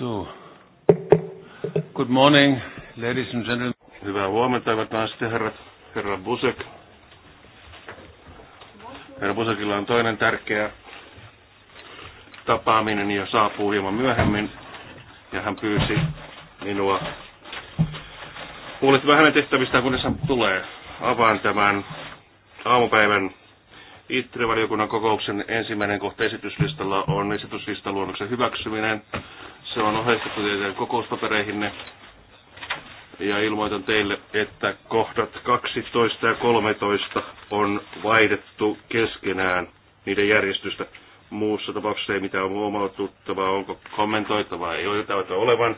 So. Good morning, ladies and gentlemen. Hyvää huomenta, hyvät naiset ja herrat. Herra Busek. Herra Busekilla on toinen tärkeä tapaaminen ja saapuu hieman myöhemmin. Ja hän pyysi minua huolehtimaan vähän tehtävistä, kunnes hän tulee. Avaan tämän aamupäivän ITRI-valiokunnan kokouksen ensimmäinen kohta esityslistalla on esityslistaluonnoksen hyväksyminen. Se on ohjeistettu teidän kokouspapereihinne. Ja ilmoitan teille, että kohdat 12 ja 13 on vaihdettu keskenään niiden järjestystä. Muussa tapauksessa ei mitään huomaututtavaa, onko kommentoitavaa, ei ole täytä olevan.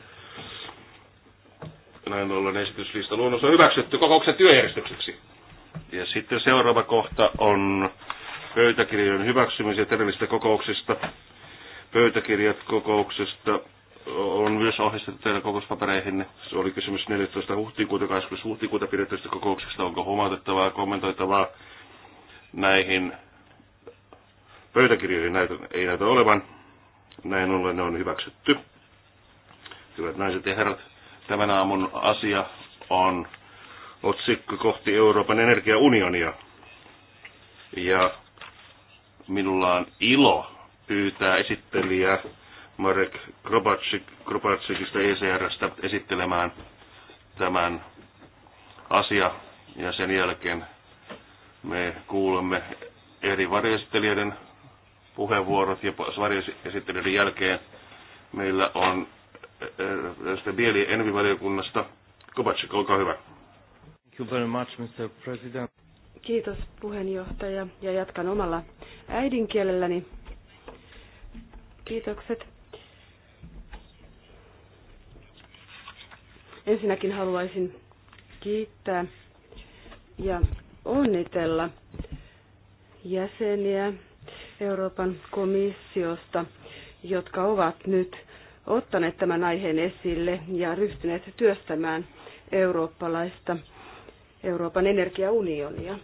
Näin ollen esityslista luonnos on hyväksytty kokouksen työjärjestykseksi. Ja sitten seuraava kohta on pöytäkirjojen hyväksymisen ja kokouksista. Pöytäkirjat kokouksesta on myös ohjeistettu teidän kokouspapereihin. Se oli kysymys 14. huhtikuuta, 20. huhtikuuta pidetystä kokouksista. Onko huomautettavaa, kommentoitavaa näihin pöytäkirjoihin? Näitä ei näytä olevan. Näin ollen ne on hyväksytty. Hyvät naiset ja herrat, tämän aamun asia on otsikko kohti Euroopan energiaunionia. Ja minulla on ilo pyytää esittelijää Marek Grobatsik, Kropatsikista ECRstä esittelemään tämän asia ja sen jälkeen me kuulemme eri varjoesittelijöiden puheenvuorot ja varjesittelijöiden jälkeen meillä on eh, eh, tästä Bieli Envi-valiokunnasta. Kovatsik, olkaa hyvä. Thank you very much, Mr. President. Kiitos puheenjohtaja ja jatkan omalla äidinkielelläni. Kiitokset Ensinnäkin haluaisin kiittää ja onnitella jäseniä Euroopan komissiosta, jotka ovat nyt ottaneet tämän aiheen esille ja ryhtyneet työstämään eurooppalaista Euroopan energiaunionia.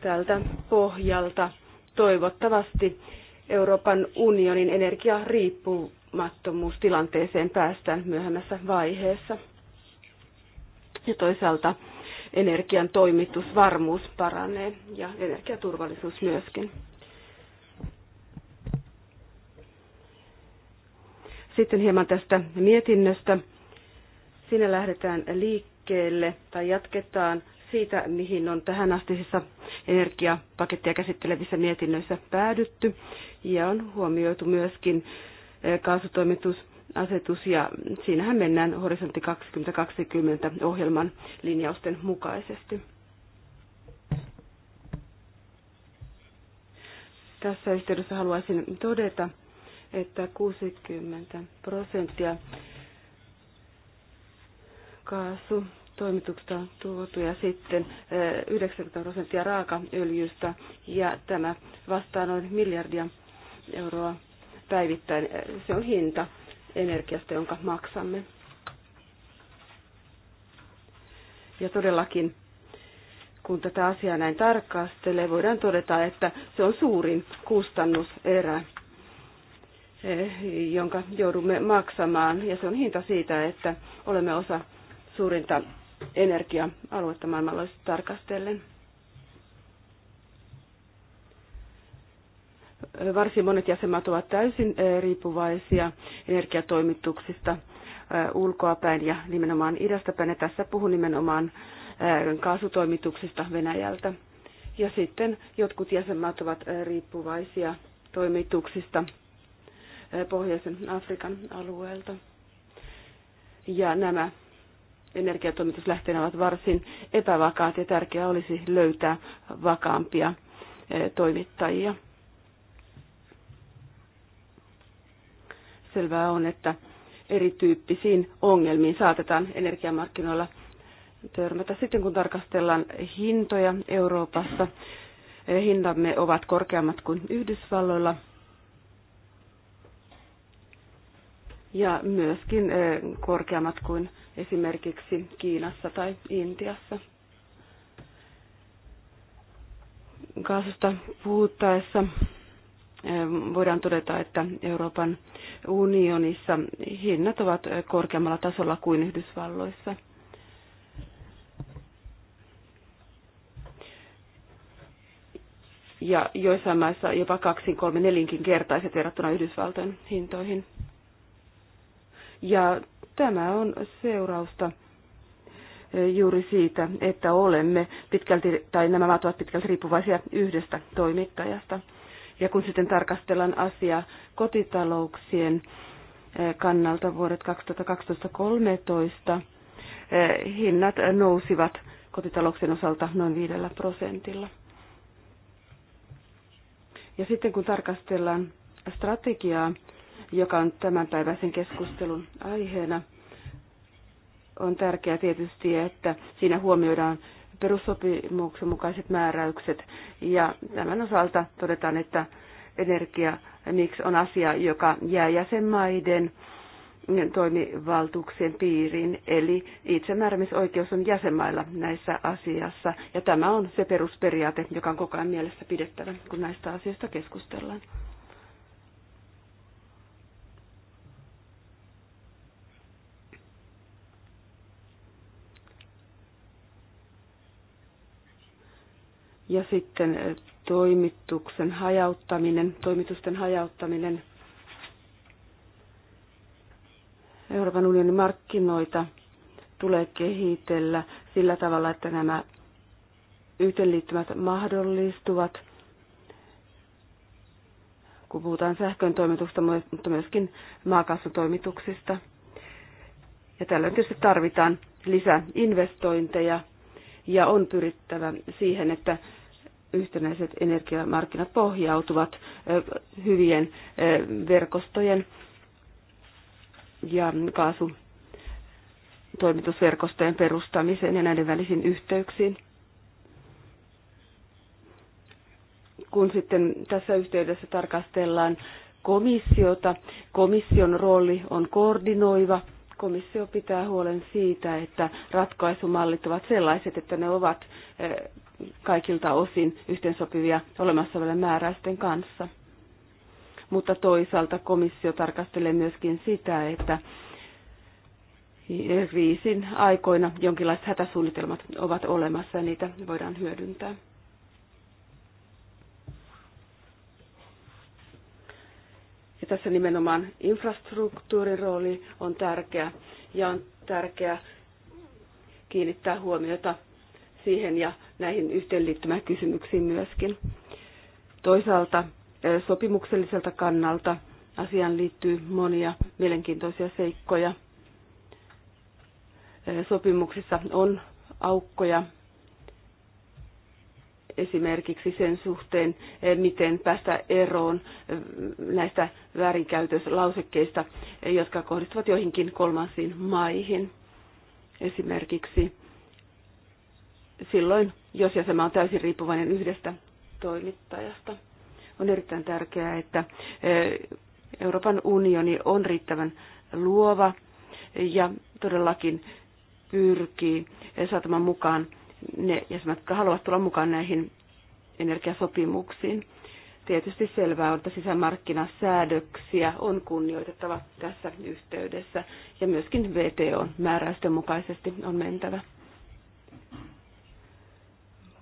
Tältä pohjalta toivottavasti Euroopan unionin energiariippuvuus riippumattomuustilanteeseen päästään myöhemmässä vaiheessa. Ja toisaalta energian toimitusvarmuus paranee ja energiaturvallisuus myöskin. Sitten hieman tästä mietinnöstä. Siinä lähdetään liikkeelle tai jatketaan siitä, mihin on tähän astisissa energiapakettia käsittelevissä mietinnöissä päädytty. Ja on huomioitu myöskin kaasutoimitusasetus ja siinähän mennään horisontti 2020 ohjelman linjausten mukaisesti. Tässä yhteydessä haluaisin todeta, että 60 prosenttia kaasu toimituksesta on tuotu ja sitten 90 eh, prosenttia raakaöljystä ja tämä vastaa noin miljardia euroa päivittäin. Se on hinta energiasta, jonka maksamme. Ja todellakin, kun tätä asiaa näin tarkastelee, voidaan todeta, että se on suurin kustannuserä, eh, jonka joudumme maksamaan. Ja se on hinta siitä, että olemme osa suurinta energia-aluetta maailmanlaajuisesti tarkastellen. Varsin monet jäsenmaat ovat täysin riippuvaisia energiatoimituksista ulkoapäin ja nimenomaan idästä päin. Ja tässä puhun nimenomaan kaasutoimituksista Venäjältä. Ja sitten jotkut jäsenmaat ovat riippuvaisia toimituksista pohjoisen Afrikan alueelta. Ja nämä energiatoimituslähteet ovat varsin epävakaat ja tärkeää olisi löytää vakaampia toimittajia. Selvää on, että erityyppisiin ongelmiin saatetaan energiamarkkinoilla törmätä. Sitten kun tarkastellaan hintoja Euroopassa, eh, hintamme ovat korkeammat kuin Yhdysvalloilla. Ja myöskin eh, korkeammat kuin esimerkiksi Kiinassa tai Intiassa. Kaasusta puhuttaessa voidaan todeta, että Euroopan unionissa hinnat ovat korkeammalla tasolla kuin Yhdysvalloissa. Ja joissain maissa jopa kaksin, kolme, nelinkin kertaiset verrattuna Yhdysvaltojen hintoihin. Ja tämä on seurausta juuri siitä, että olemme pitkälti, tai nämä maat ovat pitkälti riippuvaisia yhdestä toimittajasta. Ja kun sitten tarkastellaan asiaa kotitalouksien eh, kannalta vuodet 2012-2013, eh, hinnat nousivat kotitalouksien osalta noin 5 prosentilla. Ja sitten kun tarkastellaan strategiaa, joka on tämänpäiväisen keskustelun aiheena, on tärkeää tietysti, että siinä huomioidaan perussopimuksen mukaiset määräykset. Ja tämän osalta todetaan, että energia miksi on asia, joka jää jäsenmaiden toimivaltuuksien piiriin, eli itsemääräämisoikeus on jäsenmailla näissä asiassa, ja tämä on se perusperiaate, joka on koko ajan mielessä pidettävä, kun näistä asioista keskustellaan. Ja sitten eh, toimituksen hajauttaminen, toimitusten hajauttaminen Euroopan unionin markkinoita tulee kehitellä sillä tavalla, että nämä yhteenliittymät mahdollistuvat, kun puhutaan sähkön toimituksesta, mutta myöskin maakaasutoimituksista. Ja tällöin tietysti tarvitaan lisäinvestointeja ja on pyrittävä siihen, että yhtenäiset energiamarkkinat pohjautuvat hyvien verkostojen ja kaasu toimitusverkostojen perustamiseen ja näiden välisiin yhteyksiin. Kun sitten tässä yhteydessä tarkastellaan komissiota, komission rooli on koordinoiva. Komissio pitää huolen siitä, että ratkaisumallit ovat sellaiset, että ne ovat kaikilta osin yhteensopivia olemassa olevien määräysten kanssa. Mutta toisaalta komissio tarkastelee myöskin sitä, että kriisin aikoina jonkinlaiset hätäsuunnitelmat ovat olemassa ja niitä voidaan hyödyntää. Ja tässä nimenomaan infrastruktuurin rooli on tärkeä ja on tärkeää kiinnittää huomiota siihen ja näihin yhteenliittymäkysymyksiin myöskin. Toisaalta sopimukselliselta kannalta asiaan liittyy monia mielenkiintoisia seikkoja. Sopimuksissa on aukkoja esimerkiksi sen suhteen, miten päästä eroon näistä väärinkäytöslausekkeista, jotka kohdistuvat joihinkin kolmansiin maihin. Esimerkiksi silloin, jos jäsenmaa on täysin riippuvainen yhdestä toimittajasta. On erittäin tärkeää, että eh, Euroopan unioni on riittävän luova ja todellakin pyrkii saatamaan mukaan ne jäsenmaat, jotka haluavat tulla mukaan näihin energiasopimuksiin. Tietysti selvää on, että sisämarkkinasäädöksiä on kunnioitettava tässä yhteydessä ja myöskin VTO määräysten mukaisesti on mentävä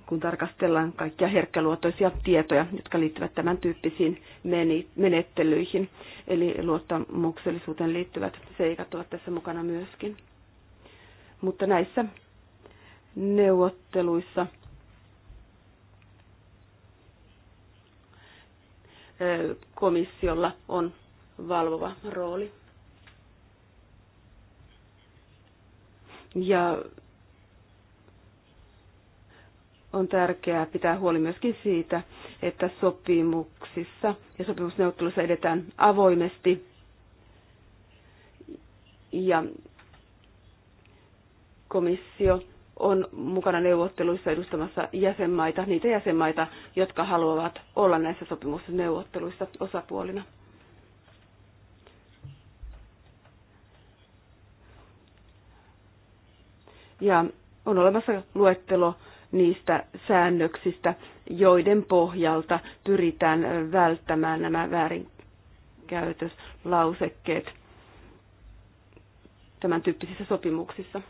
kun tarkastellaan kaikkia herkkäluotoisia tietoja, jotka liittyvät tämän tyyppisiin menettelyihin. Eli luottamuksellisuuteen liittyvät seikat ovat tässä mukana myöskin. Mutta näissä neuvotteluissa komissiolla on valvova rooli. Ja on tärkeää pitää huoli myöskin siitä, että sopimuksissa ja sopimusneuvottelussa edetään avoimesti ja komissio on mukana neuvotteluissa edustamassa jäsenmaita, niitä jäsenmaita, jotka haluavat olla näissä sopimusneuvotteluissa osapuolina. Ja on olemassa luettelo niistä säännöksistä, joiden pohjalta pyritään välttämään nämä väärinkäytöslausekkeet tämän tyyppisissä sopimuksissa.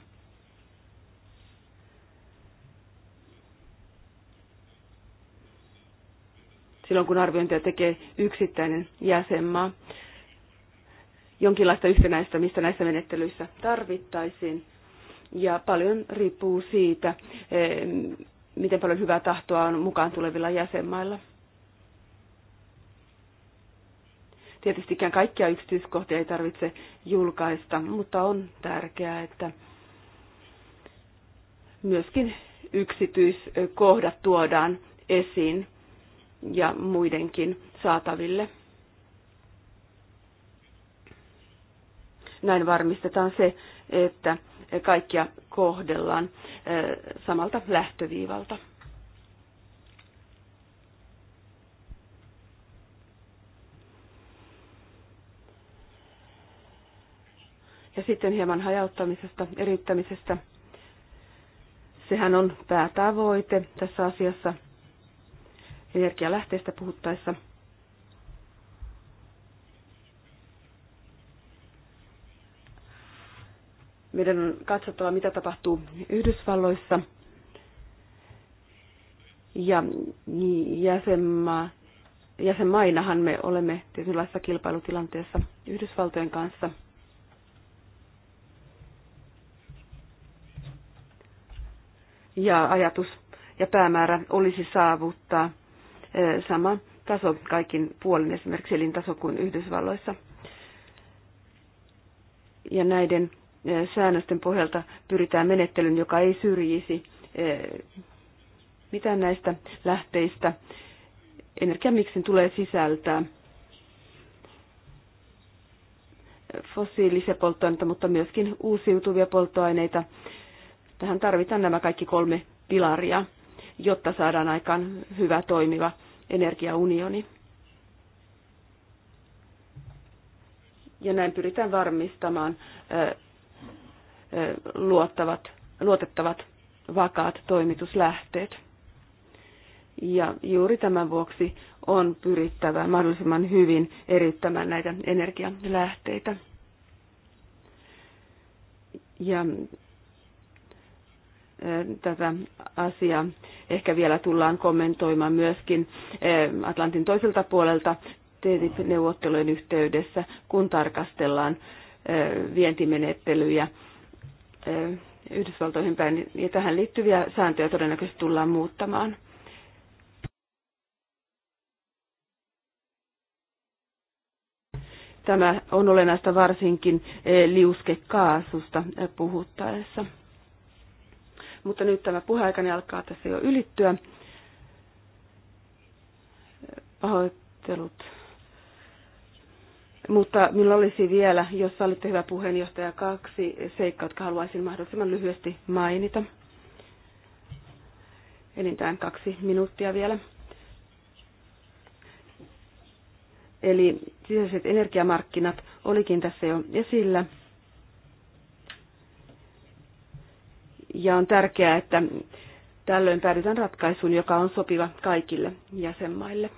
Silloin kun arviointia tekee yksittäinen jäsenmaa, jonkinlaista yhtenäistämistä näissä menettelyissä tarvittaisiin ja paljon riippuu siitä, eh, miten paljon hyvää tahtoa on mukaan tulevilla jäsenmailla. Tietystikään kaikkia yksityiskohtia ei tarvitse julkaista, mutta on tärkeää, että myöskin yksityiskohdat tuodaan esiin ja muidenkin saataville. Näin varmistetaan se, että kaikkia kohdellaan eh, samalta lähtöviivalta. Ja sitten hieman hajauttamisesta, erittämisestä. Sehän on päätavoite tässä asiassa energialähteistä puhuttaessa – Meidän on katsottava, mitä tapahtuu Yhdysvalloissa. Ja jäsenmaa, jäsenmainahan me olemme tietynlaisessa kilpailutilanteessa Yhdysvaltojen kanssa. Ja ajatus ja päämäärä olisi saavuttaa e, sama taso kaikin puolin, esimerkiksi elintaso kuin Yhdysvalloissa. Ja näiden Eh, säännösten pohjalta pyritään menettelyyn, joka ei syrjisi eh, mitään näistä lähteistä. Energiamiksin tulee sisältää fossiilisia polttoaineita, mutta myöskin uusiutuvia polttoaineita. Tähän tarvitaan nämä kaikki kolme pilaria, jotta saadaan aikaan hyvä toimiva energiaunioni. Ja näin pyritään varmistamaan eh, luottavat, luotettavat vakaat toimituslähteet. Ja juuri tämän vuoksi on pyrittävä mahdollisimman hyvin erittämään näitä energialähteitä. Ja tätä asiaa ehkä vielä tullaan kommentoimaan myöskin Atlantin toiselta puolelta TTIP-neuvottelujen yhteydessä, kun tarkastellaan vientimenettelyjä Eh, Yhdysvaltoihin päin, ja tähän liittyviä sääntöjä todennäköisesti tullaan muuttamaan. Tämä on olennaista varsinkin eh, liuskekaasusta eh, puhuttaessa. Mutta nyt tämä puheaikani alkaa tässä jo ylittyä. Pahoittelut. Mutta minulla olisi vielä, jos olette hyvä puheenjohtaja, kaksi seikkaa, jotka haluaisin mahdollisimman lyhyesti mainita. Enintään kaksi minuuttia vielä. Eli sisäiset energiamarkkinat olikin tässä jo esillä. Ja on tärkeää, että tällöin päädytään ratkaisuun, joka on sopiva kaikille jäsenmaille.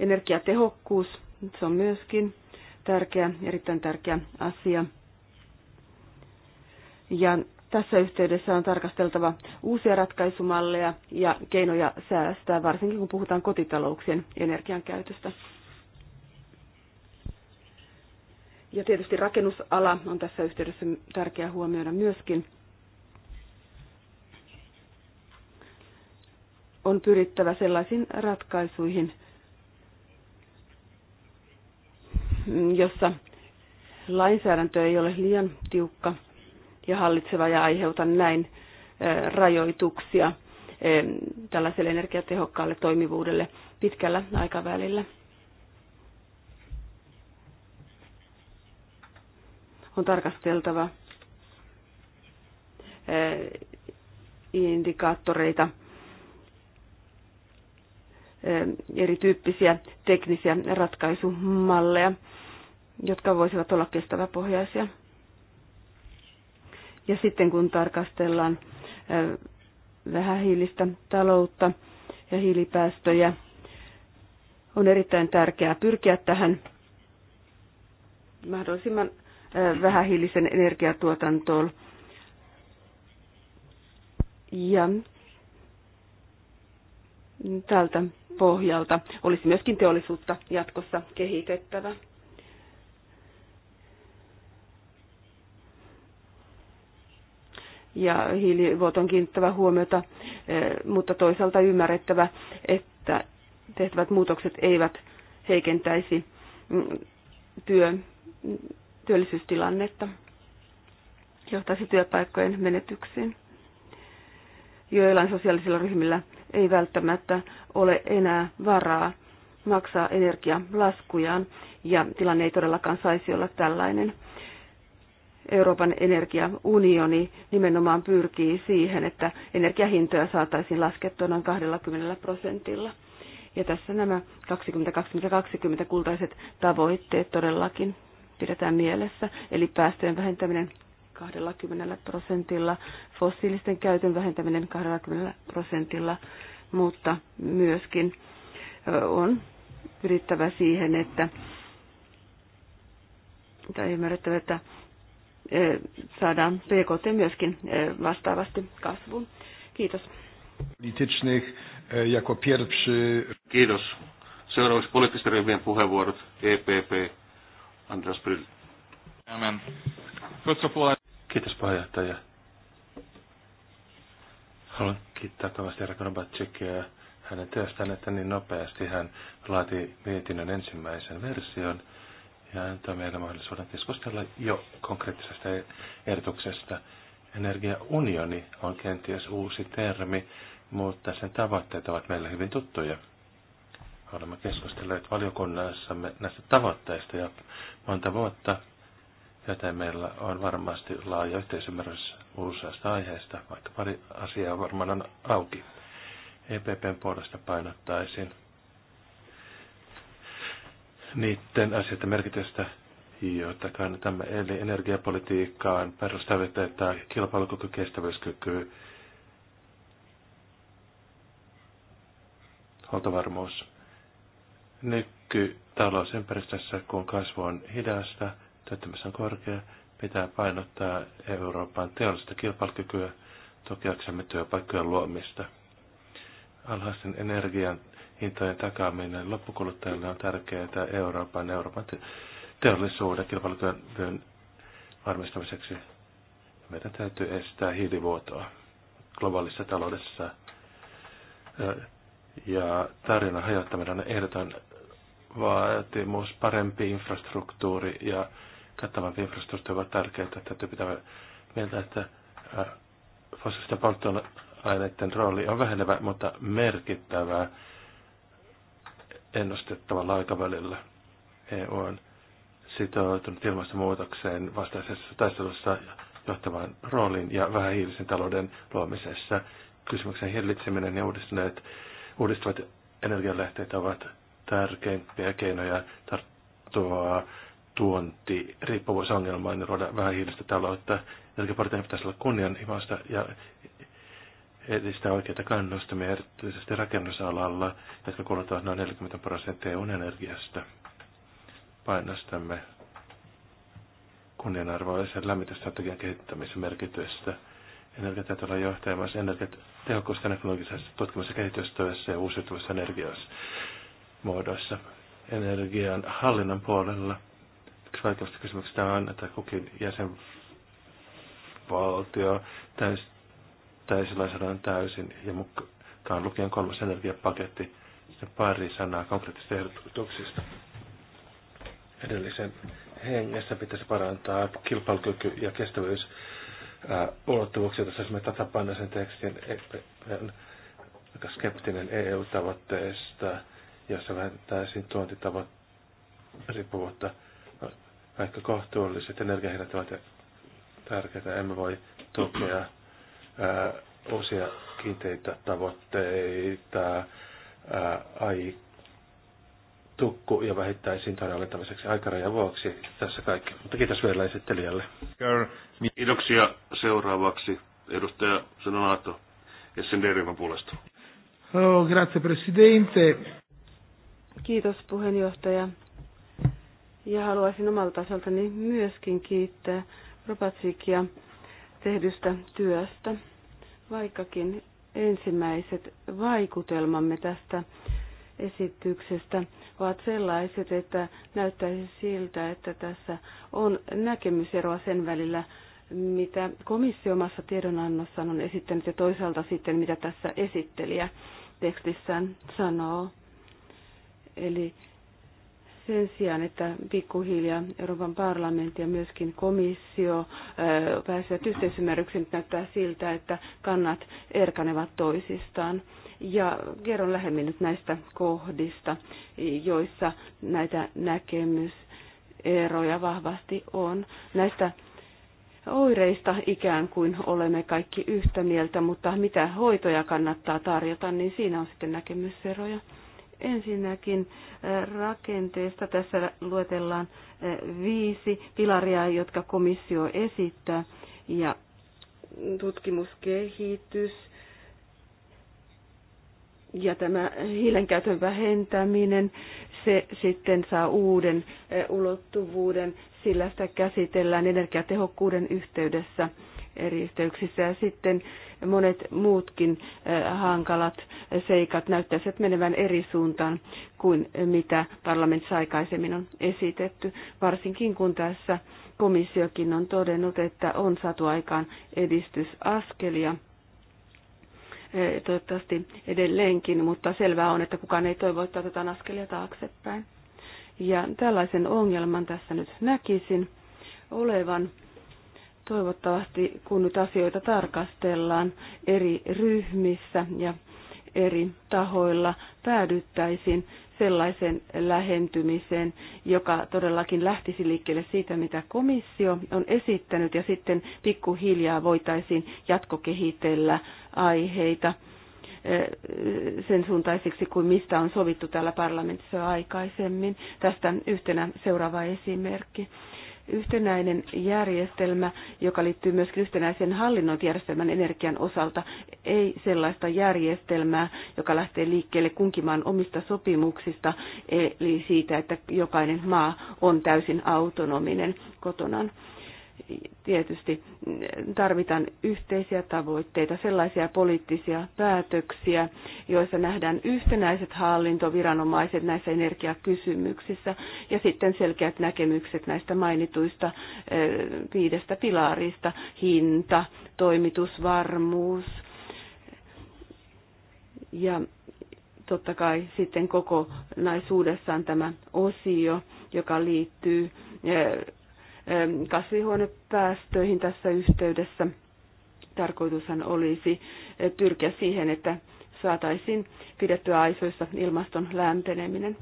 Energiatehokkuus, se on myöskin tärkeä, erittäin tärkeä asia. Ja tässä yhteydessä on tarkasteltava uusia ratkaisumalleja ja keinoja säästää, varsinkin kun puhutaan kotitalouksien energian käytöstä. Ja tietysti rakennusala on tässä yhteydessä tärkeää huomioida myöskin. On pyrittävä sellaisiin ratkaisuihin, jossa lainsäädäntö ei ole liian tiukka ja hallitseva ja aiheuta näin rajoituksia tällaiselle energiatehokkaalle toimivuudelle pitkällä aikavälillä. On tarkasteltava indikaattoreita Ähm, erityyppisiä teknisiä ratkaisumalleja, jotka voisivat olla kestäväpohjaisia. Ja sitten kun tarkastellaan ähm, vähähiilistä taloutta ja hiilipäästöjä, on erittäin tärkeää pyrkiä tähän mahdollisimman äh, vähähiilisen energiatuotantoon. Ja tältä pohjalta olisi myöskin teollisuutta jatkossa kehitettävä. Ja hiilivuoton kiinnittävä huomiota, eh, mutta toisaalta ymmärrettävä, että tehtävät muutokset eivät heikentäisi mm, työ, työllisyystilannetta, johtaisi työpaikkojen menetyksiin joillain sosiaalisilla ryhmillä ei välttämättä ole enää varaa maksaa energialaskujaan, ja tilanne ei todellakaan saisi olla tällainen. Euroopan energiaunioni nimenomaan pyrkii siihen, että energiahintoja saataisiin laskettua noin 20 prosentilla. Ja tässä nämä 2020-2020 kultaiset tavoitteet todellakin pidetään mielessä, eli päästöjen vähentäminen 20 prosentilla, fossiilisten käytön vähentäminen 20 prosentilla, mutta myöskin on pyrittävä siihen, että tai ymmärrettävä, että saadaan PKT myöskin vastaavasti kasvuun. Kiitos. E, Kiitos. Seuraavaksi poliittisten ryhmien puheenvuorot. EPP, Andreas Bryl. Amen. First of all, Kiitos puheenjohtaja. Haluan kiittää kovasti Rakonobatsikia Konobatsikia hänen työstään, että niin nopeasti hän laati mietinnön ensimmäisen version ja antaa meille mahdollisuuden keskustella jo konkreettisesta ehdotuksesta. Energiaunioni on kenties uusi termi, mutta sen tavoitteet ovat meille hyvin tuttuja. Olemme keskustelleet valiokunnassamme näistä tavoitteista ja monta vuotta joten meillä on varmasti laaja yhteisymmärrys useasta aiheesta, vaikka pari asiaa varmaan on auki. EPPn puolesta painottaisin niiden asioiden merkitystä, joita kannatamme, eli energiapolitiikkaan, perustavitteita, kilpailukyky, kestävyyskyky, huoltovarmuus. Nykytalousympäristössä, kun kasvu on hidasta – Työttömyys on korkea. Pitää painottaa Euroopan teollista kilpailukykyä tukeaksemme työpaikkojen luomista. Alhaisten energian hintojen takaaminen loppukuluttajille on tärkeää Euroopan, Euroopan teollisuuden kilpailukyvyn varmistamiseksi. Meidän täytyy estää hiilivuotoa globaalissa taloudessa. Ja tarjonnan hajottaminen on ehdoton vaatimus, parempi infrastruktuuri ja kattavat infrastruktuuri ovat tärkeitä. Täytyy pitää mieltä, että fossiilisten polttoaineiden rooli on vähenevä, mutta merkittävää ennustettavalla aikavälillä. EU on sitoutunut ilmastonmuutokseen vastaisessa taistelussa johtavaan rooliin ja vähähiilisen talouden luomisessa. Kysymyksen hillitseminen ja uudistuneet, uudistuvat energialähteet ovat tärkeimpiä keinoja tarttua tuonti riippuvuusongelmaan niin luoda vähän hiilistä taloutta. Jotenkin parten pitäisi olla kunnianhimoista ja edistää oikeita kannustamia erityisesti rakennusalalla, jotka kuluttavat noin 40 prosenttia EUn energiasta. Painostamme kunnianarvoisen lämmitysstrategian kehittämisen merkitystä. Energia täytyy olla johtajamassa energiatehokkuusta teknologisessa tutkimus- ja kehitystyössä ja uusiutuvissa energiassa muodoissa. Energian hallinnan puolella – Yksi vaikeista kysymyksistä on, että kukin jäsenvaltio täys, täysilainsäädännön täysin ja mukaan lukien kolmas energiapaketti. Sitten pari sanaa konkreettisista ehdotuksista. Edellisen hengessä pitäisi parantaa kilpailukyky ja kestävyys äh, ulottuvuuksia. Tässä esimerkiksi tasapainoisen tekstin e- e- aika skeptinen EU-tavoitteesta, jossa vähentäisiin tuontitavoitteista riippuvuutta vaikka kohtuulliset energiahinnat ovat tärkeitä, emme voi tukea ää, uusia kiinteitä tavoitteita ää, ai, tukku- ja tarjan alentamiseksi aikarajan vuoksi. Tässä kaikki. Mutta kiitos vielä esittelijälle. Kiitoksia seuraavaksi edustaja Sanonato SND-ryhmän puolesta. Oh, grazie presidente. Kiitos puheenjohtaja. Ja haluaisin omalta osaltani myöskin kiittää Robatsikia tehdystä työstä, vaikkakin ensimmäiset vaikutelmamme tästä esityksestä ovat sellaiset, että näyttäisi siltä, että tässä on näkemyseroa sen välillä, mitä komissio omassa tiedonannossaan on esittänyt ja toisaalta sitten, mitä tässä esittelijä tekstissään sanoo. Eli sen sijaan, että pikkuhiljaa Euroopan parlamentti ja myöskin komissio pääsevät yhteisymmärrykseen, näyttää siltä, että kannat erkanevat toisistaan. Ja kerron lähemmin nyt näistä kohdista, joissa näitä näkemyseroja vahvasti on. Näistä oireista ikään kuin olemme kaikki yhtä mieltä, mutta mitä hoitoja kannattaa tarjota, niin siinä on sitten näkemyseroja. Ensinnäkin äh, rakenteesta tässä luetellaan äh, viisi pilaria, jotka komissio esittää, ja tutkimuskehitys, ja tämä hiilenkäytön vähentäminen, se sitten saa uuden äh, ulottuvuuden, sillä sitä käsitellään energiatehokkuuden yhteydessä – eri yhteyksissä. Ja sitten monet muutkin eh, hankalat seikat näyttäisivät menevän eri suuntaan kuin mitä parlamentissa aikaisemmin on esitetty, varsinkin kun tässä komissiokin on todennut, että on saatu aikaan edistysaskelia eh, toivottavasti edelleenkin, mutta selvää on, että kukaan ei toivo, että otetaan askelia taaksepäin. Ja tällaisen ongelman tässä nyt näkisin olevan Toivottavasti, kun nyt asioita tarkastellaan eri ryhmissä ja eri tahoilla, päädyttäisiin sellaisen lähentymiseen, joka todellakin lähtisi liikkeelle siitä, mitä komissio on esittänyt, ja sitten pikkuhiljaa voitaisiin jatkokehitellä aiheita eh, sen suuntaisiksi kuin mistä on sovittu täällä parlamentissa aikaisemmin. Tästä yhtenä seuraava esimerkki yhtenäinen järjestelmä, joka liittyy myös yhtenäisen hallinnointijärjestelmän energian osalta, ei sellaista järjestelmää, joka lähtee liikkeelle kunkimaan omista sopimuksista, eli siitä, että jokainen maa on täysin autonominen kotonaan tietysti tarvitaan yhteisiä tavoitteita, sellaisia poliittisia päätöksiä, joissa nähdään yhtenäiset hallintoviranomaiset näissä energiakysymyksissä ja sitten selkeät näkemykset näistä mainituista eh, viidestä pilarista, hinta, toimitusvarmuus ja totta kai sitten kokonaisuudessaan tämä osio, joka liittyy eh, kasvihuonepäästöihin tässä yhteydessä. Tarkoitushan olisi eh, pyrkiä siihen, että saataisiin pidettyä aisoissa ilmaston lämpeneminen.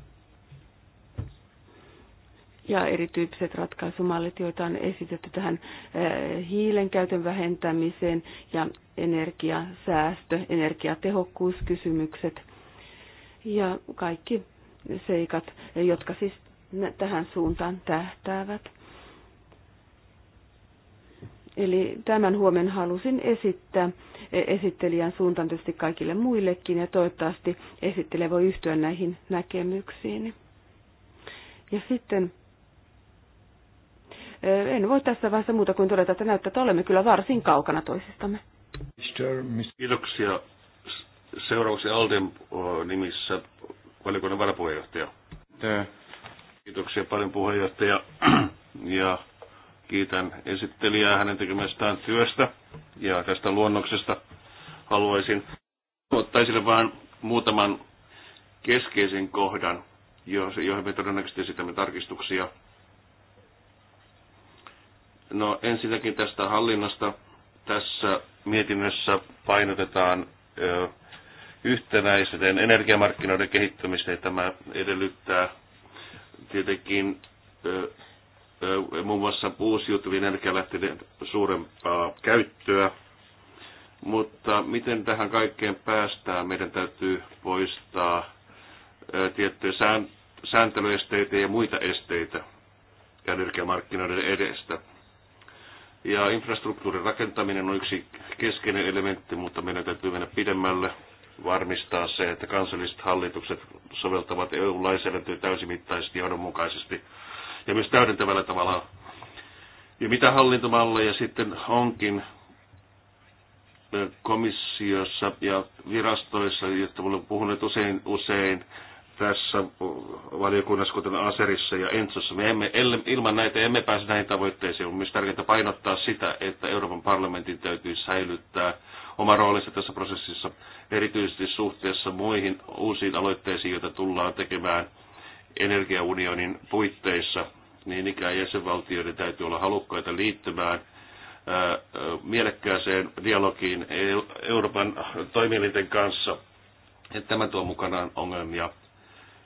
Ja erityyppiset ratkaisumallit, joita on esitetty tähän eh, hiilen käytön vähentämiseen ja energiasäästö, energiatehokkuuskysymykset ja kaikki seikat, jotka siis tähän suuntaan tähtäävät. Eli tämän huomen halusin esittää e, esittelijän suuntaan tietysti kaikille muillekin ja toivottavasti esittelijä voi yhtyä näihin näkemyksiin. Ja sitten e, en voi tässä vaiheessa muuta kuin todeta, että näyttää, että olemme kyllä varsin kaukana toisistamme. Kiitoksia. Seuraavaksi Alden nimissä valiokunnan varapuheenjohtaja. Kiitoksia paljon puheenjohtaja. Ja Kiitän esittelijää hänen tekemästään työstä ja tästä luonnoksesta. Haluaisin ottaa esille vain muutaman keskeisen kohdan, johon me todennäköisesti esitämme tarkistuksia. No ensinnäkin tästä hallinnosta. Tässä mietinnössä painotetaan yhtenäisten energiamarkkinoiden kehittämistä ja tämä edellyttää tietenkin muun muassa uusiutuvien energialähteiden suurempaa käyttöä. Mutta miten tähän kaikkeen päästään? Meidän täytyy poistaa tiettyjä sääntelyesteitä ja muita esteitä energiamarkkinoiden edestä. Ja infrastruktuurin rakentaminen on yksi keskeinen elementti, mutta meidän täytyy mennä pidemmälle, varmistaa se, että kansalliset hallitukset soveltavat EU-lainsäädäntöä täysimittaisesti ja johdonmukaisesti ja myös täydentävällä tavalla. Ja mitä hallintomalleja sitten onkin komissiossa ja virastoissa, jotta olemme puhuneet usein, usein tässä valiokunnassa, kuten Aserissa ja Entsossa. Me emme, ilman näitä emme pääse näihin tavoitteisiin. On myös tärkeää painottaa sitä, että Euroopan parlamentin täytyy säilyttää oma roolinsa tässä prosessissa, erityisesti suhteessa muihin uusiin aloitteisiin, joita tullaan tekemään – energiaunionin puitteissa, niin ikään jäsenvaltioiden täytyy olla halukkaita liittymään mielekkääseen dialogiin e- Euroopan toimielinten kanssa. Ja tämä tuo mukanaan ongelmia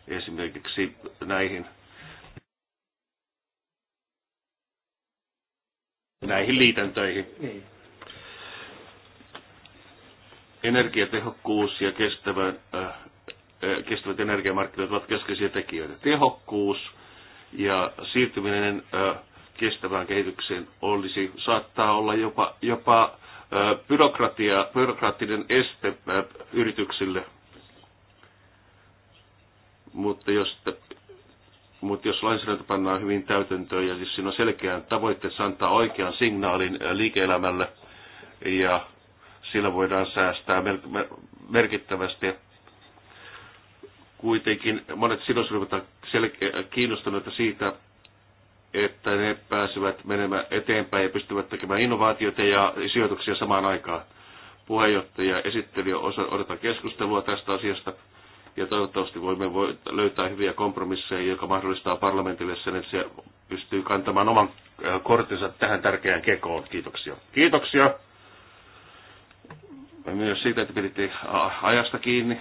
esimerkiksi näihin näihin liitäntöihin. Niin. Energiatehokkuus ja kestävän kestävät energiamarkkinat ovat keskeisiä tekijöitä. Tehokkuus ja siirtyminen kestävään kehitykseen olisi, saattaa olla jopa, jopa byrokratia, byrokraattinen este yrityksille. Mutta jos, mutta jos lainsäädäntö pannaan hyvin täytäntöön ja siis siinä on selkeän se antaa oikean signaalin liike-elämälle ja sillä voidaan säästää merkittävästi Kuitenkin monet sidosryhmät ovat äh, kiinnostuneita siitä, että ne pääsevät menemään eteenpäin ja pystyvät tekemään innovaatioita ja sijoituksia samaan aikaan. Puheenjohtaja esitteli odotan keskustelua tästä asiasta ja toivottavasti voimme löytää hyviä kompromisseja, joka mahdollistaa parlamentille sen, että se pystyy kantamaan oman äh, kortinsa tähän tärkeään kekoon. Kiitoksia. Kiitoksia myös siitä, että piditte ajasta kiinni.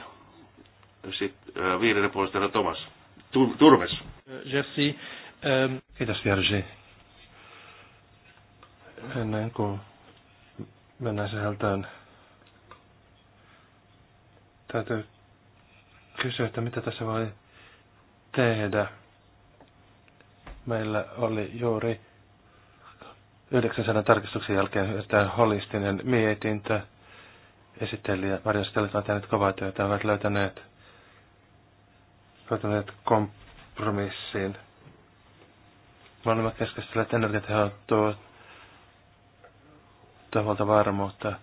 Sitten äh, viidennen puolesta Tomas. Turves. Jesse. Ähm. Kiitos Jerzy. Ennen kuin mennään sieltään, täytyy kysyä, että mitä tässä voi tehdä. Meillä oli juuri 900 tarkistuksen jälkeen tämä holistinen mietintö. Esittelijä varjostelijat ovat tehneet kovaa työtä, ovat löytäneet päätyneet kompromissiin. Molemmat keskustelevat keskustelleet energiatehon tuolta varmuutta.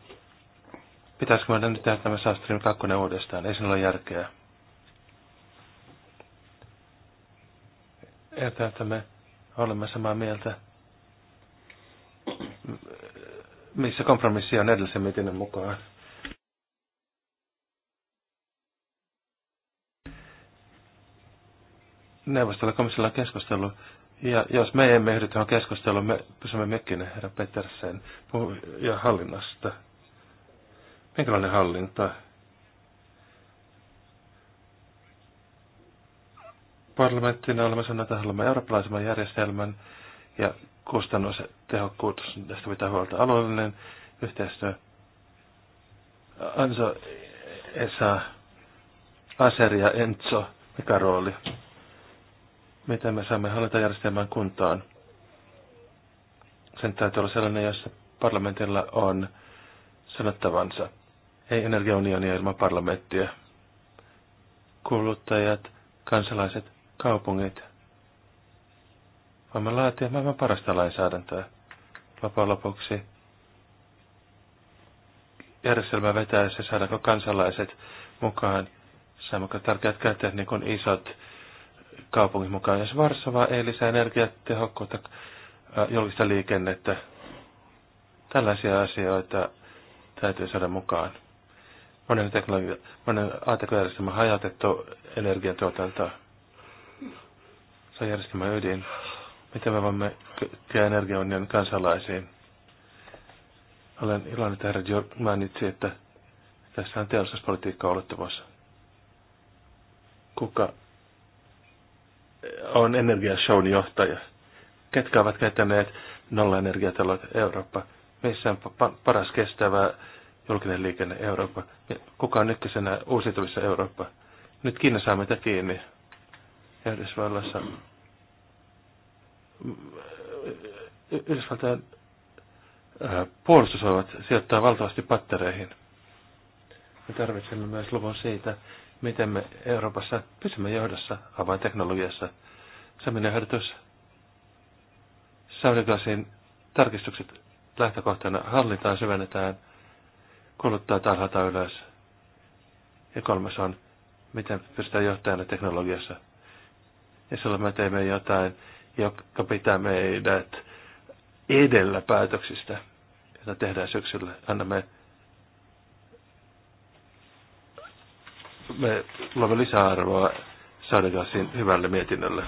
Pitäisikö meidän nyt tehdä tämä South Stream 2 uudestaan? Ei siinä ole järkeä. Että, että me olemme samaa mieltä, missä kompromissi on edellisen mietinnön mukaan. Neuvostolle komissiolla on keskustelu. Ja jos me emme ehdy tuohon keskusteluun, me pysymme mekin, herra Petersen, ja hallinnasta. Minkälainen hallinta? Parlamenttina olemme sanoneet, että haluamme eurooppalaisemman järjestelmän ja kustannustehokkuus, tästä pitää huolta alueellinen yhteistyö. Anso, Esa, Aser ja Enzo, mikä rooli? miten me saamme hallintajärjestelmän kuntoon. Sen täytyy olla sellainen, jossa parlamentilla on sanottavansa. Ei energiaunionia ilman parlamenttia. Kuluttajat, kansalaiset, kaupungit. Voimme laatia maailman parasta lainsäädäntöä. Vapaan lopuksi järjestelmä vetää se, saadaanko kansalaiset mukaan, saammeko tärkeät käyttäjät niin kuin isot kaupungin mukaan. Jos Varsova ei lisää energiatehokkuutta, äh, julkista liikennettä, tällaisia asioita täytyy saada mukaan. Monen, teknologia, monen aatekojärjestelmä on hajautettu energiantuotantoa. Se on järjestelmän ydin. Miten me voimme tehdä energiaunion kansalaisiin? Olen iloinen, että herra mainitsi, että tässä on teollisuuspolitiikka ulottuvuus. Kuka on energiashown johtaja. Ketkä ovat käyttäneet nollaenergiatalot Eurooppa? Missä on pa- paras kestävä julkinen liikenne Eurooppa? Kuka on ykkösenä uusiutuvissa Eurooppa? Nyt Kiina saa meitä kiinni. Yhdysvalloissa mm, Yhdysvaltain puolustusvoimat sijoittaa valtavasti pattereihin – me tarvitsemme myös luvun siitä, miten me Euroopassa pysymme johdossa avainteknologiassa. Semmoinen ehdotus Saudigasin tarkistukset lähtökohtana hallintaan syvennetään, kuluttaa tarhata ylös. Ja kolmas on, miten pystytään johtajana teknologiassa. Ja silloin me teemme jotain, joka pitää meidät edellä päätöksistä, jota tehdään syksyllä. Annamme me luomme lisäarvoa Sadegasin hyvälle mietinnölle.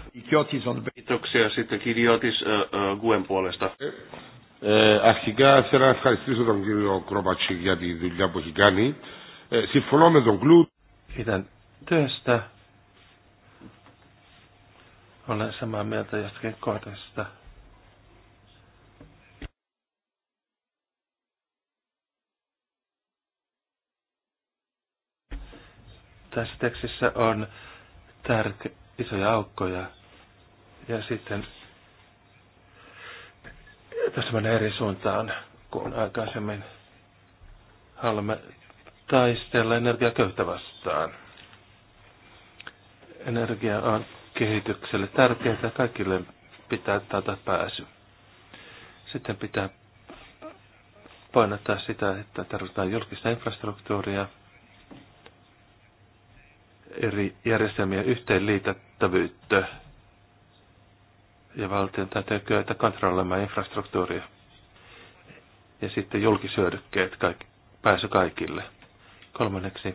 Kiitoksia sitten Kirjotis äh, Guen puolesta. Ε, αρχικά θέλω να ευχαριστήσω τον κύριο Κρόπατσι για τη δουλειά που έχει κάνει. Ε, συμφωνώ με τον Κλου. Ήταν työstä. Olen samaa mieltä jostakin kohdasta. tässä tekstissä on tärke, isoja aukkoja. Ja sitten tässä menee eri suuntaan kuin aikaisemmin. Haluamme taistella energiaköyhtä vastaan. Energia on kehitykselle tärkeää kaikille pitää taata pääsy. Sitten pitää painottaa sitä, että tarvitaan julkista infrastruktuuria – eri järjestelmien yhteenliitettävyyttä ja valtion täytyy kyetä kontrolloimaan infrastruktuuria. Ja sitten julkisyödykkeet, kaikki, pääsy kaikille. Kolmanneksi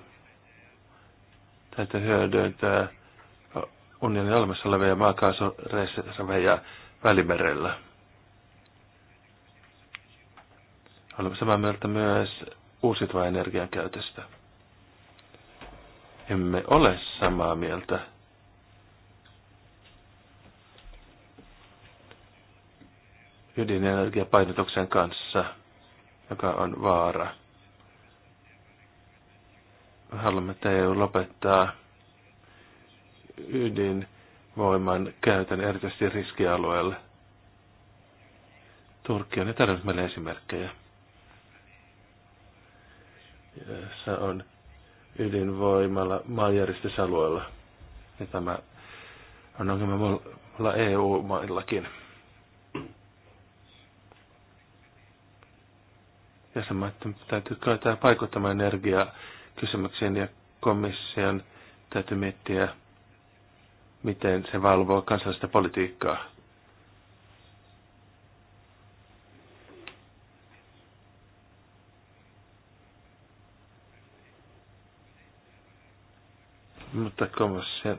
täytyy hyödyntää unionin olemassa olevia maakaasureserveja välimerellä. Olemme samaa mieltä myös uusiutuvan energian käytöstä emme ole samaa mieltä. ydinenergiapainotuksen kanssa, joka on vaara. Me haluamme, että EU lopettaa ydinvoiman käytön erityisesti riskialueelle. Turkki on tarjonnut meille esimerkkejä. Se on ydinvoimalla maanjäristysalueella. Ja tämä on ongelma EU-maillakin. että täytyy kyetä energiaa kysymyksiin ja komission täytyy miettiä, miten se valvoo kansallista politiikkaa. Mutta komission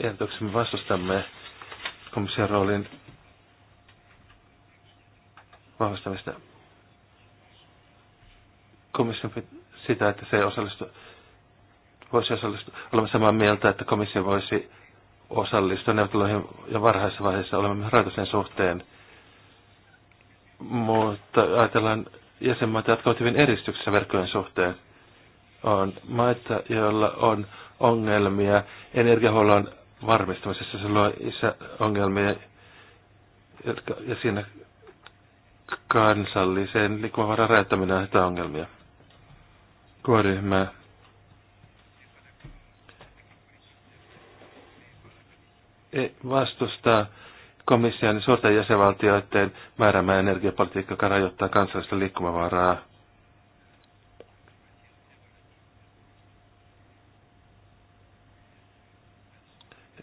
ehdotuksen me vastustamme komission roolin vahvistamista Komissio sitä, että se ei osallistu, voisi osallistua. Olemme samaa mieltä, että komissio voisi osallistua neuvotteluihin jo varhaisessa vaiheessa. Olemme myös rajoitusten suhteen. Mutta ajatellaan jäsenmaita, jotka ovat hyvin eristyksessä verkkojen suhteen on maita, joilla on ongelmia energiahuollon varmistamisessa. Se on isä ongelmia jotka, ja siinä kansalliseen liikkumavaran rajoittaminen aiheuttaa ongelmia. Kuoryhmä e- vastustaa komission suurten jäsenvaltioiden määräämää energiapolitiikkaa, joka rajoittaa kansallista liikkumavaraa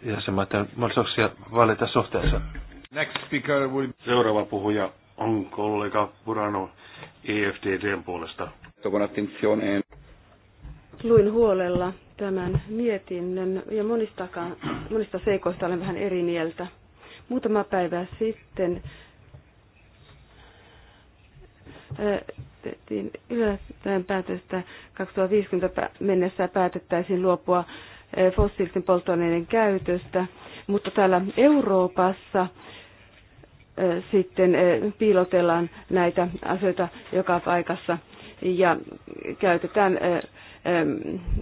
jäsenmaiden mahdollisuuksia valita suhteessa. Next speaker will... Seuraava puhuja on kollega Burano EFTTn puolesta. Luin huolella tämän mietinnön ja monistakaan, monista seikoista olen vähän eri mieltä. Muutama päivä sitten tehtiin ylöspäin päätöstä 2050 mennessä päätettäisiin luopua Eh, fossiilisten polttoaineiden käytöstä, mutta täällä Euroopassa eh, sitten eh, piilotellaan näitä asioita joka paikassa ja käytetään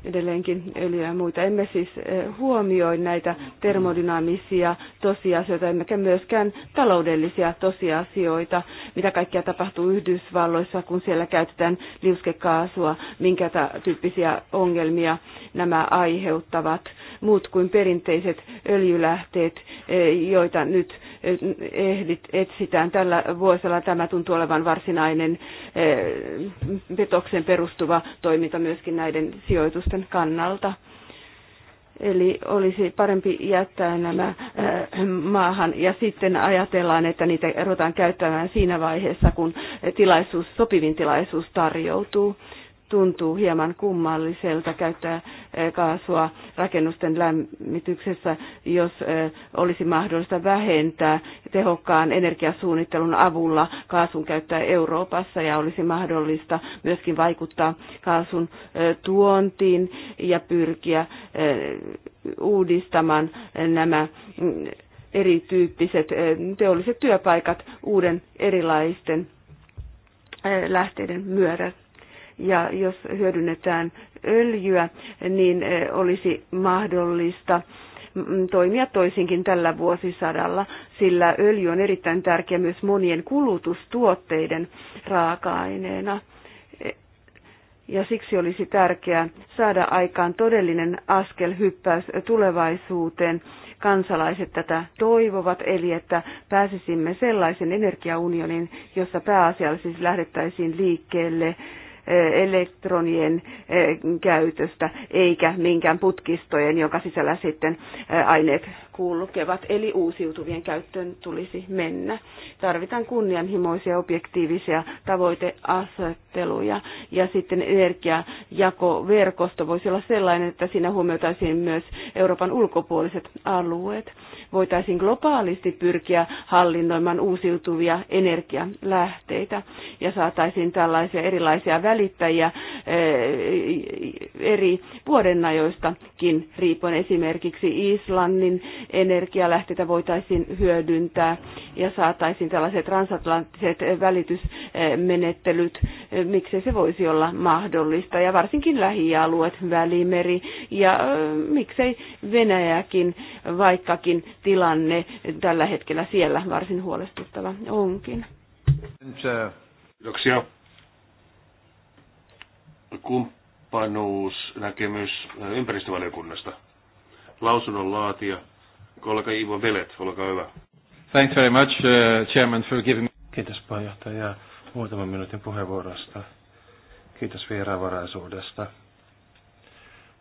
edelleenkin öljyä ja muita. Emme siis huomioi näitä termodynaamisia tosiasioita, emmekä myöskään taloudellisia tosiasioita, mitä kaikkea tapahtuu Yhdysvalloissa, kun siellä käytetään liuskekaasua, minkä tyyppisiä ongelmia nämä aiheuttavat. Muut kuin perinteiset öljylähteet, joita nyt etsitään tällä vuosella tämä tuntuu olevan varsinainen petoksen perustuva toiminta myöskin näiden näiden sijoitusten kannalta. Eli olisi parempi jättää nämä äh, maahan ja sitten ajatellaan, että niitä ruvetaan käyttämään siinä vaiheessa, kun tilaisuus, sopivin tilaisuus tarjoutuu tuntuu hieman kummalliselta käyttää eh, kaasua rakennusten lämmityksessä, jos eh, olisi mahdollista vähentää tehokkaan energiasuunnittelun avulla kaasun käyttöä Euroopassa ja olisi mahdollista myöskin vaikuttaa kaasun eh, tuontiin ja pyrkiä uudistamaan nämä mm, erityyppiset teolliset työpaikat uuden erilaisten lähteiden myötä ja jos hyödynnetään öljyä, niin eh, olisi mahdollista mm, toimia toisinkin tällä vuosisadalla, sillä öljy on erittäin tärkeä myös monien kulutustuotteiden raaka-aineena. Eh, ja siksi olisi tärkeää saada aikaan todellinen askel hyppäys tulevaisuuteen. Kansalaiset tätä toivovat, eli että pääsisimme sellaisen energiaunionin, jossa pääasiallisesti lähdettäisiin liikkeelle elektronien käytöstä eikä minkään putkistojen, jonka sisällä sitten aineet kulkevat, eli uusiutuvien käyttöön tulisi mennä. Tarvitaan kunnianhimoisia objektiivisia tavoiteasetteluja ja sitten energiajakoverkosto voisi olla sellainen, että siinä huomioitaisiin myös Euroopan ulkopuoliset alueet. Voitaisiin globaalisti pyrkiä hallinnoimaan uusiutuvia energialähteitä ja saataisiin tällaisia erilaisia välittäjiä eh, eri vuodenajoistakin riippuen esimerkiksi Islannin energialähteitä voitaisiin hyödyntää ja saataisiin tällaiset transatlanttiset välitysmenettelyt, miksei se voisi olla mahdollista ja varsinkin lähialueet, välimeri ja miksei Venäjäkin, vaikkakin tilanne tällä hetkellä siellä varsin huolestuttava onkin. Kiitoksia. Kumppanuusnäkemys ympäristövaliokunnasta. Lausunnon laatia kollega Ivo Velet, olkaa hyvä. Thanks very much, uh, Chairman, for giving me... Kiitos puheenjohtaja muutaman minuutin puheenvuorosta. Kiitos vieraanvaraisuudesta.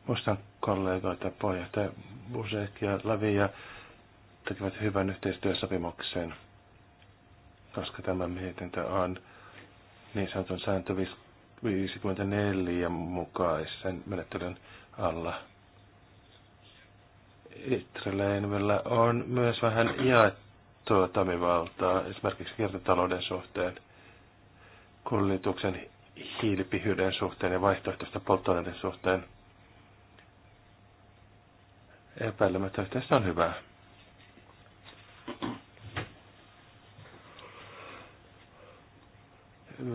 Muistan kollegoita, puheenjohtaja Busek ja Lavi ja tekevät hyvän yhteistyösopimuksen, koska tämä mietintö on niin sanotun sääntö 54 mukaisen menettelyn alla. Itreleinvillä on myös vähän jaettua tamivaltaa, esimerkiksi kiertotalouden suhteen, kuljetuksen hiilipihyyden suhteen ja vaihtoehtoista polttoaineiden suhteen. Epäilemättä yhteistyö on hyvää.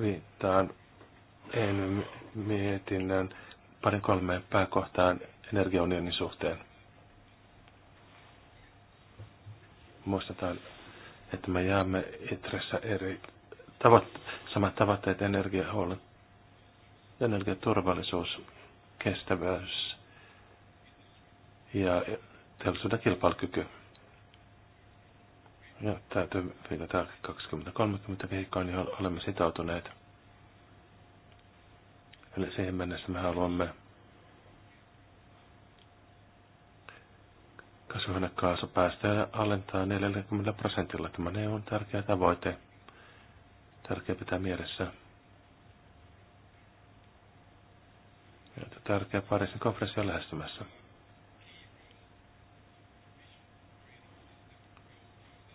Viittaan en mietinnän parin kolmeen pääkohtaan energiaunionin suhteen. muistetaan, että me jaamme itressä eri tavat, samat tavoitteet, energiahuollon, energiaturvallisuus, kestävyys ja teollisuuden kilpailukyky. Ja täytyy 20 2030 kehikkoon, niin olemme sitoutuneet. Eli siihen mennessä me haluamme kasvihuonekaasupäästöjä alentaa 40 prosentilla. Tämä on tärkeä tavoite. Tärkeä pitää mielessä. Ja tärkeä Pariisin konferenssi on lähestymässä.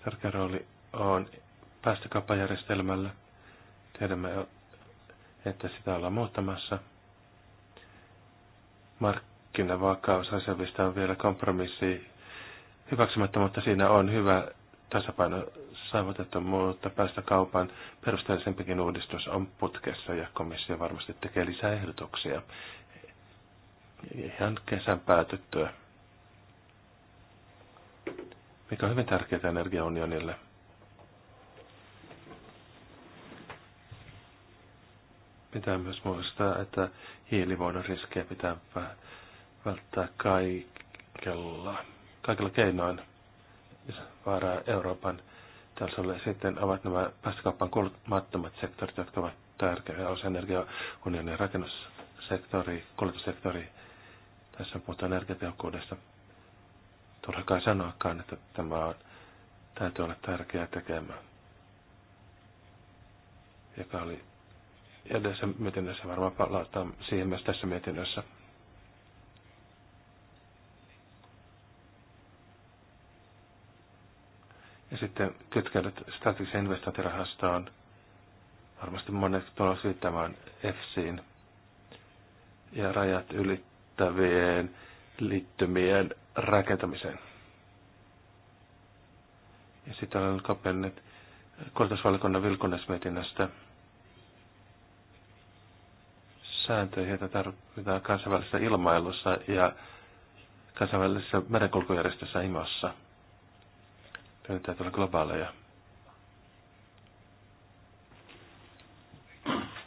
Tärkeä rooli on päästökauppajärjestelmällä. Tiedämme, että sitä ollaan muuttamassa. Markkinavakaus on vielä kompromissi hyväksymättömyyttä siinä on hyvä tasapaino saavutettu, mutta päästä kaupan perusteellisempikin uudistus on putkessa ja komissio varmasti tekee lisää ehdotuksia ihan kesän päätyttyä, mikä on hyvin tärkeää energiaunionille. Pitää myös muistaa, että hiilivuodon riskejä pitää välttää kaikella kaikilla keinoin vaaraa Euroopan tasolle. Sitten ovat nämä päästökaupan kulmattomat sektorit, jotka ovat tärkeä osa energiaunionin rakennussektori, kuljetussektori. Tässä puhuttu energiatehokkuudesta. Turha kai sanoakaan, että tämä on, täytyy olla tärkeää tekemä, joka oli edessä mietinnössä varmaan palataan siihen myös tässä mietinnössä. Ja sitten kytkeydet strategiseen investointirahastoon. Varmasti monet tulevat syyttämään EFSiin ja rajat ylittävien liittymien rakentamiseen. Ja sitten olen kapellut koulutusvalikunnan vilkunnesmietinnöstä sääntöjä, joita tarvitaan kansainvälisessä ilmailussa ja kansainvälisessä merenkulkujärjestössä IMOssa – meidän tuolla globaaleja.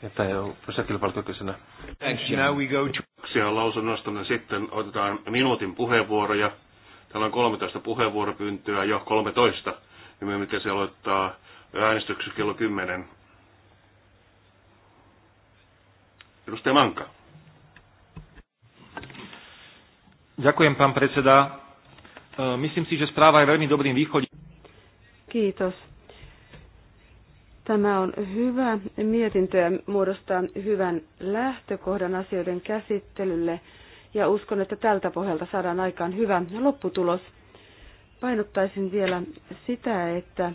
Että ei ole pysäkilpailukykyisenä. Now we go to... lausunnosta, niin sitten otetaan minuutin puheenvuoroja. Täällä on 13 puheenvuoropyyntöä, jo 13. Ja me miten se aloittaa äänestyksessä kello 10. Edustaja Manka. Ďakujem, pan predseda. E, myslím si, že správa je veľmi dobrým východím. Kiitos. Tämä on hyvä mietintö ja muodostaa hyvän lähtökohdan asioiden käsittelylle ja uskon, että tältä pohjalta saadaan aikaan hyvä lopputulos. Painottaisin vielä sitä, että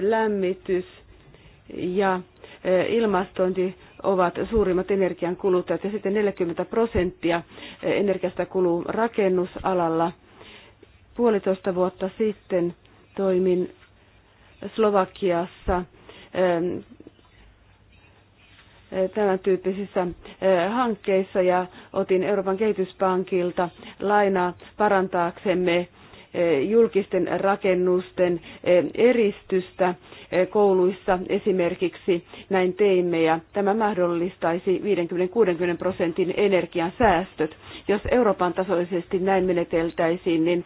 lämmitys ja e, ilmastointi ovat suurimmat energian kuluttajat ja sitten 40 prosenttia e, energiasta kuluu rakennusalalla – Puolitoista vuotta sitten toimin Slovakiassa ähm, äh, tämän tyyppisissä äh, hankkeissa ja otin Euroopan kehityspankilta lainaa parantaaksemme E, julkisten rakennusten e, eristystä e, kouluissa esimerkiksi näin teimme ja tämä mahdollistaisi 50-60 prosentin energian säästöt. Jos Euroopan tasoisesti näin meneteltäisiin, niin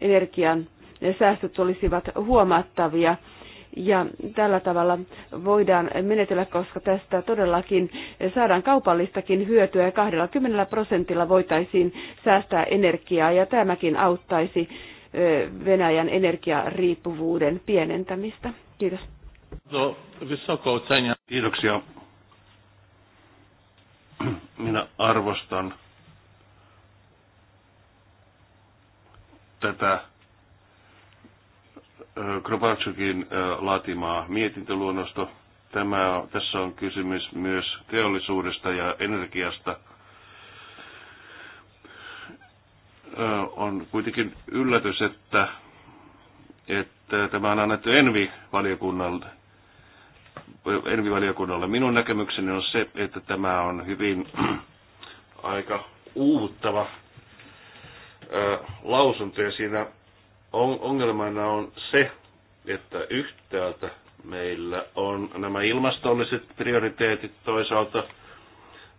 energian säästöt olisivat huomattavia ja tällä tavalla voidaan menetellä, koska tästä todellakin saadaan kaupallistakin hyötyä ja 20 prosentilla voitaisiin säästää energiaa ja tämäkin auttaisi Venäjän energiariippuvuuden pienentämistä. Kiitos. No, Kiitoksia. Minä arvostan tätä Krobatsukin laatimaa mietintöluonnosta. Tämä, tässä on kysymys myös teollisuudesta ja energiasta. On kuitenkin yllätys, että, että tämä on annettu Envi-valiokunnalle. Envi-valiokunnalle. Minun näkemykseni on se, että tämä on hyvin aika uuttava lausunto ja siinä ongelmana on se, että yhtäältä meillä on nämä ilmastolliset prioriteetit, toisaalta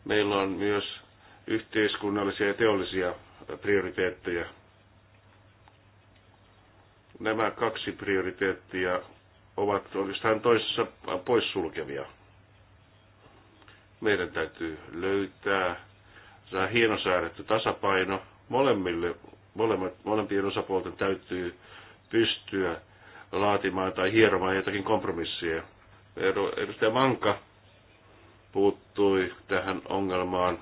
meillä on myös yhteiskunnallisia ja teollisia prioriteetteja. Nämä kaksi prioriteettia ovat oikeastaan toisessa poissulkevia. Meidän täytyy löytää tämä hieno säädetty tasapaino molemmille molemmat, molempien osapuolten täytyy pystyä laatimaan tai hieromaan jotakin kompromissia. Edustaja Manka puuttui tähän ongelmaan.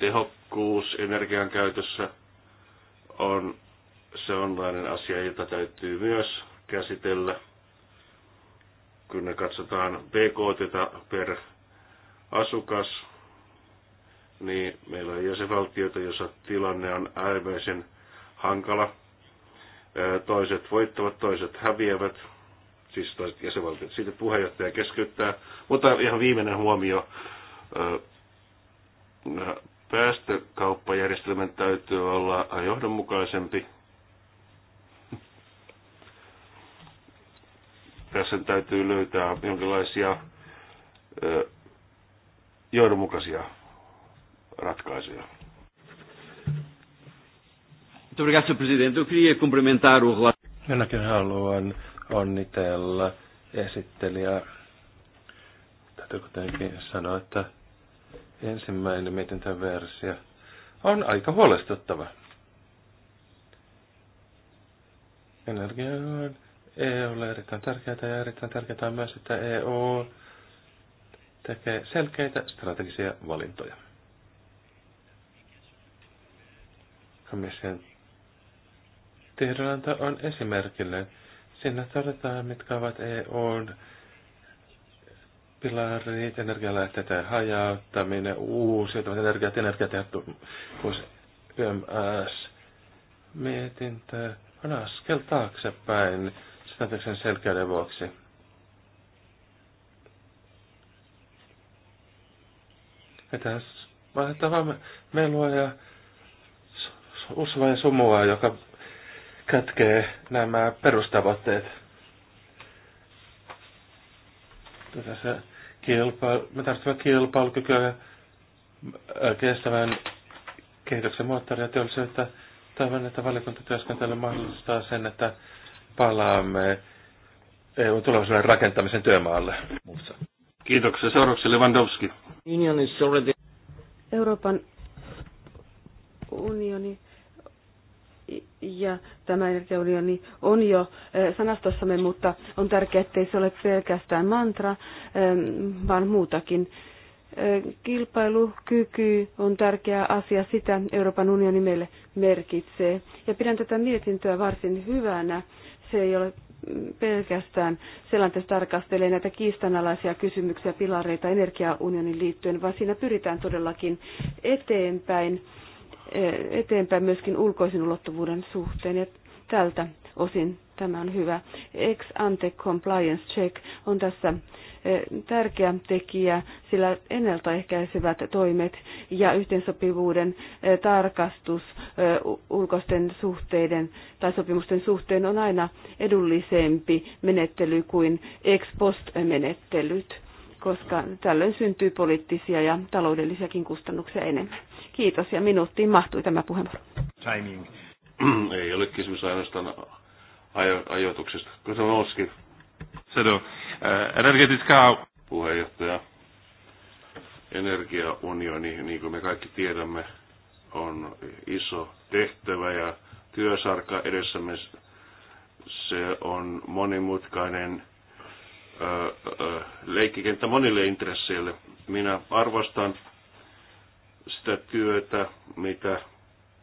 Tehokkuus energian käytössä on sellainen asia, jota täytyy myös käsitellä, kun me katsotaan BKT per asukas niin meillä on jäsenvaltioita, joissa tilanne on äärimmäisen hankala. Toiset voittavat, toiset häviävät, siis toiset jäsenvaltiot. Siitä puheenjohtaja keskeyttää. Mutta ihan viimeinen huomio. Päästökauppajärjestelmän täytyy olla johdonmukaisempi. Tässä täytyy löytää jonkinlaisia johdonmukaisia ratkaisuja. Minäkin haluan onnitella esittelijä. Täytyy kuitenkin sanoa, että ensimmäinen mietintäversio on aika huolestuttava. Energia on EUlle erittäin tärkeää ja erittäin tärkeää on myös, että EU tekee selkeitä strategisia valintoja. jatkamisen. tiedonanto on esimerkillinen. Siinä todetaan, mitkä ovat EUn pilarit, ja hajauttaminen, uusiutuvat energiat, energiatehokkuus, YMS. Mietintö on askel taaksepäin statuksen selkeyden vuoksi. Ja tässä vaihtaa meluja. ja usvain sumua, joka kätkee nämä perustavoitteet. Tässä kilpailu, me tarvitsemme kilpailukykyä, äh, kestävän kehityksen moottoria työllisyyttä. Toivon, että valiokuntatyöskentely mahdollistaa sen, että palaamme EUn tulevaisuuden rakentamisen työmaalle. Kiitoksia. Seuraavaksi Lewandowski. Euroopan unioni ja tämä energiaunioni on jo eh, sanastossamme, mutta on tärkeää, ettei se ole pelkästään mantra, eh, vaan muutakin. Eh, kilpailukyky on tärkeä asia, sitä Euroopan unioni meille merkitsee. Ja pidän tätä mietintöä varsin hyvänä. Se ei ole pelkästään sellainen, tarkastelee näitä kiistanalaisia kysymyksiä, pilareita energiaunionin liittyen, vaan siinä pyritään todellakin eteenpäin eteenpäin myöskin ulkoisen ulottuvuuden suhteen. Ja tältä osin tämä on hyvä. Ex ante compliance check on tässä eh, tärkeä tekijä, sillä ennaltaehkäisevät toimet ja yhteensopivuuden eh, tarkastus eh, ulkoisten suhteiden tai sopimusten suhteen on aina edullisempi menettely kuin ex post menettelyt, koska tällöin syntyy poliittisia ja taloudellisiakin kustannuksia enemmän. Kiitos ja minuuttiin mahtui tämä puheenvuoro. Timing. Ei ole kysymys ainoastaan ajo- ajoituksesta. Kosovoski. Sedo. Eh, Energetiska puheenjohtaja. Energiaunioni, niin kuin me kaikki tiedämme, on iso tehtävä ja työsarka edessämme. Se on monimutkainen eh, eh, leikkikenttä monille intresseille. Minä arvostan sitä työtä, mitä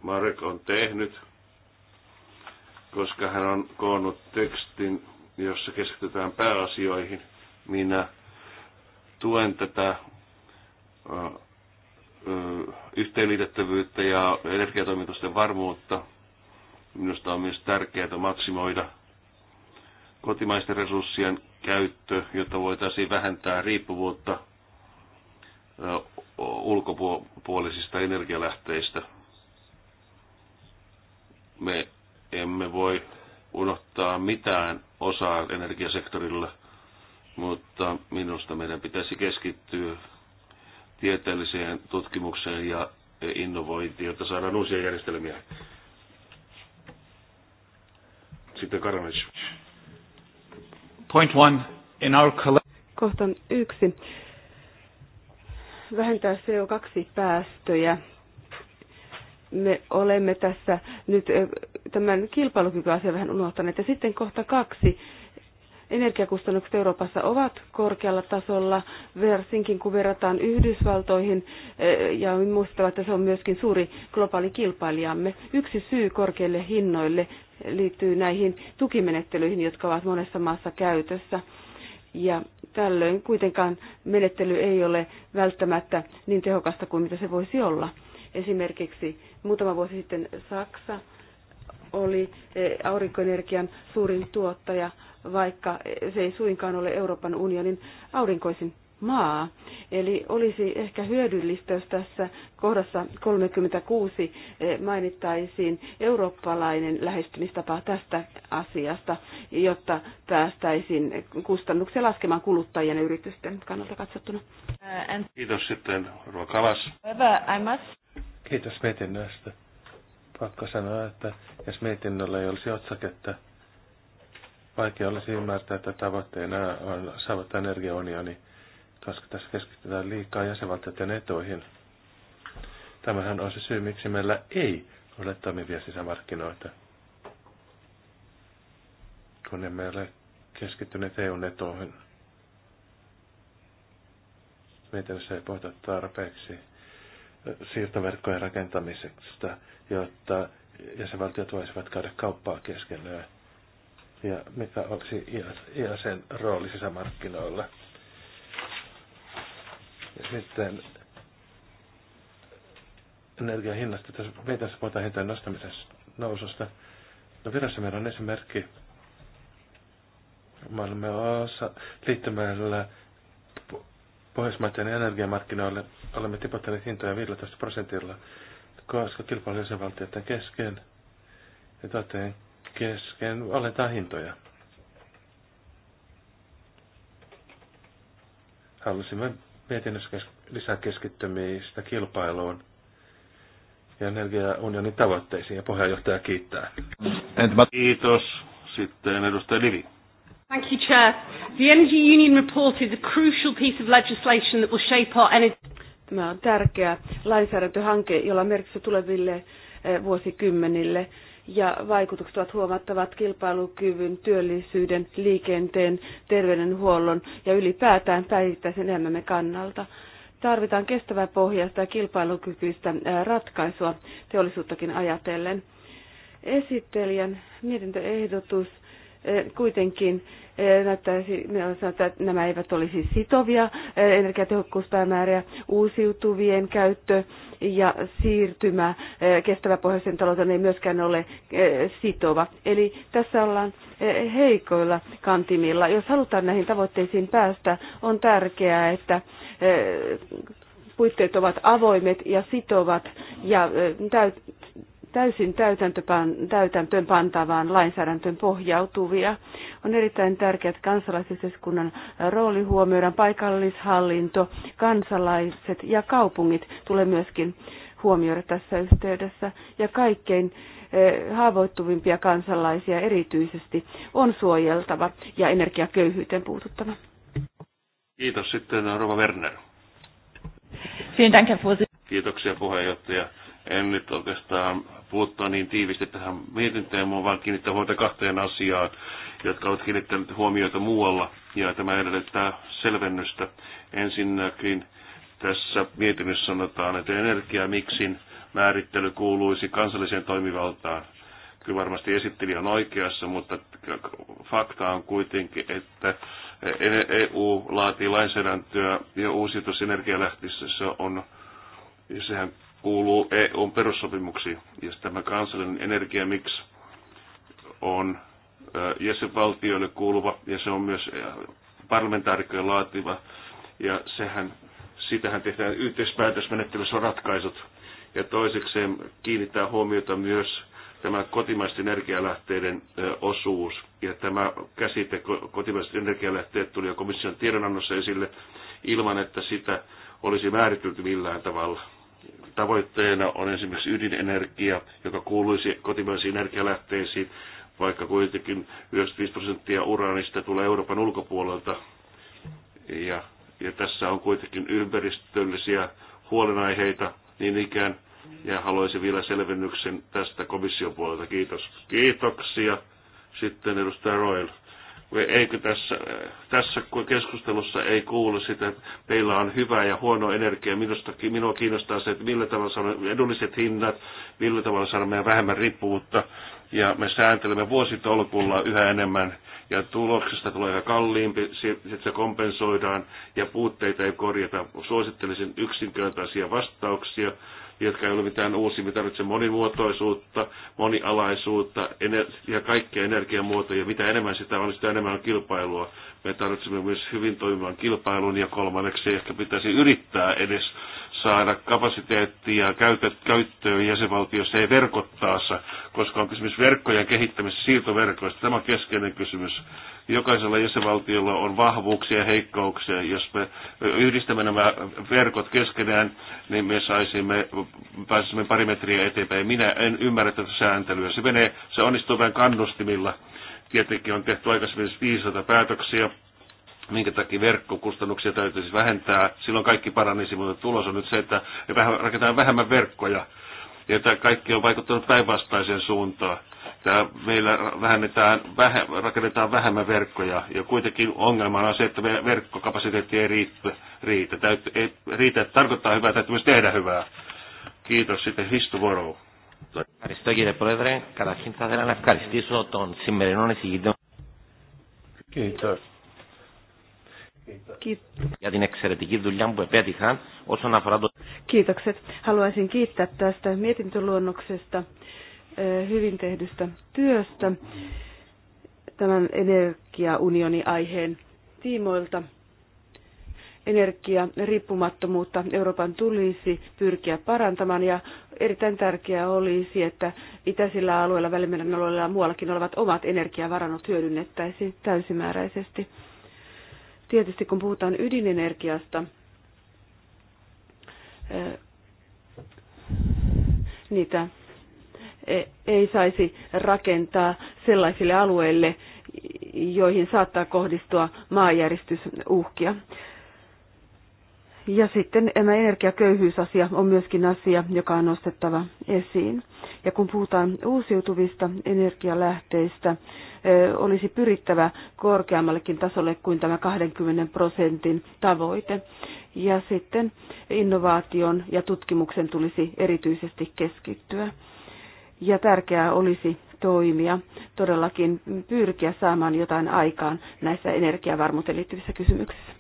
Marek on tehnyt, koska hän on koonnut tekstin, jossa keskitytään pääasioihin. Minä tuen tätä yhteenliitettävyyttä ja energiatoimitusten varmuutta. Minusta on myös tärkeää maksimoida kotimaisten resurssien käyttö, jotta voitaisiin vähentää riippuvuutta ulkopuolisista energialähteistä. Me emme voi unohtaa mitään osaa energiasektorilla, mutta minusta meidän pitäisi keskittyä tieteelliseen tutkimukseen ja innovointiin, jotta saadaan uusia järjestelmiä. Sitten Karanis. Point one in our Kohta yksi vähentää CO2-päästöjä. Me olemme tässä nyt eh, tämän kilpailukykyasian vähän unohtaneet. Ja sitten kohta kaksi. Energiakustannukset Euroopassa ovat korkealla tasolla, varsinkin kun verrataan Yhdysvaltoihin, eh, ja muistavat, että se on myöskin suuri globaali kilpailijamme. Yksi syy korkeille hinnoille liittyy näihin tukimenettelyihin, jotka ovat monessa maassa käytössä ja tällöin kuitenkaan menettely ei ole välttämättä niin tehokasta kuin mitä se voisi olla. Esimerkiksi muutama vuosi sitten Saksa oli eh, aurinkoenergian suurin tuottaja, vaikka se ei suinkaan ole Euroopan unionin aurinkoisin maa. Eli olisi ehkä hyödyllistä, jos tässä kohdassa 36 eh, mainittaisiin eurooppalainen lähestymistapa tästä asiasta, jotta päästäisiin kustannuksia laskemaan kuluttajien ja yritysten kannalta katsottuna. Uh, Kiitos sitten, Ruokalas. Kiitos mietinnöstä. Pakko sanoa, että jos mietinnöllä ei olisi otsaketta, vaikea olisi ymmärtää, että tavoitteena on saavuttaa energiaunioni. Niin koska tässä keskitytään liikaa jäsenvaltioiden etuihin. Tämähän on se syy, miksi meillä ei ole toimivia sisämarkkinoita, kun emme ole keskittyneet EUn etuihin. se ei puhuta tarpeeksi siirtoverkkojen rakentamisesta, jotta jäsenvaltiot voisivat käydä kauppaa keskenään ja mikä olisi IASen rooli sisämarkkinoilla. Sitten energian hinnasta, tässä mietin puhutaan hintojen nostamisesta noususta. No virassa meillä on esimerkki. Me olemme osa liittymällä Pohjoismaiden energiamarkkinoille olemme tipottaneet hintoja 15 prosentilla, koska kilpailu jäsenvaltioiden kesken ja tuotteen kesken aletaan hintoja. Halusimme mietinnössä lisää keskittymistä kilpailuun ja energiaunionin tavoitteisiin. Ja puheenjohtaja kiittää. Entä Kiitos. Sitten edustaja Livi. Thank you, Chair. The Energy Union Report is a crucial piece of legislation that will shape our energy... Tämä on tärkeä lainsäädäntöhanke, jolla merkitys tuleville eh, vuosikymmenille ja vaikutukset ovat huomattavat kilpailukyvyn, työllisyyden, liikenteen, terveydenhuollon ja ylipäätään päivittäisen elämämme kannalta. Tarvitaan kestävää pohjasta ja kilpailukykyistä ratkaisua teollisuuttakin ajatellen. Esittelijän mietintöehdotus kuitenkin näyttäisi, että nämä eivät olisi sitovia energiatehokkuuspäämääriä, uusiutuvien käyttö ja siirtymä kestävä pohjoisen talouteen ei myöskään ole sitova. Eli tässä ollaan heikoilla kantimilla. Jos halutaan näihin tavoitteisiin päästä, on tärkeää, että puitteet ovat avoimet ja sitovat ja täyt täysin täytäntöön pantavaan lainsäädäntöön pohjautuvia. On erittäin tärkeää, että kansalaisyhteiskunnan rooli huomioidaan. Paikallishallinto, kansalaiset ja kaupungit tulee myöskin huomioida tässä yhteydessä. Ja kaikkein eh, haavoittuvimpia kansalaisia erityisesti on suojeltava ja energiaköyhyyteen puututtava. Kiitos sitten Rova Werner. Kiitoksia puheenjohtaja en nyt oikeastaan puuttua niin tiivisti tähän mietintöön, vaan kiinnittää huomiota kahteen asiaan, jotka ovat kiinnittäneet huomiota muualla, ja tämä edellyttää selvennystä. Ensinnäkin tässä mietinnössä sanotaan, että energia miksin määrittely kuuluisi kansalliseen toimivaltaan. Kyllä varmasti esittelijä on oikeassa, mutta fakta on kuitenkin, että EU laatii lainsäädäntöä ja uusiutusenergialähtissä on sehän kuuluu EUn perussopimuksiin, ja tämä kansallinen miksi on jäsenvaltioille kuuluva, ja se on myös parlamentaarikkojen laativa, ja sehän, sitähän tehdään yhteispäätösmenettelyssä ratkaisut. Ja toisekseen kiinnittää huomiota myös tämä kotimaisten energialähteiden osuus. Ja tämä käsite kotimaiset energialähteet tuli jo komission tiedonannossa esille ilman, että sitä olisi määritelty millään tavalla tavoitteena on esimerkiksi ydinenergia, joka kuuluisi kotimaisiin energialähteisiin, vaikka kuitenkin 95 prosenttia uraanista tulee Euroopan ulkopuolelta. Ja, ja tässä on kuitenkin ympäristöllisiä huolenaiheita niin ikään. Ja haluaisin vielä selvennyksen tästä komission puolelta. Kiitos. Kiitoksia. Sitten edustaja Royal eikö tässä, tässä keskustelussa ei kuulu sitä, että meillä on hyvä ja huono energia. Minusta, minua kiinnostaa se, että millä tavalla saadaan edulliset hinnat, millä tavalla saadaan meidän vähemmän riippuvuutta. Ja me sääntelemme vuositolkulla yhä enemmän ja tuloksesta tulee aika kalliimpi, sitten se kompensoidaan ja puutteita ei korjata. Suosittelisin yksinkertaisia vastauksia jotka ei ole mitään uusia. Me tarvitsemme monimuotoisuutta, monialaisuutta ja kaikkia energiamuotoja. Mitä enemmän sitä on, sitä enemmän on kilpailua. Me tarvitsemme myös hyvin toimivan kilpailun ja kolmanneksi ehkä pitäisi yrittää edes saada kapasiteettia käyttöön jäsenvaltiossa ei verkottaassa, koska on kysymys verkkojen kehittämisestä siirtoverkoista. Tämä on keskeinen kysymys. Jokaisella jäsenvaltiolla on vahvuuksia ja heikkouksia. Jos me yhdistämme nämä verkot keskenään, niin me saisimme, pääsisimme pari metriä eteenpäin. Minä en ymmärrä tätä sääntelyä. Se, menee, se onnistuu vain kannustimilla. Tietenkin on tehty aikaisemmin 500 päätöksiä, minkä takia verkkokustannuksia täytyisi siis vähentää. Silloin kaikki paranisi, mutta tulos on nyt se, että rakennetaan vähemmän verkkoja. Ja tämä kaikki on vaikuttanut päinvastaiseen suuntaan. Tämä meillä vähennetään, vähe, rakennetaan vähemmän verkkoja ja kuitenkin ongelmana on se, että meidän verkkokapasiteetti ei riitä. riitä. Täytyy, ei riitä, että tarkoittaa hyvää, täytyy myös tehdä hyvää. Kiitos sitten Histuvorov. Ευχαριστώ κύριε Για την εξαιρετική δουλειά που επέτυχαν όσον αφορά το... Kiitokset. Haluaisin kiittää tästä mietintöluonnoksesta, eh, hyvin tehdystä työstä tämän energiaunionin aiheen tiimoilta. Energiariippumattomuutta Euroopan tulisi pyrkiä parantamaan ja erittäin tärkeää olisi, että itäisillä alueilla, välimeren alueilla ja muuallakin olevat omat energiavarannot hyödynnettäisiin täysimääräisesti Tietysti kun puhutaan ydinenergiasta, eh, niitä e- ei saisi rakentaa sellaisille alueille, joihin saattaa kohdistua maanjäristysuhkia. Ja sitten tämä energiaköyhyysasia on myöskin asia, joka on nostettava esiin. Ja kun puhutaan uusiutuvista energialähteistä, olisi pyrittävä korkeammallekin tasolle kuin tämä 20 prosentin tavoite. Ja sitten innovaation ja tutkimuksen tulisi erityisesti keskittyä. Ja tärkeää olisi toimia, todellakin pyrkiä saamaan jotain aikaan näissä energiavarmuuteen liittyvissä kysymyksissä.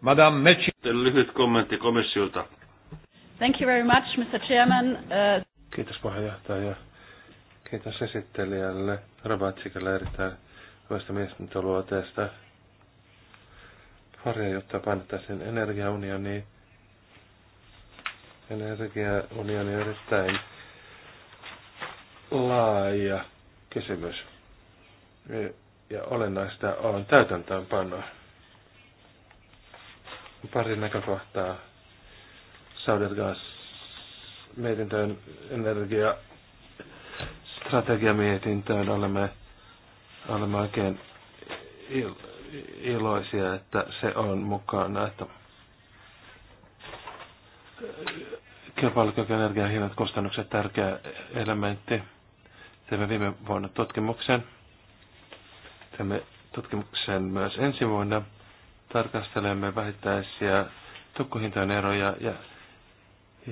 Madame Metsi, lyhyt kommentti komissiolta. Thank you very much, Mr. Chairman. Uh... Kiitos puheenjohtaja. Kiitos esittelijälle Rabatsikalle erittäin hyvästä mietintöluoteesta. Pari juttua painottaisin energiaunioniin. Energiaunioni on erittäin laaja kysymys. Ja olennaista on täytäntöönpano. Pari näkökohtaa. Saudet Gas mietintöön energia strategiamietintöön olemme, olemme oikein il, iloisia, että se on mukana. Että kilpailukyky, energian hinnat, kustannukset, tärkeä elementti. Teemme viime vuonna tutkimuksen. Teemme tutkimuksen myös ensi vuonna. Tarkastelemme vähittäisiä tukkuhintojen eroja ja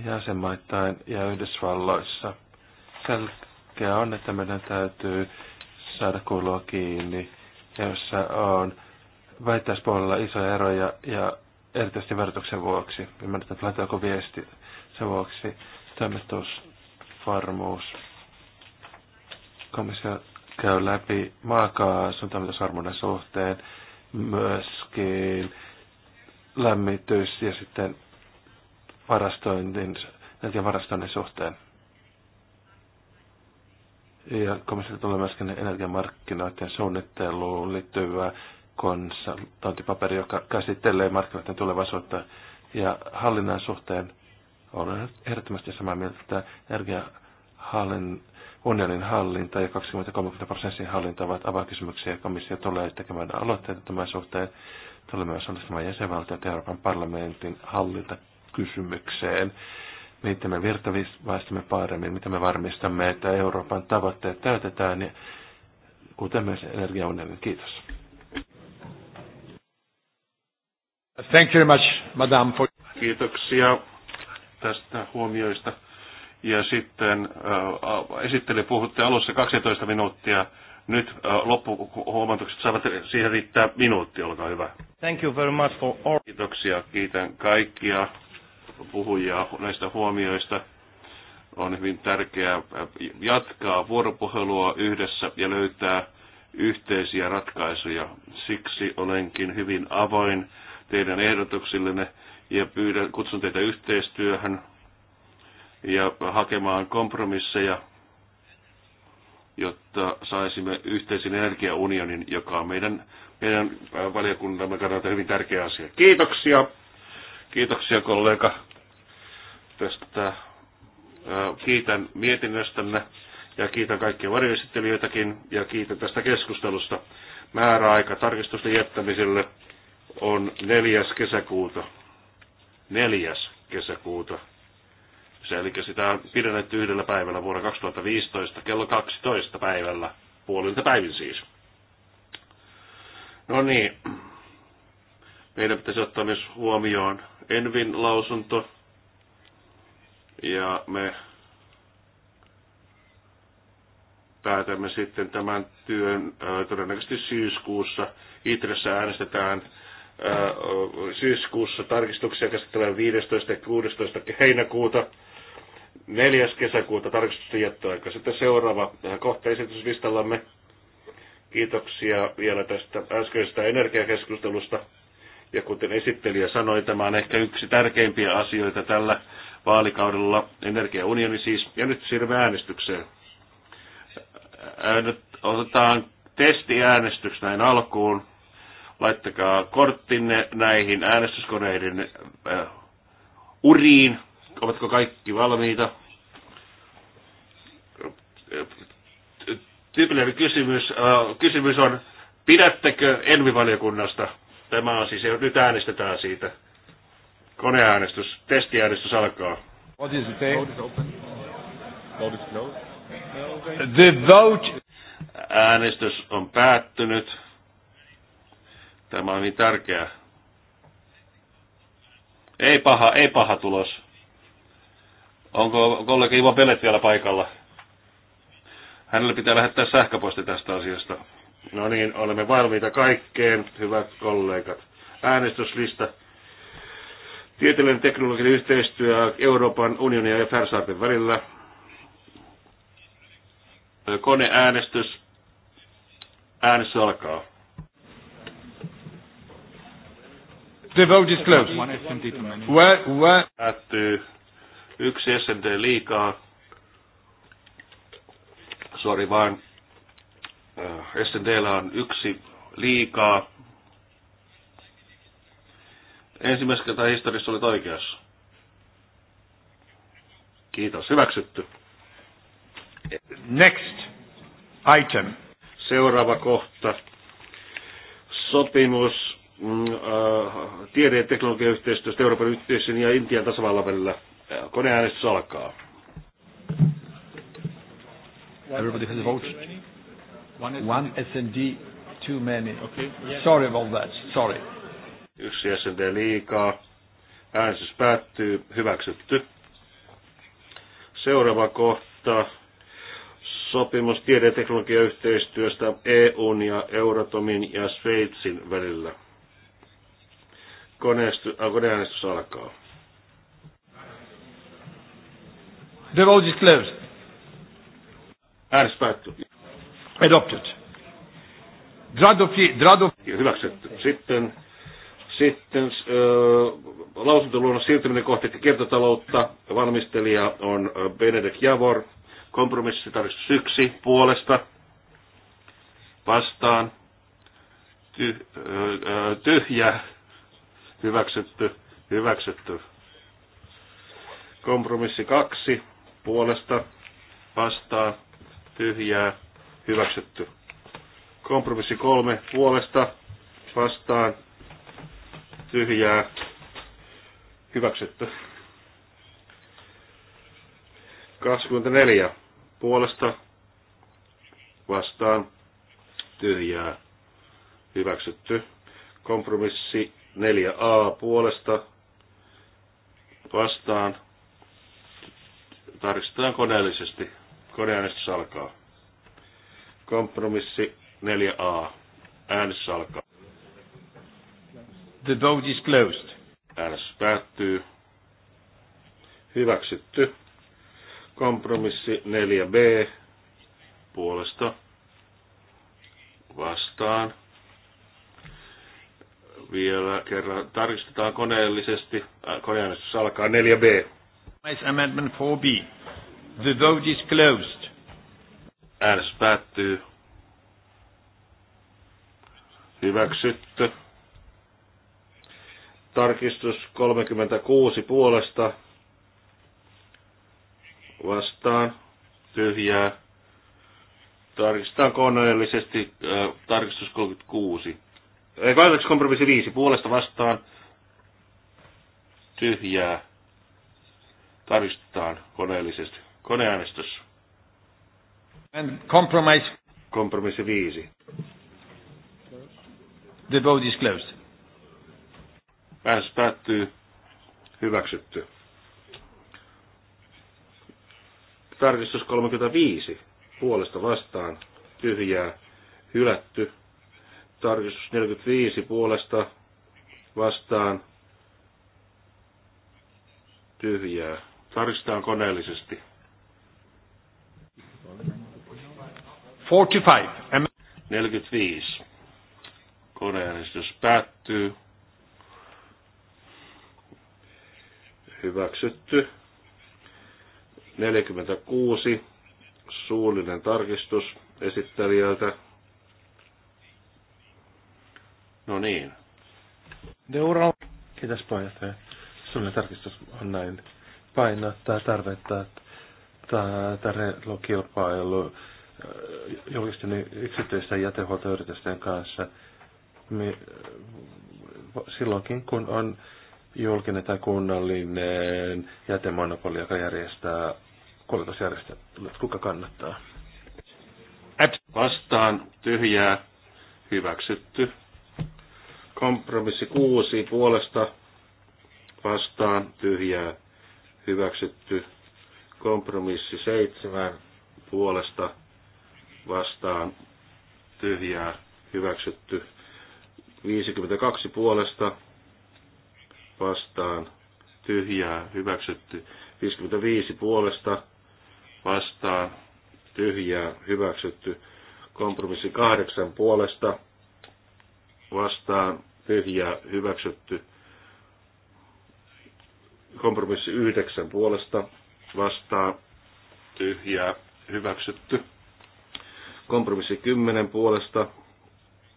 jäsenmaittain ja Yhdysvalloissa. Sel- tärkeää on, että meidän täytyy saada kuulua kiinni, ja jossa on väittäispuolella isoja eroja ja erityisesti verotuksen vuoksi. Ymmärretään, että laitetaanko viesti sen vuoksi. Toimitusvarmuus. Komissio käy läpi maakaasun toimitusvarmuuden suhteen myöskin lämmitys ja sitten varastointin varastoinnin, suhteen. Ja komissio tulee myöskin energiamarkkinoiden suunnitteluun liittyvää konsultointipaperi, joka käsittelee markkinoiden tulevaisuutta ja hallinnan suhteen. Olen ehdottomasti samaa mieltä, että energiahallin, unionin hallinta ja 20-30 prosessin hallinta ovat avainkysymyksiä. Komissio tulee tekemään aloitteita tämän suhteen. Tulee myös osallistumaan jäsenvaltiot Euroopan parlamentin hallintakysymykseen. kysymykseen mitä me virtavaistamme paremmin, mitä me varmistamme, että Euroopan tavoitteet täytetään, ja kuten myös energiaunionin. Kiitos. Thank you very much, madam. For... Kiitoksia tästä huomioista. Ja sitten äh, esittely puhutte alussa 12 minuuttia. Nyt äh, loppuhuomautukset saavat, siihen riittää minuutti, olkaa hyvä. Thank you very much for all... Kiitoksia, kiitän kaikkia puhujia näistä huomioista. On hyvin tärkeää jatkaa vuoropuhelua yhdessä ja löytää yhteisiä ratkaisuja. Siksi olenkin hyvin avoin teidän ehdotuksillenne ja pyydän, kutsun teitä yhteistyöhön ja hakemaan kompromisseja, jotta saisimme yhteisen energiaunionin, joka on meidän, meidän valiokuntamme kannalta hyvin tärkeä asia. Kiitoksia. Kiitoksia kollega tästä. Kiitän mietinnöstänne ja kiitän kaikkia varjoesittelijöitäkin ja kiitän tästä keskustelusta. Määräaika tarkistusten jättämiselle on 4. kesäkuuta. 4. kesäkuuta. Se, eli sitä on pidennetty yhdellä päivällä vuonna 2015 kello 12 päivällä, puolilta päivin siis. No niin, meidän pitäisi ottaa myös huomioon Envin lausunto, ja me päätämme sitten tämän työn todennäköisesti syyskuussa, Itressä äänestetään syyskuussa tarkistuksia käsittelevän 15. ja 16. heinäkuuta. 4. kesäkuuta tarkistusten jättöaika. Sitten seuraava kohta esityslistallamme. Kiitoksia vielä tästä äskeisestä energiakeskustelusta. Ja kuten esittelijä sanoi, tämä on ehkä yksi tärkeimpiä asioita tällä vaalikaudella, energiaunioni siis, ja nyt siirrymme äänestykseen. Nyt otetaan testiäänestys näin alkuun. Laittakaa korttinne näihin äänestyskoneiden äh, uriin. Ovatko kaikki valmiita? Tyypillinen kysymys, äh, kysymys on, pidättekö Envivaliokunnasta? Tämä on siis, nyt äänestetään siitä. Koneäänestys, testiäänestys alkaa. What is the vote is open. Vote is closed. The vote. Äänestys on päättynyt. Tämä on niin tärkeää. Ei paha, ei paha tulos. Onko kollega Ivo Pelet vielä paikalla? Hänelle pitää lähettää sähköposti tästä asiasta. No niin, olemme valmiita kaikkeen, hyvät kollegat. Äänestyslista Tieteellinen teknologinen yhteistyö Euroopan unionin ja Färsaarten välillä. Koneäänestys. Äänestys alkaa. The vote is closed. Where, where? Päättyy. Yksi SMT liikaa. Sori vaan. Äh, SNTllä on yksi liikaa. Ensimmäistä kertaa historiassa olet oikeassa. Kiitos. Hyväksytty. Next item. Seuraava kohta. Sopimus mm, äh, tiede- ja teknologiayhteistyöstä Euroopan yhteisön ja Intian tasavallan välillä. Koneäänestys alkaa. Everybody has a vote. One SND too many. Okay. Sorry about that. Sorry. Yksi SND liikaa. Äänestys päättyy. Hyväksytty. Seuraava kohta. Sopimus tiede- ja teknologiayhteistyöstä EUn ja Euratomin ja Sveitsin välillä. Koneäänestys, äh, koneäänestys alkaa. The vote is closed. Äänestys päättyy. Adopted. Dradofi, Dradofi. Hyväksytty. Sitten sitten lausuntoluonnon siirtyminen kohti kiertotaloutta. Valmistelija on Benedek Javor. Kompromissitarkistus yksi puolesta vastaan. Ty, tyhjä hyväksytty, hyväksytty. Kompromissi kaksi puolesta vastaan tyhjää hyväksytty. Kompromissi kolme puolesta vastaan tyhjää hyväksytty. 24 puolesta vastaan tyhjää hyväksytty. Kompromissi 4a puolesta vastaan tarkistetaan koneellisesti. Koneäänestys alkaa. Kompromissi 4a. Äänestys alkaa. The vote is closed. Äänestys päättyy. Hyväksytty. Kompromissi 4b puolesta vastaan. Vielä kerran tarkistetaan koneellisesti. Äh, koneäänestys alkaa 4b. Amendment 4b. The vote is closed. Äänestys päättyy. Hyväksytty. Tarkistus 36 puolesta vastaan tyhjää. Tarkistetaan koneellisesti äh, tarkistus 36. Ei kompromissi 5 puolesta vastaan tyhjää. Tarkistetaan koneellisesti. Koneäänestys. And compromise. Kompromissi 5. The vote is closed. Äänestys päättyy. Hyväksytty. Tarkistus 35. Puolesta vastaan. Tyhjää. Hylätty. Tarkistus 45. Puolesta vastaan. Tyhjää. Tarkistetaan koneellisesti. 45. 45. Koneäänestys päättyy. hyväksytty. 46, suullinen tarkistus esittelijältä. No niin. Seuraava. Kiitos puheenjohtaja. Suullinen tarkistus on näin. Painottaa tarvetta että tämä kilpailu äh, julkisten yksityisten jätehuoltoyritysten kanssa äh, silloinkin, kun on julkinen tai kunnallinen jätemonopoli, joka järjestää kuljetusjärjestelmät. Kuka kannattaa? Vastaan tyhjää hyväksytty. Kompromissi kuusi puolesta vastaan tyhjää hyväksytty. Kompromissi seitsemän puolesta vastaan tyhjää hyväksytty. 52 puolesta vastaan tyhjää hyväksytty. 55 puolesta vastaan tyhjää hyväksytty. Kompromissi 8 puolesta vastaan tyhjää hyväksytty. Kompromissi 9 puolesta vastaan tyhjää hyväksytty. Kompromissi 10 puolesta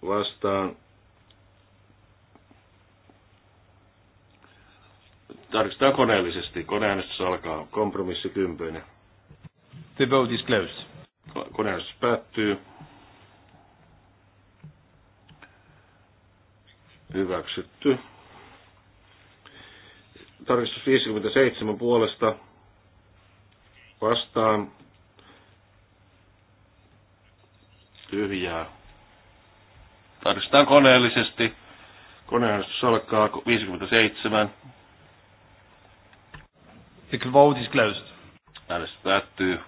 vastaan Tarkistetaan koneellisesti. Koneäänestys alkaa. Kompromissi kympöinen. The vote is closed. Koneäänestys päättyy. Hyväksytty. Tarkistus 57 puolesta vastaan. Tyhjää. Tarkistetaan koneellisesti. Koneäänestys alkaa 57. The vote is closed. Äänestys päättyy.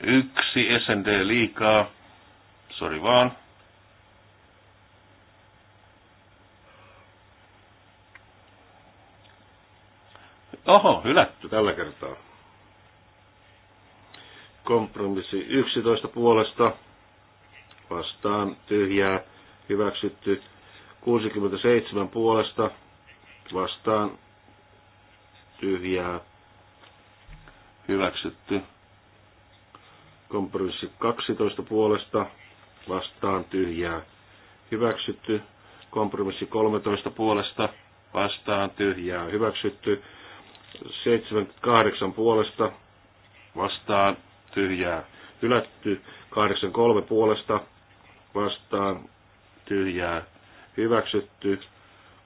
Yksi SND liikaa. Sori vaan. Oho, hylätty tällä kertaa. Kompromissi 11 puolesta vastaan tyhjää hyväksytty 67 puolesta vastaan tyhjää hyväksytty. Kompromissi 12 puolesta vastaan tyhjää hyväksytty. Kompromissi 13 puolesta vastaan tyhjää hyväksytty. 78 puolesta vastaan tyhjää hylätty. 83 puolesta vastaan tyhjää hyväksytty.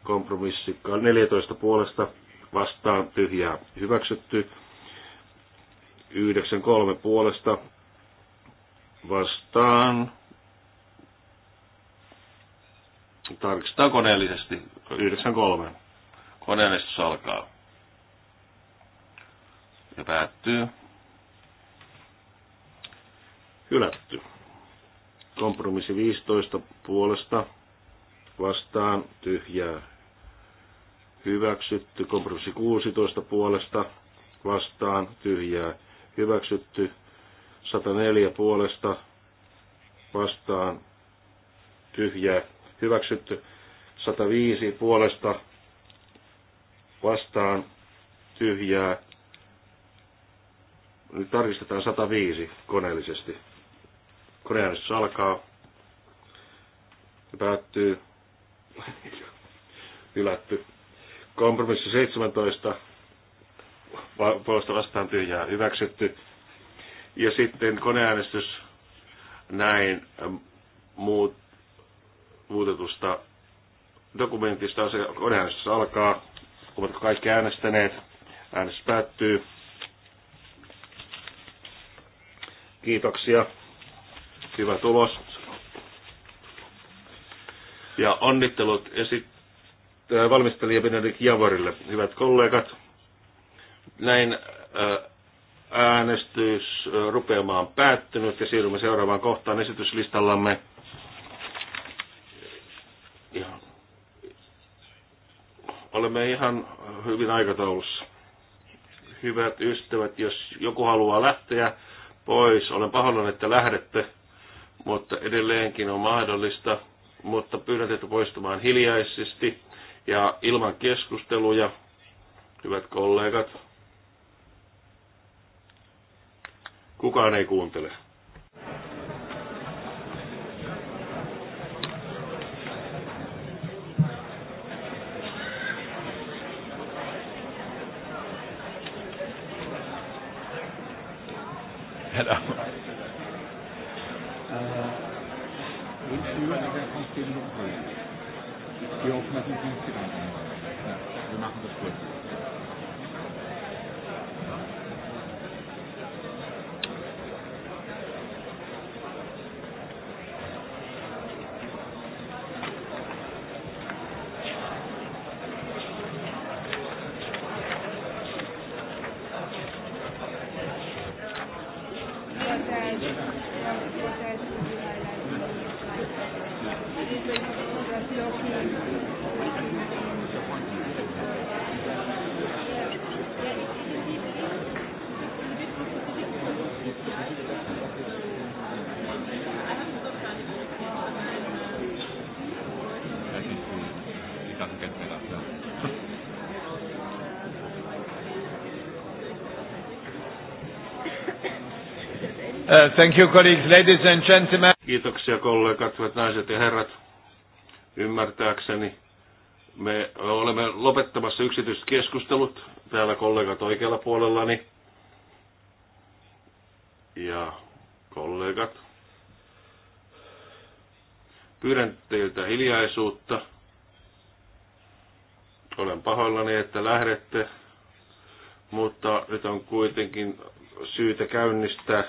Kompromissi 14 puolesta vastaan tyhjää hyväksytty. 9.3 puolesta vastaan. Tarkistetaan koneellisesti. 9.3. koneellisesti alkaa. Ja päättyy. Hylätty. Kompromissi 15 puolesta vastaan tyhjää hyväksytty. Kompromissi 16 puolesta vastaan tyhjää hyväksytty. 104 puolesta vastaan tyhjää hyväksytty. 105 puolesta vastaan tyhjää. Nyt tarkistetaan 105 koneellisesti. Koneäänestys alkaa ja päättyy. Hylätty. Kompromissi 17 puolesta vastaan tyhjää hyväksytty. Ja sitten koneäänestys näin ähm, muut, muutetusta dokumentista. Se koneäänestys alkaa. Ovatko kaikki äänestäneet? Äänestys päättyy. Kiitoksia. Hyvä tulos. Ja onnittelut esit Äh, valmistelija Benedikt Javorille. Hyvät kollegat, näin äh, äänestys äh, rupeamaan on päättynyt ja siirrymme seuraavaan kohtaan esityslistallamme. Ja olemme ihan hyvin aikataulussa. Hyvät ystävät, jos joku haluaa lähteä pois, olen pahoillani, että lähdette, mutta edelleenkin on mahdollista, mutta pyydän teitä poistumaan hiljaisesti ja ilman keskusteluja, hyvät kollegat, kukaan ei kuuntele. Uh, thank you colleagues, ladies and gentlemen. Kiitoksia kollegat, hyvät naiset ja herrat. Ymmärtääkseni me olemme lopettamassa yksityiset keskustelut. Täällä kollegat oikealla puolellani. Ja kollegat. Pyydän teiltä hiljaisuutta. Olen pahoillani, että lähdette, mutta nyt on kuitenkin syytä käynnistää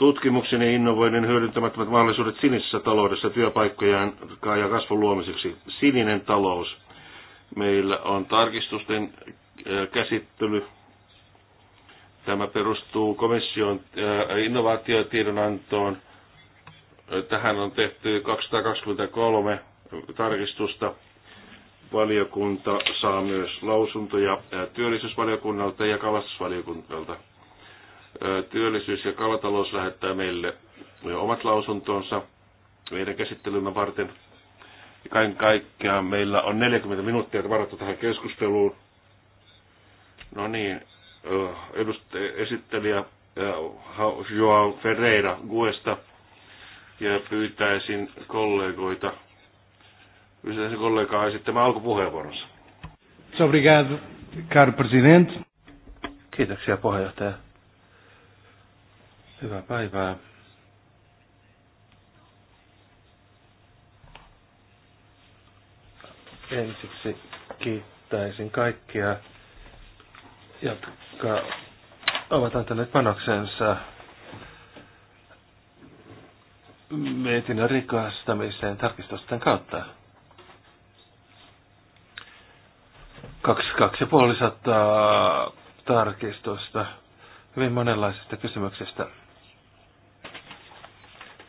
Tutkimuksen ja innovoinnin hyödyntämättömät mahdollisuudet sinisessä taloudessa työpaikkojen ja kasvun luomiseksi. Sininen talous. Meillä on tarkistusten käsittely. Tämä perustuu komission innovaatiotiedonantoon. Tähän on tehty 223 tarkistusta. Valiokunta saa myös lausuntoja työllisyysvaliokunnalta ja kalastusvaliokunnalta Työllisyys- ja kalatalous lähettää meille omat lausuntonsa meidän käsittelymme varten. Kaiken kaikkiaan meillä on 40 minuuttia varattu tähän keskusteluun. No niin, esittelijä Joao Ferreira Guesta ja pyytäisin kollegoita, pyytäisin kollegaa esittämään alkupuheenvuoronsa. Obrigado, caro presidente. Kiitoksia puheenjohtaja. Hyvää päivää. Ensiksi kiittäisin kaikkia, jotka ovat antaneet panoksensa mietinnön rikastamiseen tarkistusten kautta. Kaksi, kaksi puolisataa tarkistusta hyvin monenlaisista kysymyksistä.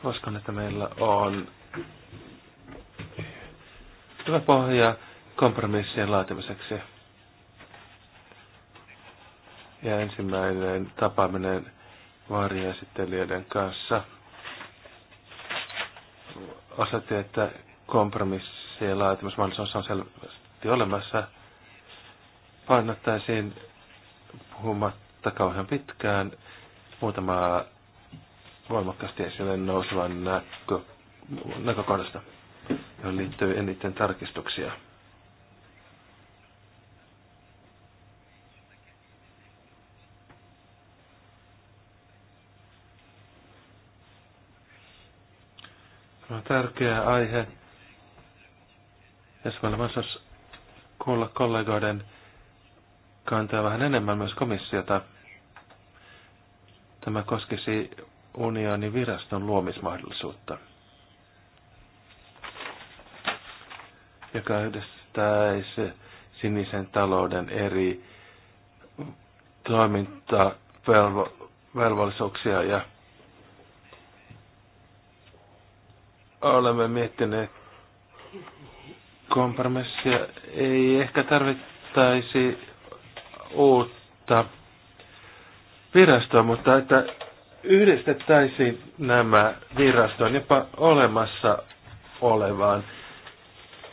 Uskon, että meillä on hyvä pohja kompromissien laatimiseksi. Ja ensimmäinen tapaaminen varjaesittelijöiden kanssa osoitti, että kompromissien laatimismahdollisuus on selvästi olemassa. Painottaisin puhumatta kauhean pitkään muutamaa voimakkaasti esille nousevan näkö, näkökohdasta, johon liittyy eniten tarkistuksia. Tämä on tärkeä aihe. Jos meillä kuulla kollegoiden kantaa vähän enemmän myös komissiota. Tämä koskisi unionin viraston luomismahdollisuutta, joka yhdistäisi sinisen talouden eri toimintavelvollisuuksia ja olemme miettineet kompromissia. Ei ehkä tarvittaisi uutta virastoa, mutta että yhdistettäisiin nämä virastoon jopa olemassa olevaan,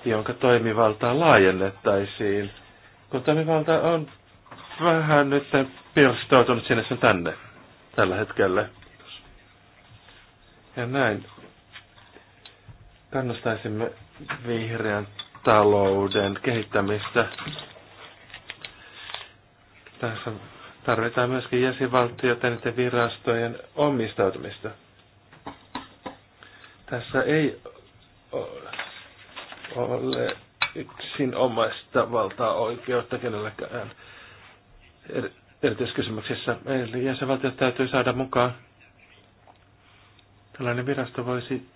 jonka toimivaltaa laajennettaisiin, kun toimivalta on vähän nyt pirstoutunut sinne sen tänne tällä hetkellä. Ja näin kannustaisimme vihreän talouden kehittämistä. Tässä Tarvitaan myöskin jäsenvaltioiden niiden virastojen omistautumista. Tässä ei ole yksin omasta valtaa oikeutta kenellekään er-, erityiskysymyksissä. Eli jäsenvaltiot täytyy saada mukaan. Tällainen virasto voisi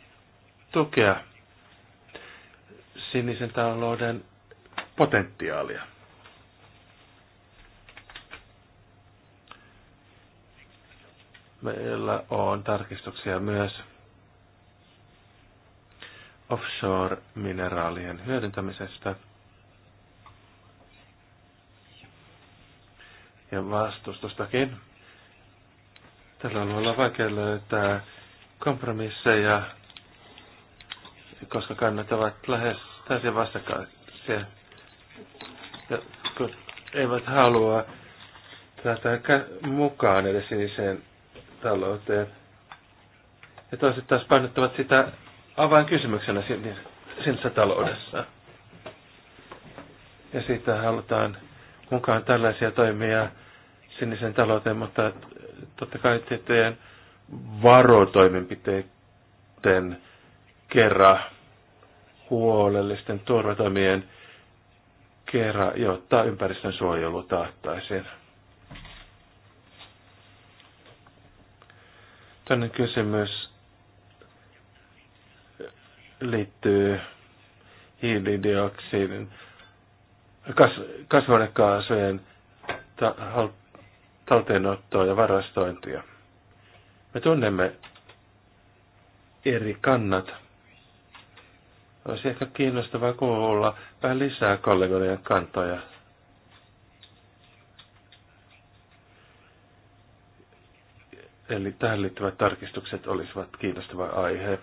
tukea sinisen talouden potentiaalia. Meillä on tarkistuksia myös offshore-mineraalien hyödyntämisestä ja vastustustakin. Tällä on on vaikea löytää kompromisseja, koska kannat ovat lähes täysin vastakkaisia. Ja kun eivät halua tätä mukaan edes sen talouteen. Ja toiset taas painottavat sitä avainkysymyksenä sinänsä niin taloudessa. Ja siitä halutaan mukaan tällaisia toimia sinisen talouteen, mutta totta kai tiettyjen varotoimenpiteiden kerran huolellisten turvatoimien kerran, jotta ympäristön suojelu taattaisiin. Toinen kysymys liittyy hiilidioksidin kas, kasvanekaasujen ta, talteenottoa ja varastointia. Me tunnemme eri kannat. Olisi ehkä kiinnostavaa kuulla vähän lisää kollegoiden kantoja. Eli tähän liittyvät tarkistukset olisivat kiinnostava aihe.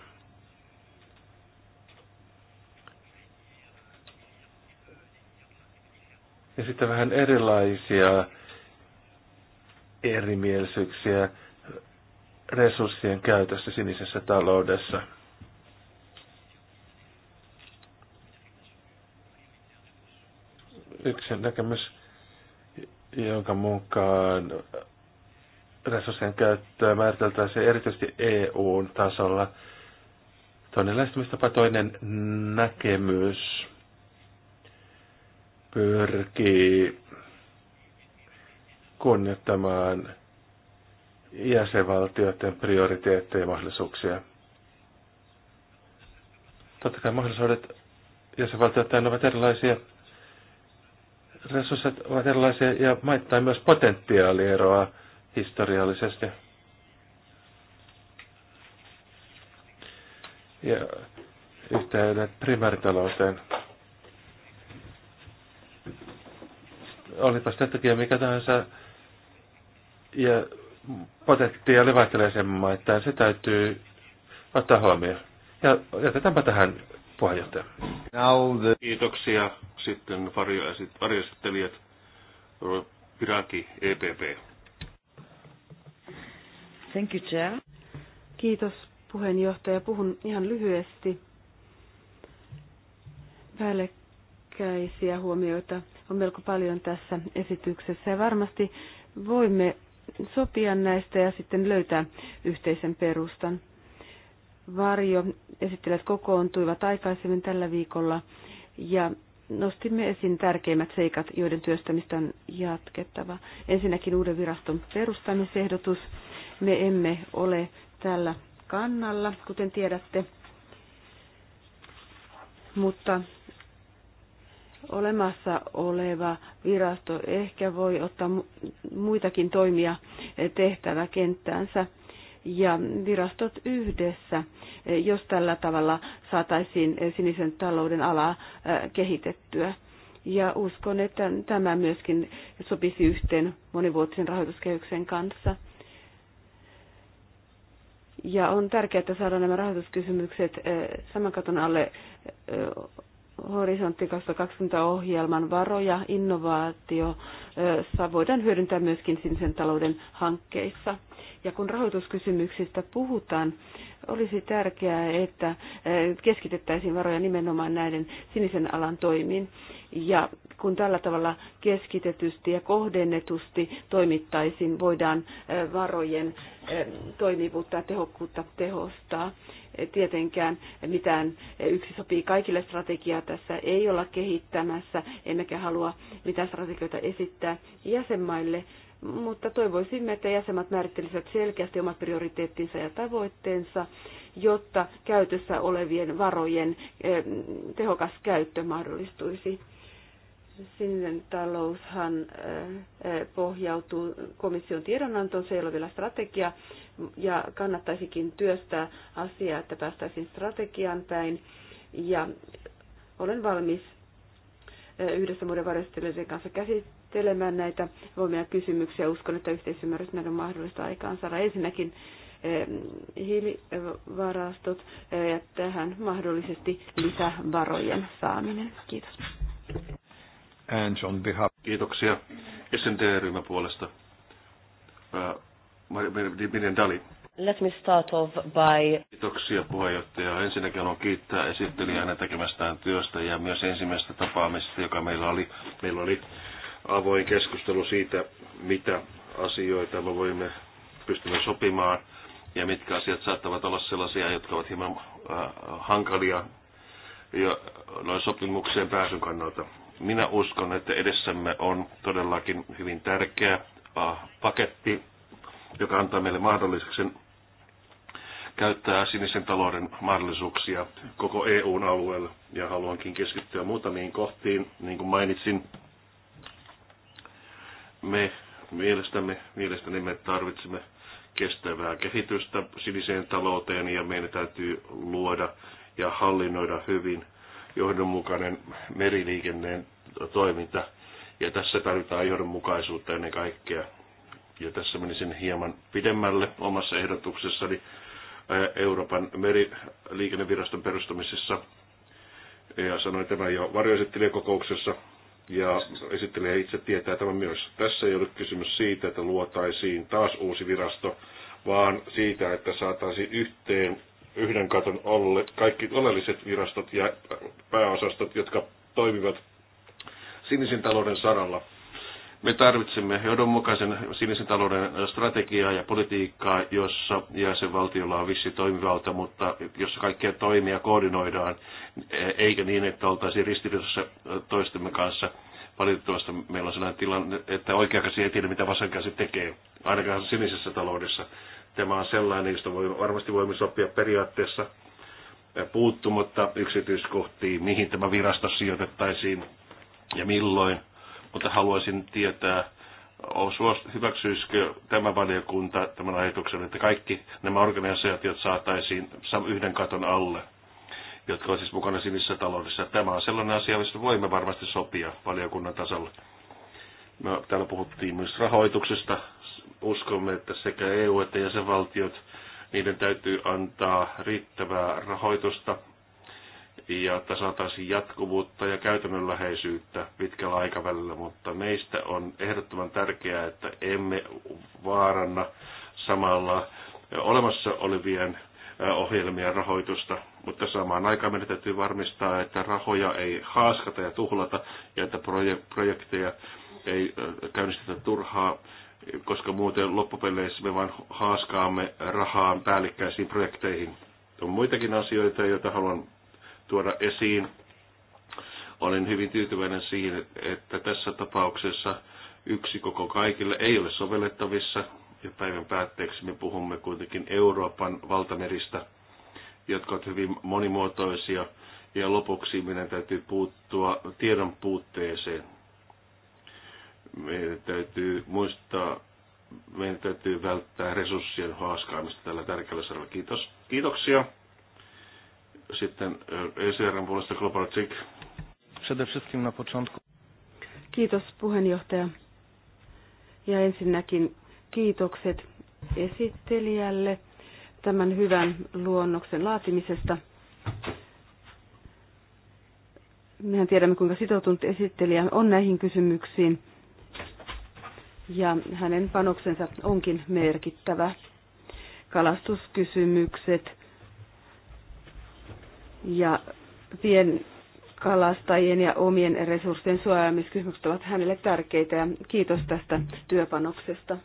Ja sitten vähän erilaisia erimielisyyksiä resurssien käytössä sinisessä taloudessa. Yksi näkemys, jonka mukaan resurssien käyttöä määriteltäisiin erityisesti EUn tasolla. Toinen lähestymistapa, toinen näkemys pyrkii kunnioittamaan jäsenvaltioiden prioriteetteja ja mahdollisuuksia. Totta kai mahdollisuudet jäsenvaltioiden ovat erilaisia, resurssit ovat erilaisia ja maittain myös potentiaalieroa historiallisesti. Ja yhteydet primärtalouteen. Olipa strategia mikä tahansa ja ja levaittelee sen että se täytyy ottaa huomioon. Ja jätetäänpä tähän puheenjohtaja. the... Kiitoksia sitten varjoesittelijät Piraki EPP. Thank you, Chair. Kiitos puheenjohtaja. Puhun ihan lyhyesti. Päällekkäisiä huomioita on melko paljon tässä esityksessä ja varmasti voimme sopia näistä ja sitten löytää yhteisen perustan. Varjo esittelijät kokoontuivat aikaisemmin tällä viikolla ja nostimme esiin tärkeimmät seikat, joiden työstämistä on jatkettava. Ensinnäkin uuden viraston perustamisehdotus me emme ole tällä kannalla, kuten tiedätte, mutta olemassa oleva virasto ehkä voi ottaa muitakin toimia tehtäväkenttäänsä ja virastot yhdessä, jos tällä tavalla saataisiin sinisen talouden alaa äh, kehitettyä. Ja uskon, että tämä myöskin sopisi yhteen monivuotisen rahoituskehyksen kanssa. Ja on tärkeää, että saadaan nämä rahoituskysymykset eh, saman katon alle eh, Horisontti 2020 ohjelman varoja innovaatio voidaan hyödyntää myöskin sinisen talouden hankkeissa. Ja kun rahoituskysymyksistä puhutaan, olisi tärkeää, että keskitettäisiin varoja nimenomaan näiden sinisen alan toimiin. Ja kun tällä tavalla keskitetysti ja kohdennetusti toimittaisiin, voidaan varojen toimivuutta ja tehokkuutta tehostaa tietenkään mitään e, yksi sopii kaikille strategiaa tässä ei olla kehittämässä, emmekä halua mitään strategioita esittää jäsenmaille, mutta toivoisimme, että jäsenmaat määrittelisivät selkeästi omat prioriteettinsa ja tavoitteensa, jotta käytössä olevien varojen e, tehokas käyttö mahdollistuisi Sininen taloushan pohjautuu komission tiedonantoon, se ei ole vielä strategia, ja kannattaisikin työstää asiaa, että päästäisiin strategiaan päin. Ja olen valmis yhdessä muiden varjostelijoiden kanssa käsittelemään näitä voimia kysymyksiä. Uskon, että yhteisymmärrys näiden mahdollista aikaan saada. Ensinnäkin hiilivarastot ja tähän mahdollisesti lisävarojen saaminen. Kiitos. And on behalf... Kiitoksia snt ryhmä puolesta. Miriam Dali. Let me start off by... Kiitoksia puheenjohtaja. Ensinnäkin haluan kiittää esittelijää hänen tekemästään työstä ja myös ensimmäistä tapaamista, joka meillä oli. Meillä oli avoin keskustelu siitä, mitä asioita me voimme pystymme sopimaan ja mitkä asiat saattavat olla sellaisia, jotka ovat hieman äh, hankalia jo noin sopimukseen pääsyn kannalta. Minä uskon, että edessämme on todellakin hyvin tärkeä paketti, joka antaa meille mahdollisuuden käyttää sinisen talouden mahdollisuuksia koko EUn alueella. Ja haluankin keskittyä muutamiin kohtiin, niin kuin mainitsin. Me mielestämme, mielestäni me tarvitsemme kestävää kehitystä siniseen talouteen ja meidän täytyy luoda ja hallinnoida hyvin johdonmukainen meriliikenteen toiminta. Ja tässä tarvitaan johdonmukaisuutta ennen kaikkea. Ja tässä menisin hieman pidemmälle omassa ehdotuksessani Euroopan meriliikenneviraston perustamisessa. Ja sanoin tämän jo varjoesittelijäkokouksessa. Ja esittelijä itse tietää tämän myös. Tässä ei ole kysymys siitä, että luotaisiin taas uusi virasto, vaan siitä, että saataisiin yhteen yhden katon alle kaikki oleelliset virastot ja pääosastot, jotka toimivat sinisen talouden saralla. Me tarvitsemme johdonmukaisen sinisen talouden strategiaa ja politiikkaa, jossa jäsenvaltiolla on vissi toimivalta, mutta jossa kaikkia toimia koordinoidaan, eikä niin, että oltaisiin ristiriidassa toistemme kanssa. Valitettavasti meillä on sellainen tilanne, että oikea käsi ei tiedä, mitä vasen käsi tekee, ainakaan sinisessä taloudessa tema on sellainen, josta voi, varmasti voimme sopia periaatteessa puuttumatta yksityiskohtiin, mihin tämä virasto sijoitettaisiin ja milloin. Mutta haluaisin tietää, hyväksyisikö tämä valiokunta tämän ajatuksen, että kaikki nämä organisaatiot saataisiin yhden katon alle, jotka ovat siis mukana sinissä taloudessa. Tämä on sellainen asia, josta voimme varmasti sopia valiokunnan tasolla. Me no, täällä puhuttiin myös rahoituksesta uskomme, että sekä EU että jäsenvaltiot, niiden täytyy antaa riittävää rahoitusta ja että saataisiin jatkuvuutta ja käytännönläheisyyttä pitkällä aikavälillä, mutta meistä on ehdottoman tärkeää, että emme vaaranna samalla olemassa olevien ohjelmien rahoitusta, mutta samaan aikaan meidän täytyy varmistaa, että rahoja ei haaskata ja tuhlata ja että projekteja ei käynnistetä turhaa koska muuten loppupeleissä me vain haaskaamme rahaa päällikkäisiin projekteihin. On muitakin asioita, joita haluan tuoda esiin. Olen hyvin tyytyväinen siihen, että tässä tapauksessa yksi koko kaikille ei ole sovellettavissa. Ja päivän päätteeksi me puhumme kuitenkin Euroopan valtameristä, jotka ovat hyvin monimuotoisia. Ja lopuksi meidän täytyy puuttua tiedon puutteeseen meidän täytyy muistaa, meidän täytyy välttää resurssien haaskaamista tällä tärkeällä saralla. Kiitos. Kiitoksia. Sitten ECRn puolesta Global Chick. Kiitos puheenjohtaja. Ja ensinnäkin kiitokset esittelijälle tämän hyvän luonnoksen laatimisesta. Mehän tiedämme, kuinka sitoutunut esittelijä on näihin kysymyksiin ja hänen panoksensa onkin merkittävä. Kalastuskysymykset ja pienkalastajien ja omien resurssien suojaamiskysymykset ovat hänelle tärkeitä ja kiitos tästä työpanoksesta.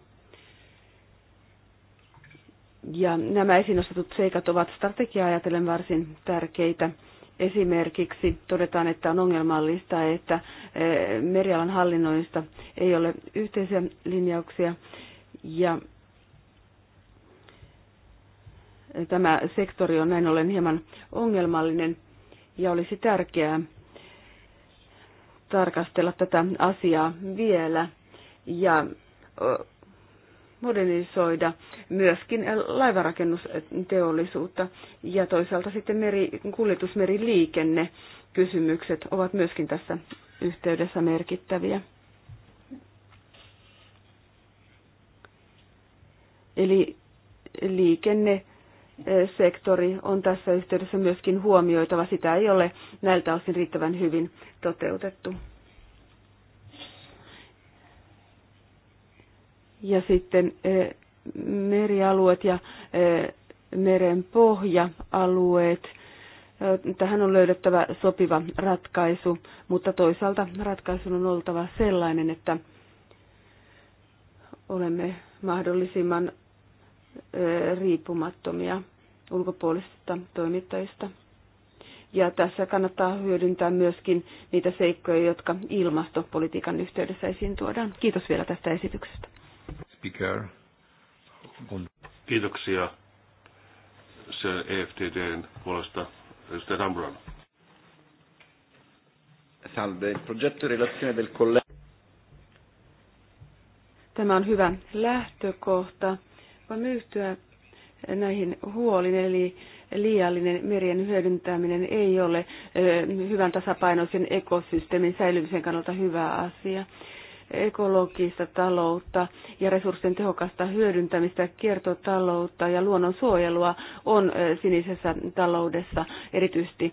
Ja nämä esiin nostetut seikat ovat strategiaa ajatellen varsin tärkeitä Esimerkiksi todetaan, että on ongelmallista, että eh, merialan hallinnoista ei ole yhteisiä linjauksia ja eh, tämä sektori on näin ollen hieman ongelmallinen ja olisi tärkeää tarkastella tätä asiaa vielä ja eh, modernisoida myöskin laivarakennusteollisuutta ja toisaalta sitten meri, kuljetusmeriliikenne kysymykset ovat myöskin tässä yhteydessä merkittäviä. Eli liikennesektori on tässä yhteydessä myöskin huomioitava. Sitä ei ole näiltä osin riittävän hyvin toteutettu. ja sitten e, merialueet ja e, merenpohja-alueet. E, tähän on löydettävä sopiva ratkaisu, mutta toisaalta ratkaisun on oltava sellainen, että olemme mahdollisimman riippumattomia ulkopuolisista toimittajista. Ja tässä kannattaa hyödyntää myöskin niitä seikkoja, jotka ilmastopolitiikan yhteydessä esiin tuodaan. Kiitos vielä tästä esityksestä speaker. Kiitoksia se EFTDn puolesta edustaja Dambron. Salve. progetto relazione del collega. Tämä on hyvä lähtökohta. Voimme yhtyä näihin huoliin, eli liiallinen merien hyödyntäminen ei ole hyvän tasapainoisen ekosysteemin säilymisen kannalta hyvä asia ekologista taloutta ja resurssien tehokasta hyödyntämistä, kiertotaloutta ja luonnonsuojelua on sinisessä taloudessa erityisesti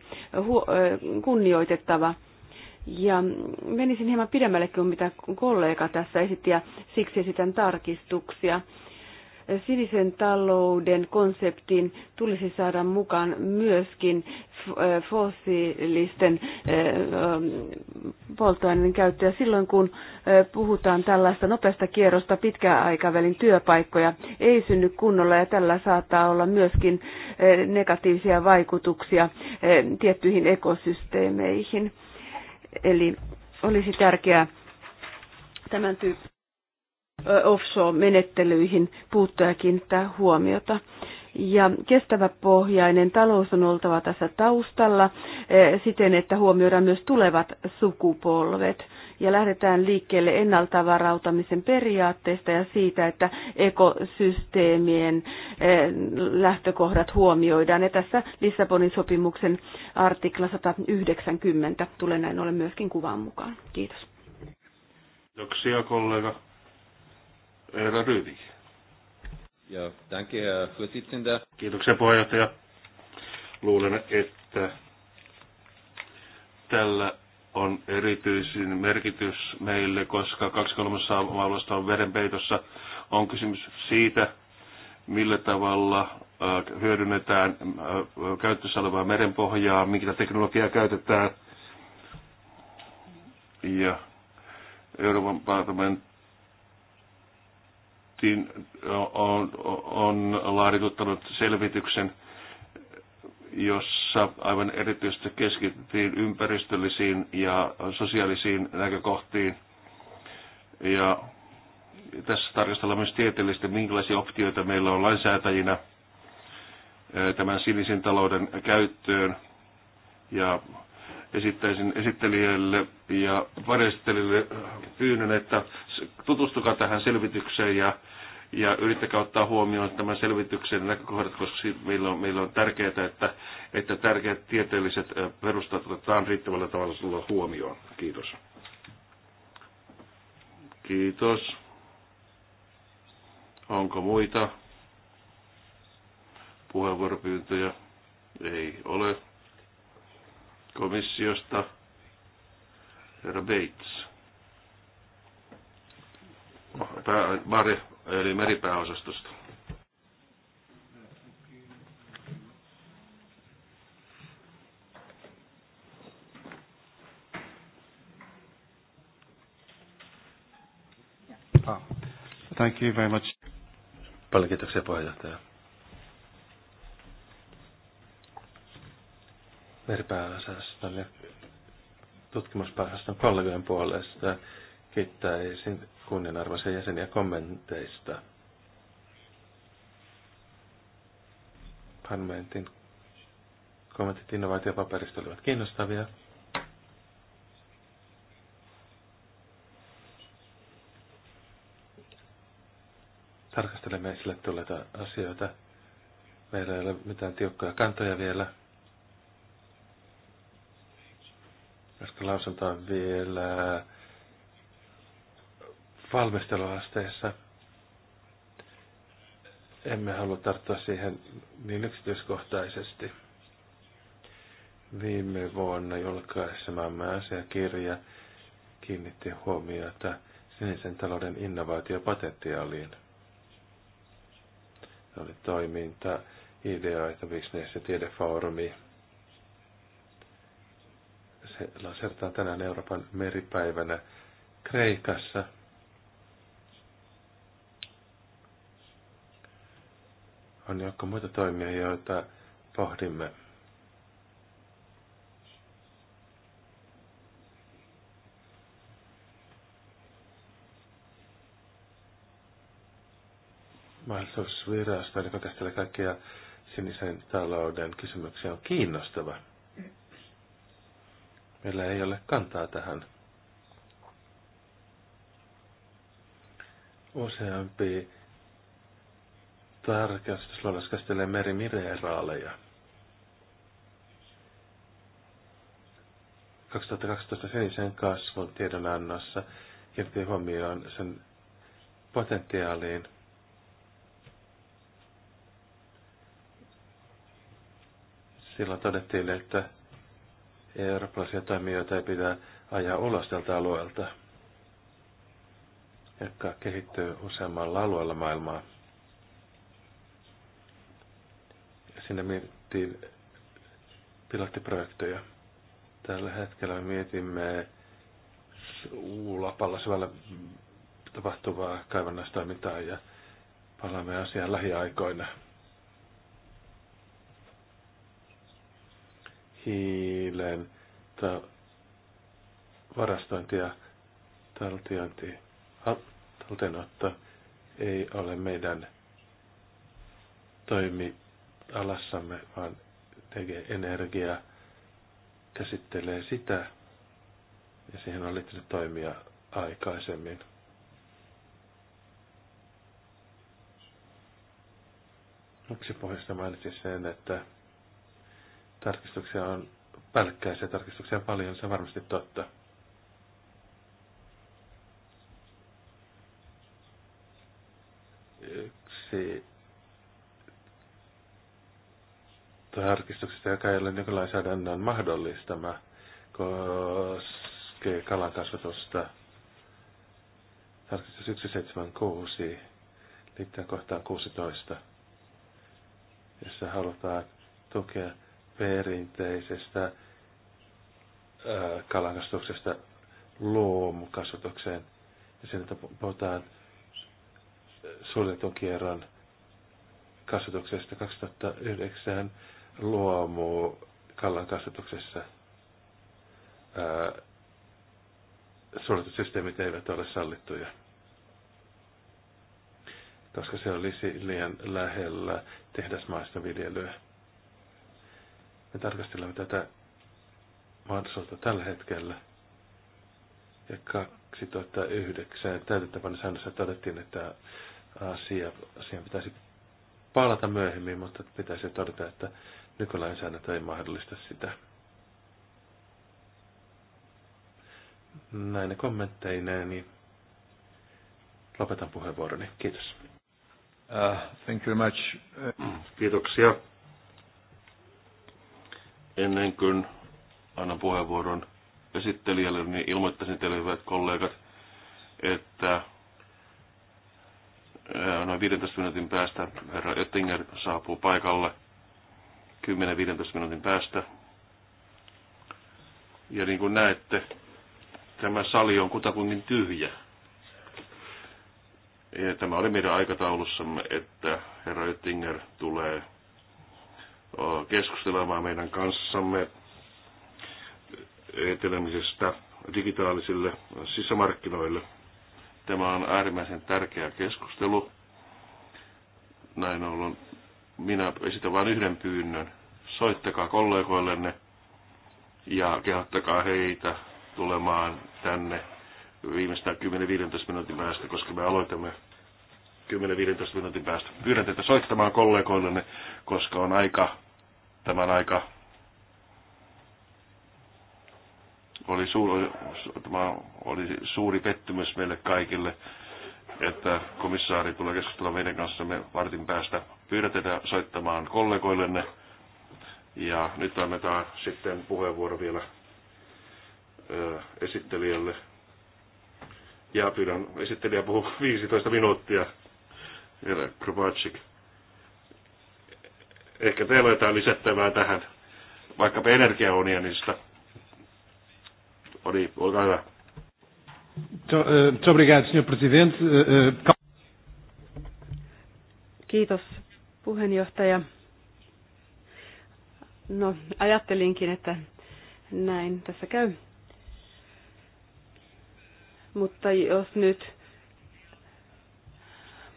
kunnioitettava. Ja menisin hieman pidemmälle kuin mitä kollega tässä esitti ja siksi esitän tarkistuksia sinisen talouden konseptin tulisi saada mukaan myöskin fossiilisten polttoaineiden käyttöä silloin, kun puhutaan tällaista nopeasta kierrosta pitkän aikavälin työpaikkoja ei synny kunnolla ja tällä saattaa olla myöskin negatiivisia vaikutuksia tiettyihin ekosysteemeihin. Eli olisi tärkeää tämän tyyppi offshore-menettelyihin puuttua ja kiinnittää huomiota. Ja kestävä pohjainen talous on oltava tässä taustalla siten, että huomioidaan myös tulevat sukupolvet. Ja lähdetään liikkeelle ennalta varautamisen periaatteesta ja siitä, että ekosysteemien lähtökohdat huomioidaan. Ja tässä Lissabonin sopimuksen artikla 190 tulee näin ollen myöskin kuvan mukaan. Kiitos. Kiitoksia kollega. Herra Ryydik. Ja, danke, Herr Kiitoksia puheenjohtaja. Luulen, että tällä on erityisin merkitys meille, koska kaksi maailmasta on verenpeitossa. On kysymys siitä, millä tavalla äh, hyödynnetään äh, käytössä olevaa merenpohjaa, mitä teknologiaa käytetään. Ja Euroopan parlamentti Putin on, on laadituttanut selvityksen, jossa aivan erityisesti keskityttiin ympäristöllisiin ja sosiaalisiin näkökohtiin. Ja tässä tarkastellaan myös tieteellisesti, minkälaisia optioita meillä on lainsäätäjinä eh, tämän sinisen talouden käyttöön. Ja esittäisin esittelijöille ja varjestelijoille pyynnön, että tutustukaa tähän selvitykseen ja, ja yrittäkää ottaa huomioon tämän selvityksen näkökohdat, koska meillä on, meillä on tärkeää, että, että tärkeät tieteelliset perustat otetaan riittävällä tavalla sulla huomioon. Kiitos. Kiitos. Onko muita puheenvuoropyyntöjä? Ei ole komissiosta herra Bates. No, pää, Mari, eli meripääosastosta. Thank you very much. Paljon kiitoksia puheenjohtaja. meripääosaston ja tutkimuspääosaston kollegojen puolesta kiittäisin kunnianarvoisia jäseniä kommenteista. Panmentin kommentit innovaatiopaperista olivat kiinnostavia. Tarkastelemme esille tulleita asioita. Meillä ei ole mitään tiukkoja kantoja vielä. lausunto on vielä valmisteluasteessa. Emme halua tarttua siihen niin yksityiskohtaisesti. Viime vuonna julkaisemamme asiakirja kiinnitti huomiota sinisen talouden innovaatiopotentiaaliin. Se oli toiminta, ideoita, bisnes- ja tiedefoorumi, se tänään Euroopan meripäivänä Kreikassa. On joukko muita toimia, joita pohdimme. mahdollisuus virasta, joka kaikkia sinisen talouden kysymyksiä, on kiinnostava. Meillä ei ole kantaa tähän. Useampi tarkastuslaitos käsittelee merimineraaleja. 2012 sinisen kasvun tiedonannossa kiinnitti huomioon sen potentiaaliin silloin todettiin, että eurooppalaisia toimijoita ei pidä ajaa ulos tältä alueelta, jotka kehittyy useammalla alueella maailmaa. Sinne mietittiin pilottiprojekteja. Tällä hetkellä me mietimme Uulapalla syvällä tapahtuvaa kaivannaistoimintaa ja palaamme asiaan lähiaikoina. hiilen ta, varastointi ja taltiointi, taltenotto ei ole meidän toimialassamme, vaan tekee energiaa, käsittelee sitä ja siihen on liittynyt toimia aikaisemmin. Yksi pohjasta mainitsin sen, että tarkistuksia on pälkkäisiä tarkistuksia paljon, se on varmasti totta. Yksi tarkistuksista, joka ei ole nykylainsäädännön mahdollistama, koskee kalakasvatusta. Tarkistus 176 liittyen kohtaan 16, jossa halutaan tukea perinteisestä kalankasvatuksesta luomukasvatukseen. Ja sen puhutaan suljetun kierron kasvatuksesta 2009 luomu kallan kasvatuksessa. Suljetut systeemit eivät ole sallittuja, koska se olisi liian lähellä tehdasmaista viljelyä. Me tarkastelemme tätä mahdollisuutta tällä hetkellä. Ja 2009 täytettävän säännössä todettiin, että asia, asian pitäisi palata myöhemmin, mutta pitäisi todeta, että nykylainsäädäntö ei mahdollista sitä. Näin kommentteineen, niin lopetan puheenvuoroni. Kiitos. Uh, thank you very much. Kiitoksia. Ennen kuin annan puheenvuoron esittelijälle, niin ilmoittaisin teille, hyvät kollegat, että noin 15 minuutin päästä herra Oettinger saapuu paikalle 10-15 minuutin päästä. Ja niin kuin näette, tämä sali on kutakuinkin tyhjä. Ja tämä oli meidän aikataulussamme, että herra Oettinger tulee Äh, keskustelemaan meidän kanssamme etenemisestä digitaalisille sisämarkkinoille. Tämä on äärimmäisen tärkeä keskustelu. Näin ollen minä esitän vain yhden pyynnön. Soittakaa kollegoillenne ja kehottakaa heitä tulemaan tänne viimeistään 10-15 minuutin päästä, koska me aloitamme 10-15 minuutin päästä. Pyydän teitä soittamaan kollegoillenne, koska on aika, tämän aika oli, suur, tämä oli suuri pettymys meille kaikille, että komissaari tulee keskustella meidän kanssamme vartin päästä. Pyydän teitä soittamaan kollegoillenne. Ja nyt annetaan sitten puheenvuoro vielä ö, esittelijälle. Ja pyydän esittelijä puhua 15 minuuttia. Herra Krubacik, ehkä teillä on jotain lisättävää tähän, vaikkapa energiaunionista. Oli, olkaa hyvä. E, e, e, Kiitos puheenjohtaja. No, ajattelinkin, että näin tässä käy. Mutta jos nyt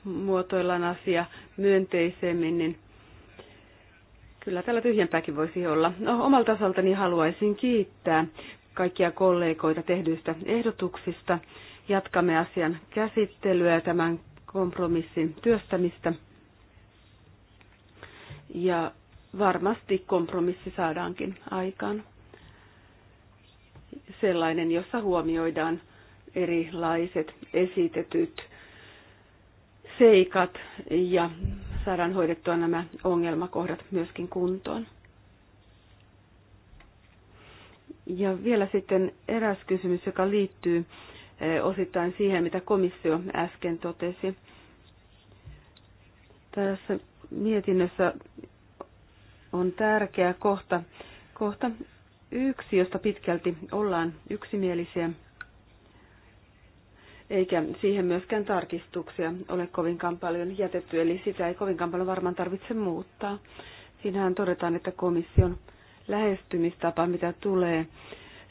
muotoillaan asia myönteisemmin, niin kyllä tällä tyhjempääkin voisi olla. No, omalta osaltani haluaisin kiittää kaikkia kollegoita tehdyistä ehdotuksista. Jatkamme asian käsittelyä ja tämän kompromissin työstämistä. Ja varmasti kompromissi saadaankin aikaan. Sellainen, jossa huomioidaan erilaiset esitetyt seikat ja saadaan hoidettua nämä ongelmakohdat myöskin kuntoon. Ja vielä sitten eräs kysymys, joka liittyy eh, osittain siihen, mitä komissio äsken totesi. Tässä mietinnössä on tärkeä kohta, kohta yksi, josta pitkälti ollaan yksimielisiä eikä siihen myöskään tarkistuksia ole kovinkaan paljon jätetty, eli sitä ei kovinkaan paljon varmaan tarvitse muuttaa. Siinähän todetaan, että komission lähestymistapa, mitä tulee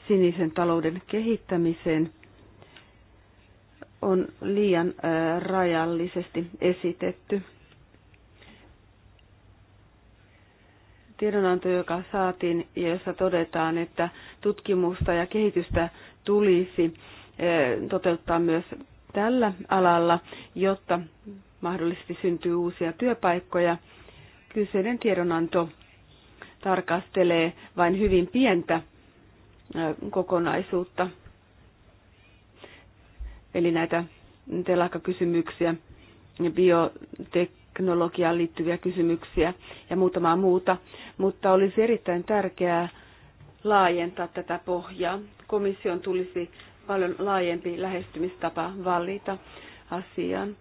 sinisen talouden kehittämiseen, on liian rajallisesti esitetty. Tiedonanto, joka saatiin jossa todetaan, että tutkimusta ja kehitystä tulisi toteuttaa myös tällä alalla, jotta mahdollisesti syntyy uusia työpaikkoja. Kyseinen tiedonanto tarkastelee vain hyvin pientä kokonaisuutta, eli näitä telakkakysymyksiä, bioteknologiaan liittyviä kysymyksiä ja muutamaa muuta, mutta olisi erittäin tärkeää laajentaa tätä pohjaa. Komission tulisi paljon laajempi lähestymistapa vallita asiaan.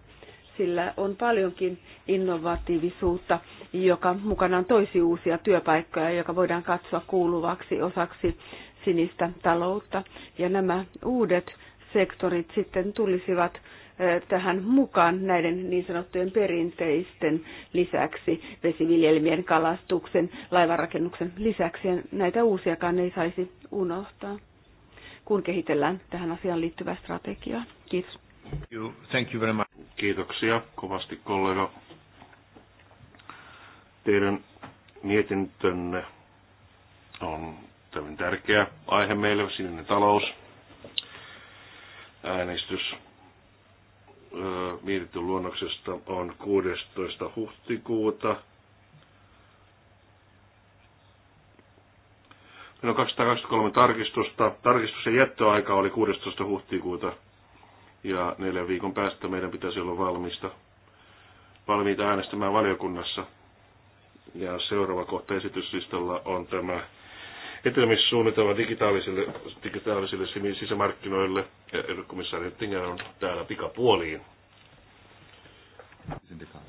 Sillä on paljonkin innovatiivisuutta, joka mukanaan toisi uusia työpaikkoja, joka voidaan katsoa kuuluvaksi osaksi sinistä taloutta. Ja nämä uudet sektorit sitten tulisivat tähän mukaan näiden niin sanottujen perinteisten lisäksi, vesiviljelmien, kalastuksen, laivarakennuksen lisäksi. Ja näitä uusiakaan ei saisi unohtaa kun kehitellään tähän asiaan liittyvää strategiaa. Kiitos. Thank you. very much. Kiitoksia kovasti kollega. Teidän mietintönne on tämän tärkeä aihe meille, sininen talous, äänestys mietityn luonnoksesta on 16. huhtikuuta Meillä on 223 tarkistusta. ja jättöaika oli 16. huhtikuuta ja neljän viikon päästä meidän pitäisi olla valmista, valmiita äänestämään valiokunnassa. Ja seuraava kohta esityslistalla on tämä etenemissuunnitelma digitaalisille, digitaalisille sisämarkkinoille. Ja komissaari Tinger on täällä pikapuoliin. Sindikaan.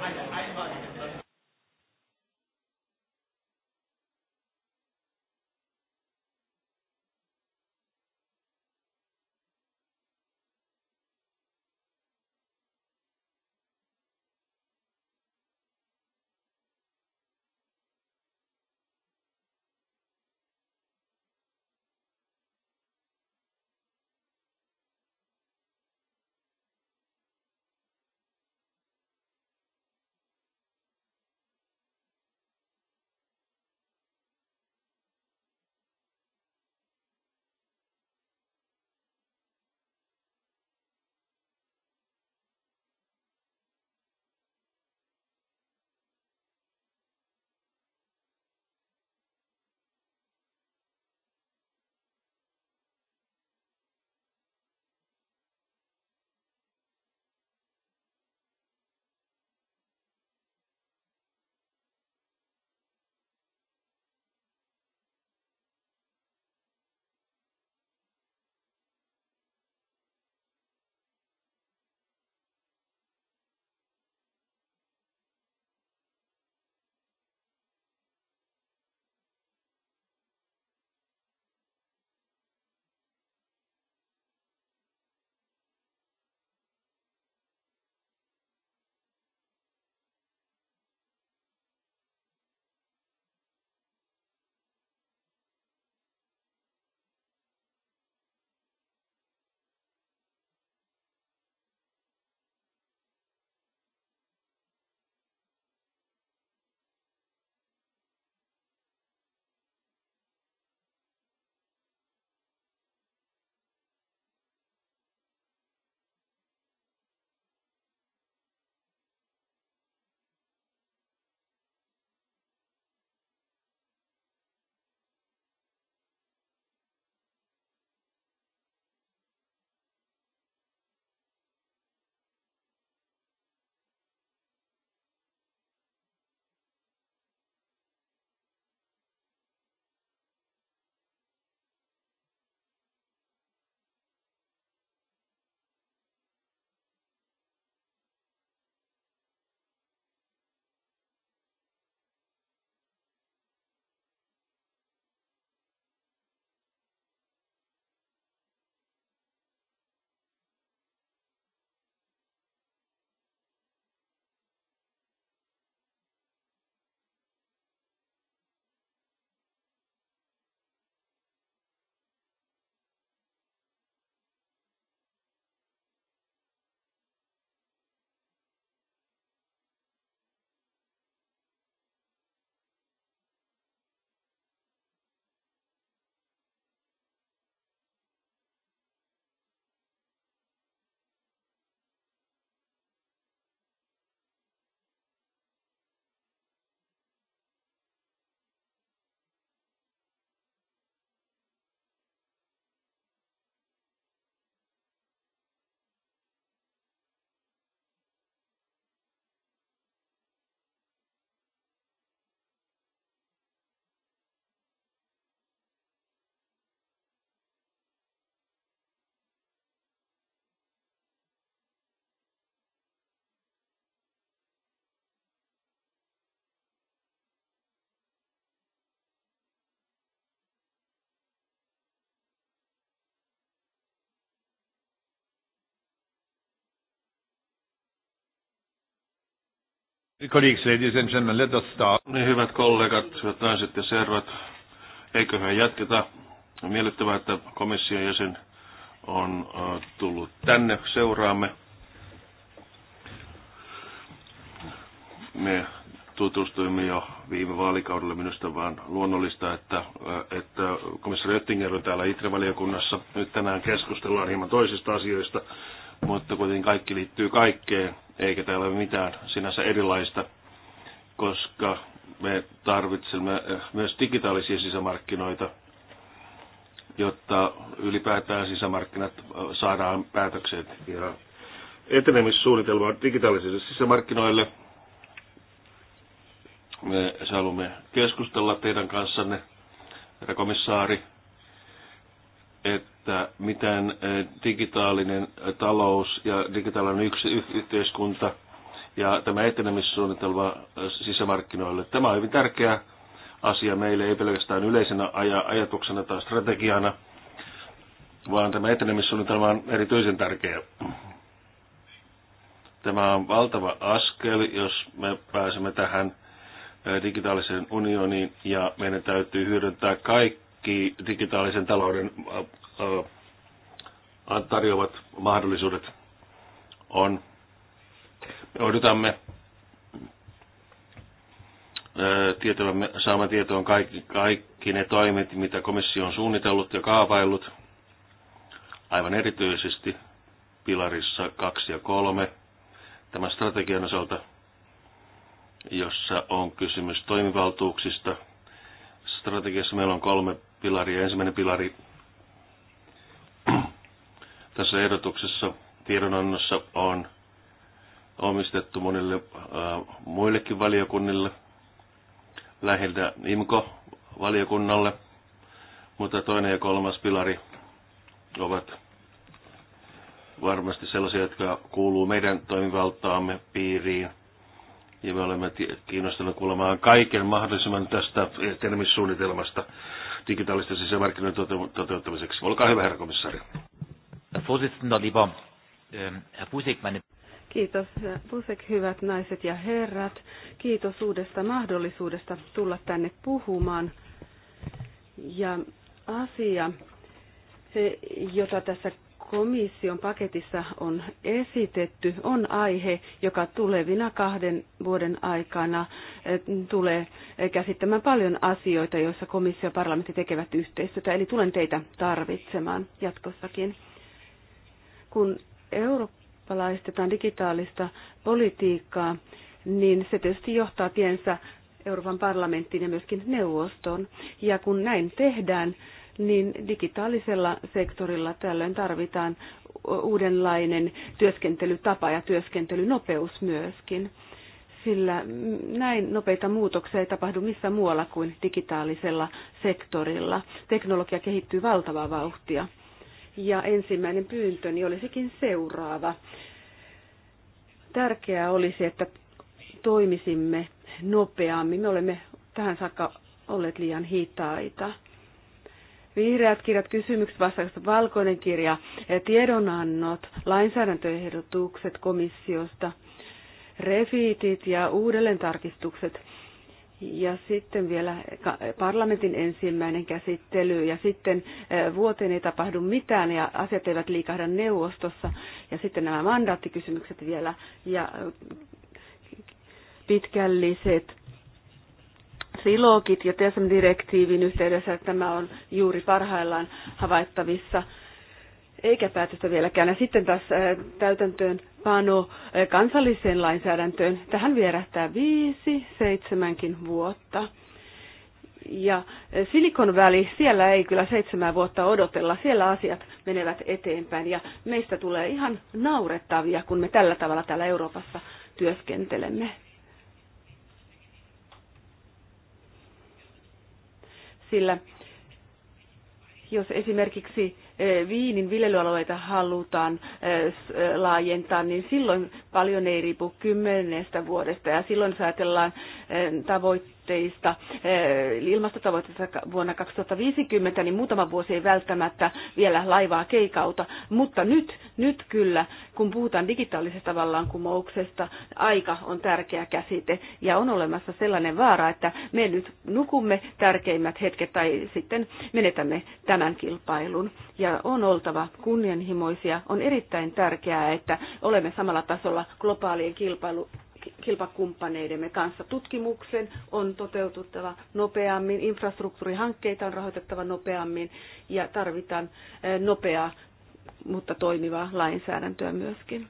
Alter, einmal. Colleagues, ladies and gentlemen, let us start. Niin, hyvät kollegat, hyvät naiset ja servat, eiköhän jatketa. On miellyttävää, että komission jäsen on tullut tänne seuraamme. Me tutustuimme jo viime vaalikaudella. Minusta vaan luonnollista, että, että komissari Oettinger on täällä ITRE-valiokunnassa. Nyt tänään keskustellaan hieman toisista asioista, mutta kuitenkin kaikki liittyy kaikkeen eikä täällä ole mitään sinänsä erilaista, koska me tarvitsemme eh, myös digitaalisia sisämarkkinoita, jotta ylipäätään sisämarkkinat eh, saadaan päätökset ja etenemissuunnitelma digitaalisille sisämarkkinoille. Me haluamme keskustella teidän kanssanne, herra komissaari, että miten eh, digitaalinen eh, talous ja digitaalinen yksi, yhteiskunta ja tämä etenemissuunnitelma eh, sisämarkkinoille, tämä on hyvin tärkeä asia meille, ei pelkästään yleisenä ajatuksena tai strategiana, vaan tämä etenemissuunnitelma on erityisen tärkeä. Tämä on valtava askel, jos me pääsemme tähän digitaaliseen unioniin ja meidän täytyy hyödyntää kaikki kaikki digitaalisen talouden äh, äh, tarjoavat mahdollisuudet on. Me odotamme äh, tietävämme, saamaan tietoon kaikki, kaikki ne toimet, mitä komissio on suunnitellut ja kaavaillut, aivan erityisesti pilarissa 2 ja 3 tämän strategian osalta, jossa on kysymys toimivaltuuksista. Strategiassa meillä on kolme pilaria. Ensimmäinen pilari tässä ehdotuksessa tiedonannossa on omistettu monille äh, muillekin valiokunnille, lähinnä IMKO-valiokunnalle, mutta toinen ja kolmas pilari ovat varmasti sellaisia, jotka kuuluu meidän toimivaltaamme piiriin. Ja me olemme kiinnostuneet kuulemaan kaiken mahdollisimman tästä termissuunnitelmasta digitaalisten sisämarkkinoiden toteuttamiseksi. Olkaa hyvä, herra komissaari. Ehm, Kiitos Busek, hyvät naiset ja herrat. Kiitos uudesta mahdollisuudesta tulla tänne puhumaan. Ja asia, jota tässä komission paketissa on esitetty, on aihe, joka tulevina kahden vuoden aikana eh, tulee käsittämään paljon asioita, joissa komissio ja parlamentti tekevät yhteistyötä. Eli tulen teitä tarvitsemaan jatkossakin. Kun eurooppalaistetaan digitaalista politiikkaa, niin se tietysti johtaa tiensä Euroopan parlamenttiin ja myöskin neuvostoon. Ja kun näin tehdään, niin digitaalisella sektorilla tällöin tarvitaan uudenlainen työskentelytapa ja työskentelynopeus myöskin. Sillä näin nopeita muutoksia ei tapahdu missään muualla kuin digitaalisella sektorilla. Teknologia kehittyy valtavaa vauhtia. Ja ensimmäinen pyyntöni olisikin seuraava. Tärkeää olisi, että toimisimme nopeammin. Me olemme tähän saakka olleet liian hitaita vihreät kirjat, kysymykset, vastaukset, valkoinen kirja, eh, tiedonannot, lainsäädäntöehdotukset komissiosta, refiitit ja uudelleentarkistukset. Ja sitten vielä parlamentin ensimmäinen käsittely ja sitten eh, vuoteen ei tapahdu mitään ja asiat eivät liikahda neuvostossa. Ja sitten nämä mandaattikysymykset vielä ja pitkälliset silogit ja TSM-direktiivin yhteydessä, että tämä on juuri parhaillaan havaittavissa eikä päätöstä vieläkään. Ja sitten taas äh, täytäntöön pano äh, kansalliseen lainsäädäntöön. Tähän vierähtää viisi, seitsemänkin vuotta. Ja äh, Silikon väli, siellä ei kyllä seitsemän vuotta odotella, siellä asiat menevät eteenpäin ja meistä tulee ihan naurettavia, kun me tällä tavalla täällä Euroopassa työskentelemme. sillä jos esimerkiksi eh, viinin viljelyalueita halutaan eh, eh, laajentaa, niin silloin paljon ei riipu kymmenestä vuodesta. Ja silloin jos ajatellaan tavoitteista, ilmastotavoitteista vuonna 2050, niin muutama vuosi ei välttämättä vielä laivaa keikauta. Mutta nyt, nyt kyllä, kun puhutaan digitaalisesta vallankumouksesta, aika on tärkeä käsite ja on olemassa sellainen vaara, että me nyt nukumme tärkeimmät hetket tai sitten menetämme tämän kilpailun. Ja on oltava kunnianhimoisia. On erittäin tärkeää, että olemme samalla tasolla globaalien kilpailu kilpakumppaneidemme kanssa. Tutkimuksen on toteututtava nopeammin, infrastruktuurihankkeita on rahoitettava nopeammin ja tarvitaan eh, nopeaa, mutta toimivaa lainsäädäntöä myöskin.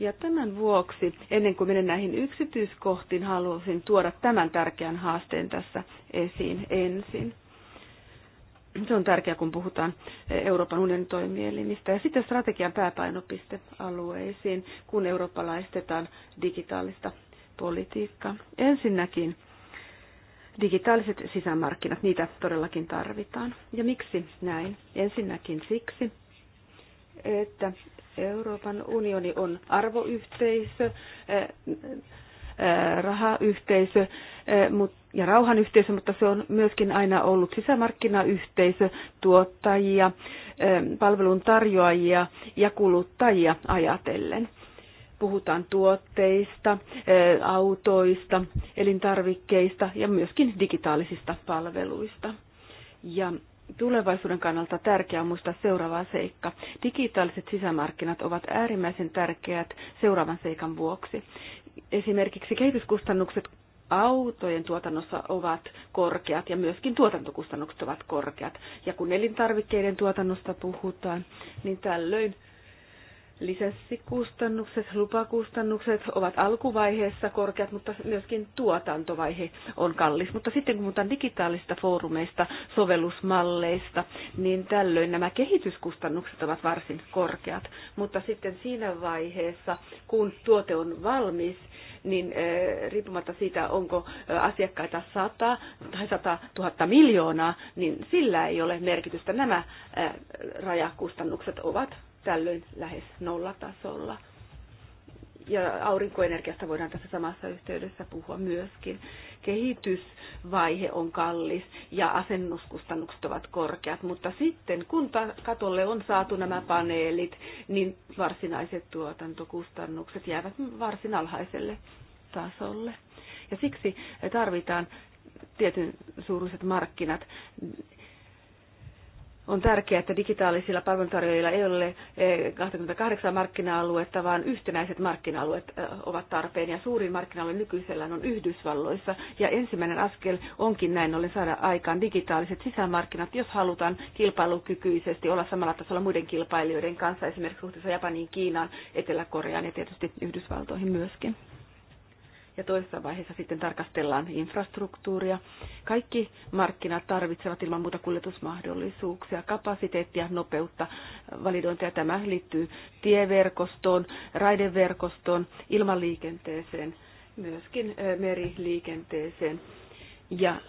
Ja tämän vuoksi, ennen kuin menen näihin yksityiskohtiin, haluaisin tuoda tämän tärkeän haasteen tässä esiin ensin. Se on tärkeää, kun puhutaan Euroopan unionin toimielimistä. Ja sitten strategian pääpainopistealueisiin, kun eurooppalaistetaan digitaalista politiikkaa. Ensinnäkin digitaaliset sisämarkkinat, niitä todellakin tarvitaan. Ja miksi näin? Ensinnäkin siksi, että Euroopan unioni on arvoyhteisö, eh, eh, rahayhteisö, eh, mutta ja rauhanyhteisö, mutta se on myöskin aina ollut sisämarkkinayhteisö, tuottajia, eh, palveluntarjoajia ja kuluttajia ajatellen. Puhutaan tuotteista, eh, autoista, elintarvikkeista ja myöskin digitaalisista palveluista. Ja tulevaisuuden kannalta tärkeää muistaa seuraava seikka. Digitaaliset sisämarkkinat ovat äärimmäisen tärkeät seuraavan seikan vuoksi. Esimerkiksi kehityskustannukset autojen tuotannossa ovat korkeat ja myöskin tuotantokustannukset ovat korkeat. Ja kun elintarvikkeiden tuotannosta puhutaan, niin tällöin lisensikustannukset, lupakustannukset ovat alkuvaiheessa korkeat, mutta myöskin tuotantovaihe on kallis. Mutta sitten kun puhutaan digitaalista foorumeista, sovellusmalleista, niin tällöin nämä kehityskustannukset ovat varsin korkeat. Mutta sitten siinä vaiheessa, kun tuote on valmis, niin eh, riippumatta siitä, onko eh, asiakkaita 100 tai 100 000 miljoonaa, niin sillä ei ole merkitystä. Nämä eh, rajakustannukset ovat tällöin lähes nollatasolla. Ja aurinkoenergiasta voidaan tässä samassa yhteydessä puhua myöskin. Kehitysvaihe on kallis ja asennuskustannukset ovat korkeat, mutta sitten kun katolle on saatu nämä paneelit, niin varsinaiset tuotantokustannukset jäävät varsin alhaiselle tasolle. Ja siksi tarvitaan tietyn suuruiset markkinat on tärkeää, että digitaalisilla palveluntarjoajilla ei ole 28 eh, markkina-aluetta, vaan yhtenäiset markkina-alueet eh, ovat tarpeen. Ja suurin markkina-alue nykyisellään on Yhdysvalloissa. Ja ensimmäinen askel onkin näin ollen saada aikaan digitaaliset sisämarkkinat, jos halutaan kilpailukykyisesti olla samalla tasolla muiden kilpailijoiden kanssa, esimerkiksi suhteessa Japaniin, Kiinaan, Etelä-Koreaan ja tietysti Yhdysvaltoihin myöskin ja toisessa vaiheessa sitten tarkastellaan infrastruktuuria. Kaikki markkinat tarvitsevat ilman muuta kuljetusmahdollisuuksia, kapasiteettia, nopeutta, validointia. Tämä liittyy tieverkostoon, raideverkostoon, ilmaliikenteeseen, myöskin meriliikenteeseen ja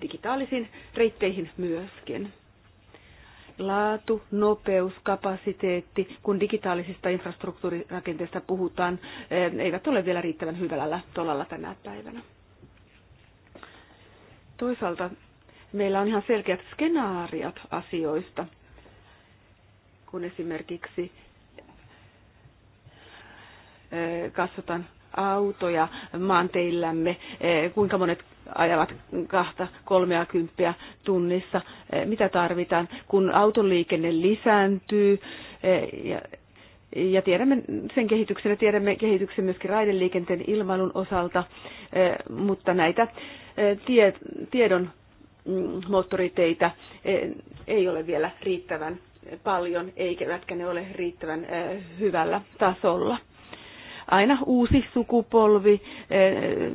digitaalisiin reitteihin myöskin laatu, nopeus, kapasiteetti, kun digitaalisista infrastruktuurirakenteista puhutaan, eh, eivät ole vielä riittävän hyvällä tolalla tänä päivänä. Toisaalta meillä on ihan selkeät skenaariot asioista, kun esimerkiksi eh, katsotaan autoja maanteillämme, eh, kuinka monet ajavat kahta kolmea kymppiä tunnissa. Eh, mitä tarvitaan, kun autoliikenne lisääntyy eh, ja ja tiedämme sen kehityksen ja tiedämme kehityksen myöskin raideliikenteen ilmailun osalta, eh, mutta näitä tie, tiedon mm, moottoriteitä ei ole vielä riittävän paljon, eikä ne ole riittävän hyvällä tasolla aina uusi sukupolvi eh,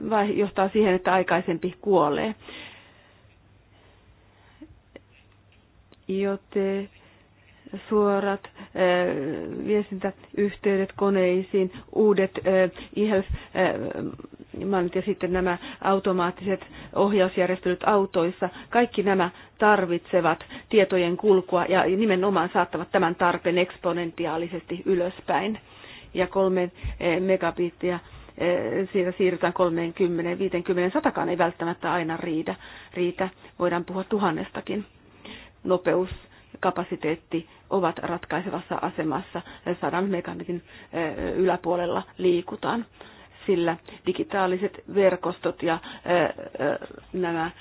vai johtaa siihen, että aikaisempi kuolee. Joten suorat eh, viestintäyhteydet koneisiin, uudet eh, e-health ja sitten nämä automaattiset ohjausjärjestelyt autoissa, kaikki nämä tarvitsevat tietojen kulkua ja nimenomaan saattavat tämän tarpeen eksponentiaalisesti ylöspäin ja kolme eh, megabittiä eh, siitä siirrytään 30, 50, 100 ei välttämättä aina riitä. riitä. Voidaan puhua tuhannestakin. Nopeus ja kapasiteetti ovat ratkaisevassa asemassa. 100 megabitin eh, yläpuolella liikutaan sillä digitaaliset verkostot ja nämä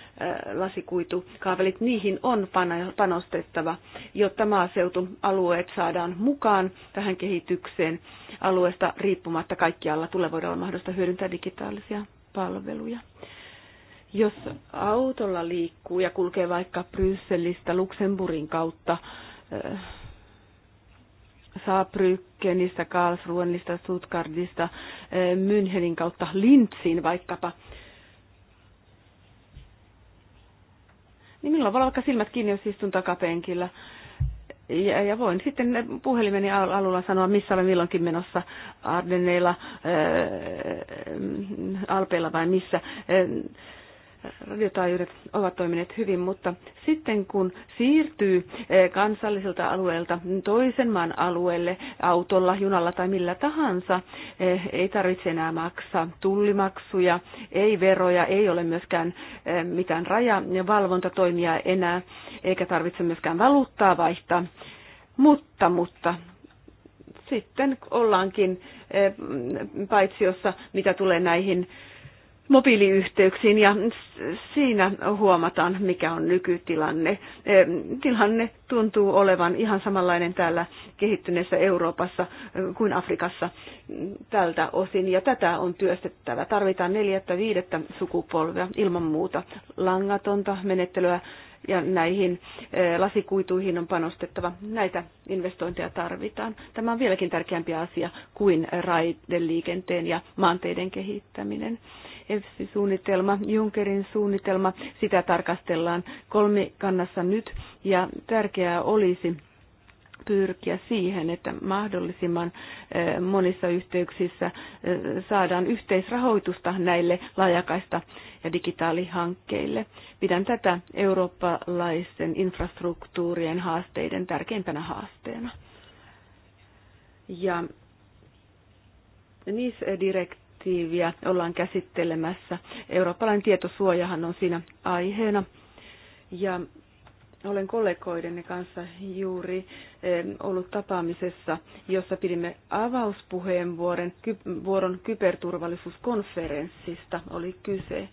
lasikuitukaavelit, niihin on panostettava, jotta maaseutualueet saadaan mukaan tähän kehitykseen alueesta riippumatta kaikkialla tulee voida olla mahdollista hyödyntää digitaalisia palveluja jos autolla liikkuu ja kulkee vaikka Brysselistä Luxemburgin kautta Saarbrückenistä, Karlsruhenista, Stuttgartista, eh, Münchenin kautta Lintsiin vaikkapa. Niin milloin voi olla vaikka silmät kiinni, jos istun takapenkillä. Ja, ja voin sitten puhelimeni alulla sanoa, missä olen milloinkin menossa, Ardenneilla, eh, Alpeilla vai missä. Eh, radiotaajuudet ovat toimineet hyvin, mutta sitten kun siirtyy eh, kansalliselta alueelta toisen maan alueelle autolla, junalla tai millä tahansa, eh, ei tarvitse enää maksaa tullimaksuja, ei veroja, ei ole myöskään eh, mitään raja- ja valvontatoimia enää, eikä tarvitse myöskään valuuttaa vaihtaa. Mutta, mutta sitten ollaankin paitsiossa, mitä tulee näihin mobiiliyhteyksiin ja siinä huomataan, mikä on nykytilanne. E, tilanne tuntuu olevan ihan samanlainen täällä kehittyneessä Euroopassa e, kuin Afrikassa mm, tältä osin ja tätä on työstettävä. Tarvitaan neljättä, viidettä sukupolvea ilman muuta langatonta menettelyä ja näihin e, lasikuituihin on panostettava. Näitä investointeja tarvitaan. Tämä on vieläkin tärkeämpi asia kuin raideliikenteen ja maanteiden kehittäminen. EFSI-suunnitelma, Junckerin suunnitelma, sitä tarkastellaan kolmikannassa nyt ja tärkeää olisi pyrkiä siihen, että mahdollisimman e, monissa yhteyksissä e, saadaan yhteisrahoitusta näille laajakaista ja digitaalihankkeille. Pidän tätä eurooppalaisten infrastruktuurien haasteiden tärkeimpänä haasteena. Ja NIS-direktiivi direktiiviä ollaan käsittelemässä. Eurooppalainen tietosuojahan on siinä aiheena. Ja olen kollegoidenne kanssa juuri ollut tapaamisessa, jossa pidimme avauspuheenvuoron kyberturvallisuuskonferenssista oli kyse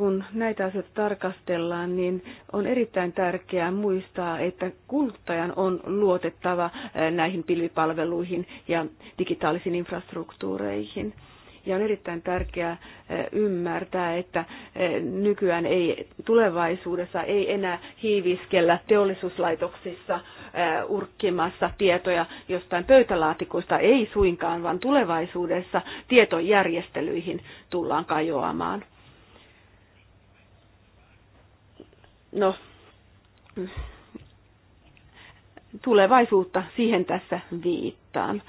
kun näitä asioita tarkastellaan, niin on erittäin tärkeää muistaa, että kuluttajan on luotettava eh, näihin pilvipalveluihin ja digitaalisiin infrastruktuureihin. Ja on erittäin tärkeää eh, ymmärtää, että eh, nykyään ei tulevaisuudessa ei enää hiiviskellä teollisuuslaitoksissa urkkimassa tietoja jostain pöytälaatikosta, ei suinkaan, vaan tulevaisuudessa tietojärjestelyihin tullaan kajoamaan. No, tulevaisuutta siihen tässä viittaan.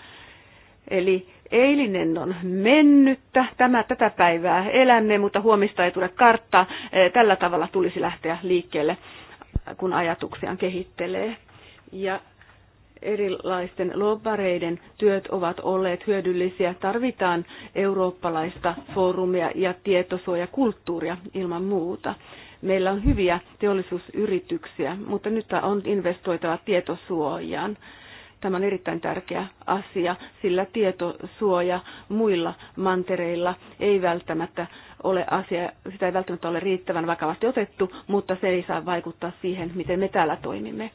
Eli eilinen on mennyttä, tämä tätä päivää elämme, mutta huomista ei tule karttaa. Eh, tällä tavalla tulisi lähteä liikkeelle, kun ajatuksiaan kehittelee. Ja erilaisten lobbareiden työt ovat olleet hyödyllisiä. Tarvitaan eurooppalaista foorumia ja tietosuojakulttuuria ilman muuta meillä on hyviä teollisuusyrityksiä, mutta nyt on investoitava tietosuojaan. Tämä on erittäin tärkeä asia, sillä tietosuoja muilla mantereilla ei välttämättä ole asia, sitä ei välttämättä ole riittävän vakavasti otettu, mutta se ei saa vaikuttaa siihen, miten me täällä toimimme.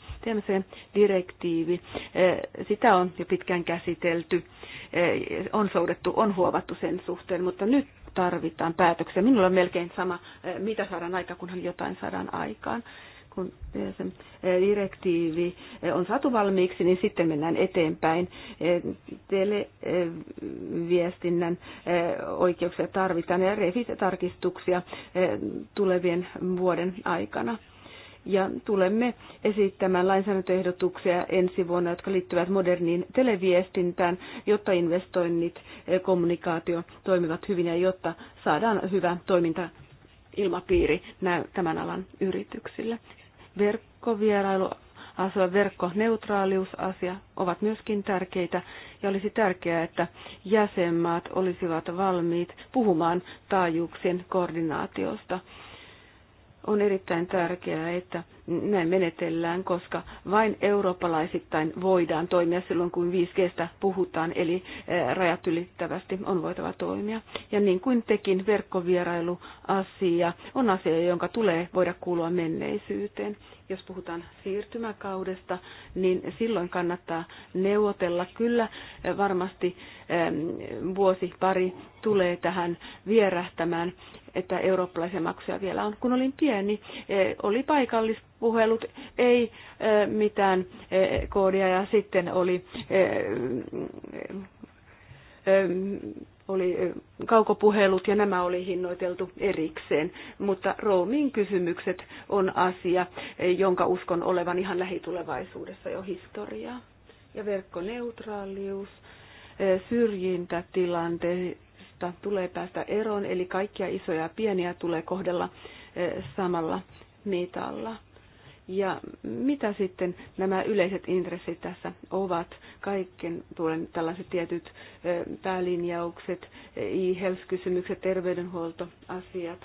se direktiivi, eh, sitä on jo pitkään käsitelty, eh, on soudettu, on huovattu sen suhteen, mutta nyt tarvitaan päätöksiä. Minulla on melkein sama, eh, mitä saadaan aikaan, kunhan jotain saadaan aikaan. Kun eh, eh, direktiivi on saatu valmiiksi, niin sitten mennään eteenpäin. Televiestinnän oikeuksia tarvitaan ja refit-tarkistuksia tulevien vuoden aikana ja tulemme esittämään lainsäädäntöehdotuksia ensi vuonna, jotka liittyvät moderniin televiestintään, jotta investoinnit, e, kommunikaatio toimivat hyvin ja jotta saadaan hyvä toiminta ilmapiiri tämän alan yrityksille. Verkkovierailu asia, verkkoneutraaliusasia ovat myöskin tärkeitä ja olisi tärkeää, että jäsenmaat olisivat valmiit puhumaan taajuuksien koordinaatiosta on erittäin tärkeää, että näin menetellään, koska vain eurooppalaisittain voidaan toimia silloin, kun 5Gstä puhutaan, eli eh, rajat ylittävästi on voitava toimia. Ja niin kuin tekin, verkkovierailuasia on asia, jonka tulee voida kuulua menneisyyteen. Jos puhutaan siirtymäkaudesta, niin silloin kannattaa neuvotella. Kyllä eh, varmasti vuosi pari tulee tähän vierähtämään, että eurooppalaisia maksuja vielä on. Kun olin pieni, eh, oli paikallista puhelut, ei eh, mitään eh, koodia ja sitten oli, eh, oli kaukopuhelut ja nämä oli hinnoiteltu erikseen, mutta roomin kysymykset on asia, jonka uskon olevan ihan lähitulevaisuudessa jo historiaa. Ja verkkoneutraalius, syrjintätilanteesta tulee päästä eroon, eli kaikkia isoja ja pieniä tulee kohdella samalla mitalla. Ja mitä sitten nämä yleiset intressit tässä ovat? Kaiken tuolen tällaiset tietyt päälinjaukset, e-health-kysymykset, terveydenhuoltoasiat,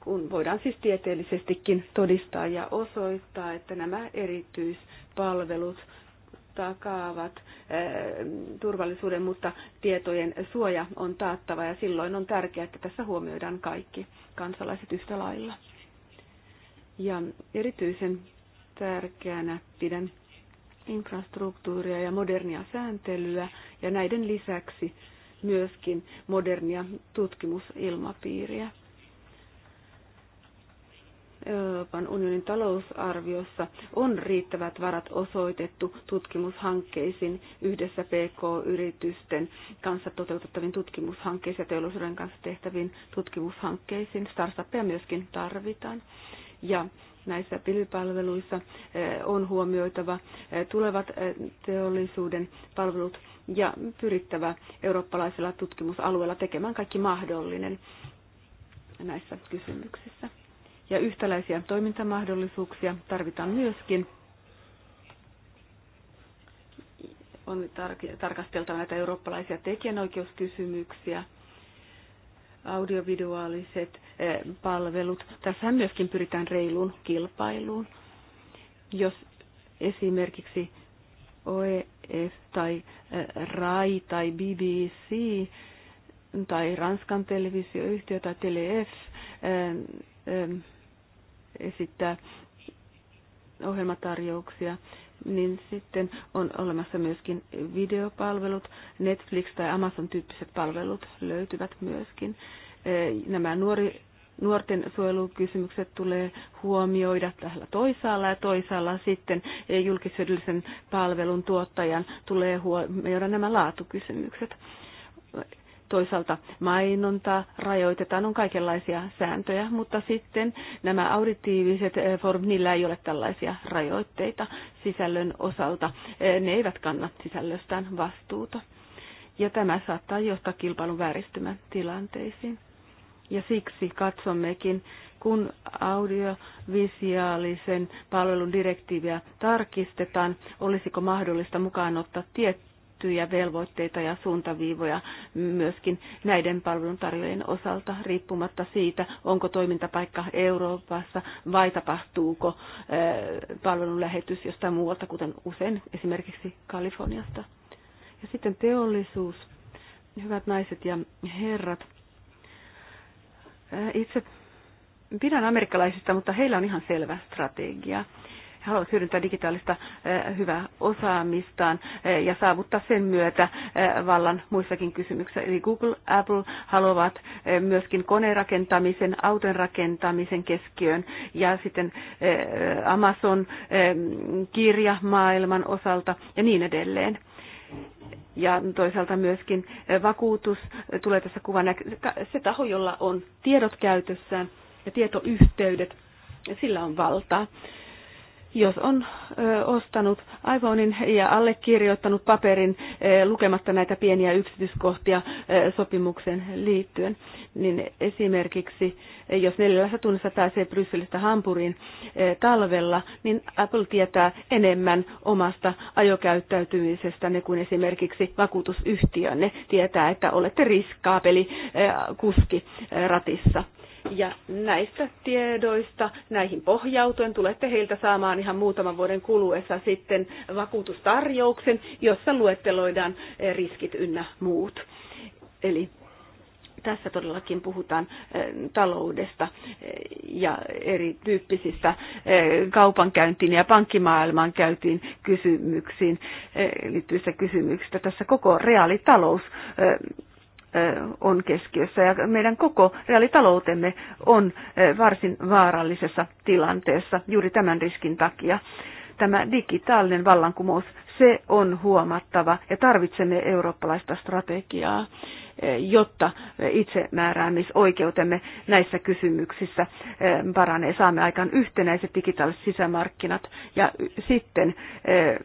kun voidaan siis tieteellisestikin todistaa ja osoittaa, että nämä erityispalvelut takaavat turvallisuuden, mutta tietojen suoja on taattava ja silloin on tärkeää, että tässä huomioidaan kaikki kansalaiset yhtä lailla. Ja erityisen tärkeänä pidän infrastruktuuria ja modernia sääntelyä ja näiden lisäksi myöskin modernia tutkimusilmapiiriä. Euroopan unionin talousarviossa on riittävät varat osoitettu tutkimushankkeisiin yhdessä PK-yritysten kanssa toteutettaviin tutkimushankkeisiin ja teollisuuden kanssa tehtäviin tutkimushankkeisiin. Startupia myöskin tarvitaan ja näissä pilvipalveluissa eh, on huomioitava eh, tulevat eh, teollisuuden palvelut ja pyrittävä eurooppalaisella tutkimusalueella tekemään kaikki mahdollinen näissä kysymyksissä. Ja yhtäläisiä toimintamahdollisuuksia tarvitaan myöskin. On tarkasteltava näitä eurooppalaisia tekijänoikeuskysymyksiä – audiovisuaaliset eh, palvelut. Tässä myöskin pyritään reiluun kilpailuun. Jos esimerkiksi OEF tai eh, RAI tai BBC tai Ranskan televisioyhtiö tai TeleF eh, esittää ohjelmatarjouksia, niin sitten on olemassa myöskin videopalvelut, Netflix tai Amazon-tyyppiset palvelut löytyvät myöskin. E, nämä nuori, nuorten suojelukysymykset tulee huomioida tällä toisaalla ja toisaalla sitten e, julkisyydellisen palvelun tuottajan tulee huomioida nämä laatukysymykset toisaalta mainontaa rajoitetaan, on kaikenlaisia sääntöjä, mutta sitten nämä auditiiviset eh, foorumit, niillä ei ole tällaisia rajoitteita sisällön osalta. Eh, ne eivät kanna sisällöstään vastuuta. Ja tämä saattaa johtaa kilpailun vääristymän tilanteisiin. Ja siksi katsommekin, kun audiovisiaalisen palvelun direktiiviä tarkistetaan, olisiko mahdollista mukaan ottaa tietty tiettyjä velvoitteita ja suuntaviivoja myöskin näiden palveluntarjoajien osalta, riippumatta siitä, onko toimintapaikka Euroopassa vai tapahtuuko eh, palvelun lähetys jostain muualta, kuten usein esimerkiksi Kaliforniasta. Ja sitten teollisuus. Hyvät naiset ja herrat, eh, itse pidän amerikkalaisista, mutta heillä on ihan selvä strategia haluavat hyödyntää digitaalista eh, hyvää osaamistaan eh, ja saavuttaa sen myötä eh, vallan muissakin kysymyksissä. Eli Google, Apple haluavat myöskin konerakentamisen, auton rakentamisen keskiöön ja sitten Amazon kirjamaailman osalta ja niin edelleen ja toisaalta myöskin vakuutus tulee tässä kuvan se taho, jolla on tiedot käytössään ja tietoyhteydet, sillä on valtaa jos on ö, ostanut iPhonein ja allekirjoittanut paperin ö, lukematta näitä pieniä yksityiskohtia ö, sopimukseen liittyen, niin esimerkiksi jos neljässä tunnissa pääsee Brysselistä Hampuriin ö, talvella, niin Apple tietää enemmän omasta ajokäyttäytymisestänne kuin esimerkiksi vakuutusyhtiönne tietää, että olette riskaapeli ö, kuski ö, ratissa. Ja näistä tiedoista, näihin pohjautuen, tulette heiltä saamaan ihan muutaman vuoden kuluessa sitten vakuutustarjouksen, jossa luetteloidaan eh, riskit ynnä muut. Eli tässä todellakin puhutaan eh, taloudesta eh, ja erityyppisistä kaupankäyntiin ja pankkimaailmaan käytiin kysymyksiin liittyvissä kysymyksistä. Tässä koko reaalitalous on keskiössä ja meidän koko reaalitaloutemme on varsin vaarallisessa tilanteessa juuri tämän riskin takia. Tämä digitaalinen vallankumous, se on huomattava ja tarvitsemme eurooppalaista strategiaa jotta itsemääräämisoikeutemme näissä kysymyksissä eh, paranee. Saamme aikaan yhtenäiset digitaaliset sisämarkkinat ja sitten eh,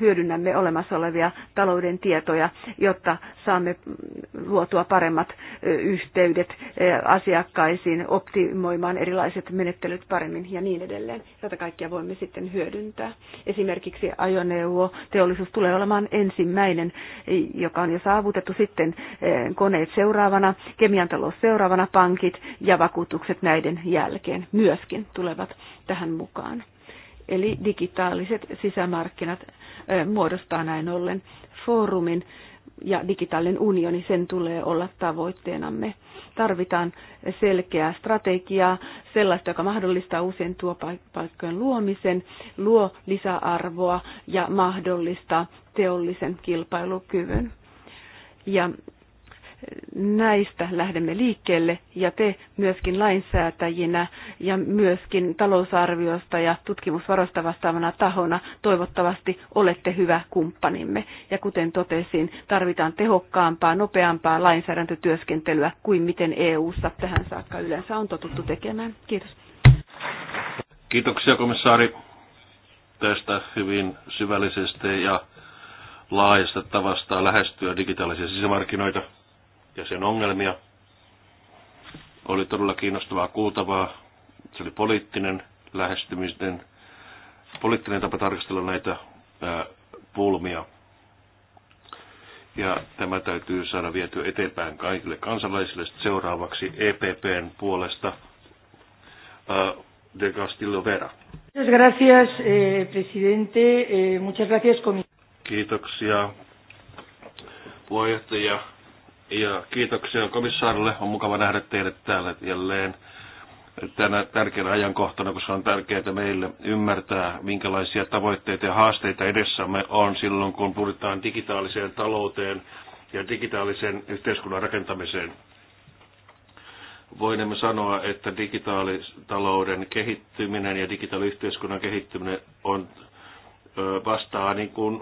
hyödynnämme olemassa olevia talouden tietoja, jotta saamme luotua paremmat eh, yhteydet asiakkaisiin, optimoimaan erilaiset menettelyt paremmin ja niin edelleen. Tätä kaikkia voimme sitten hyödyntää. Esimerkiksi ajoneuvo, teollisuus tulee olemaan ensimmäinen, joka on jo saavutettu sitten Eh, koneet seuraavana, kemian talous seuraavana, pankit ja vakuutukset näiden jälkeen myöskin tulevat tähän mukaan. Eli digitaaliset sisämarkkinat eh, muodostaa näin ollen foorumin ja digitaalinen unioni, sen tulee olla tavoitteenamme. Tarvitaan selkeää strategiaa, sellaista, joka mahdollistaa uusien työpaikkojen luomisen, luo lisäarvoa ja mahdollistaa teollisen kilpailukyvyn. Ja näistä lähdemme liikkeelle ja te myöskin lainsäätäjinä ja myöskin talousarviosta ja tutkimusvarosta vastaavana tahona toivottavasti olette hyvä kumppanimme. Ja kuten totesin, tarvitaan tehokkaampaa, nopeampaa lainsäädäntötyöskentelyä kuin miten EU-ssa tähän saakka yleensä on totuttu tekemään. Kiitos. Kiitoksia komissaari tästä hyvin syvällisestä ja laajasta tavasta lähestyä digitaalisia sisämarkkinoita ja sen ongelmia. Oli todella kiinnostavaa kuultavaa. Se oli poliittinen lähestyminen, poliittinen tapa tarkastella näitä ää, pulmia. Ja tämä täytyy saada vietyä eteenpäin kaikille kansalaisille. Sitten seuraavaksi EPPn puolesta ää, de Castillo Vera. gracias, eh, presidente. Eh, muchas gracias, Kiitoksia, puheenjohtaja ja kiitoksia komissaarille. On mukava nähdä teidät täällä jälleen tänä tärkeänä ajankohtana, koska on tärkeää meille ymmärtää, minkälaisia tavoitteita ja haasteita edessämme on silloin, kun puhutaan digitaaliseen talouteen ja digitaalisen yhteiskunnan rakentamiseen. Voinemme sanoa, että digitaalitalouden kehittyminen ja digitaaliyhteiskunnan kehittyminen on vastaa niin kuin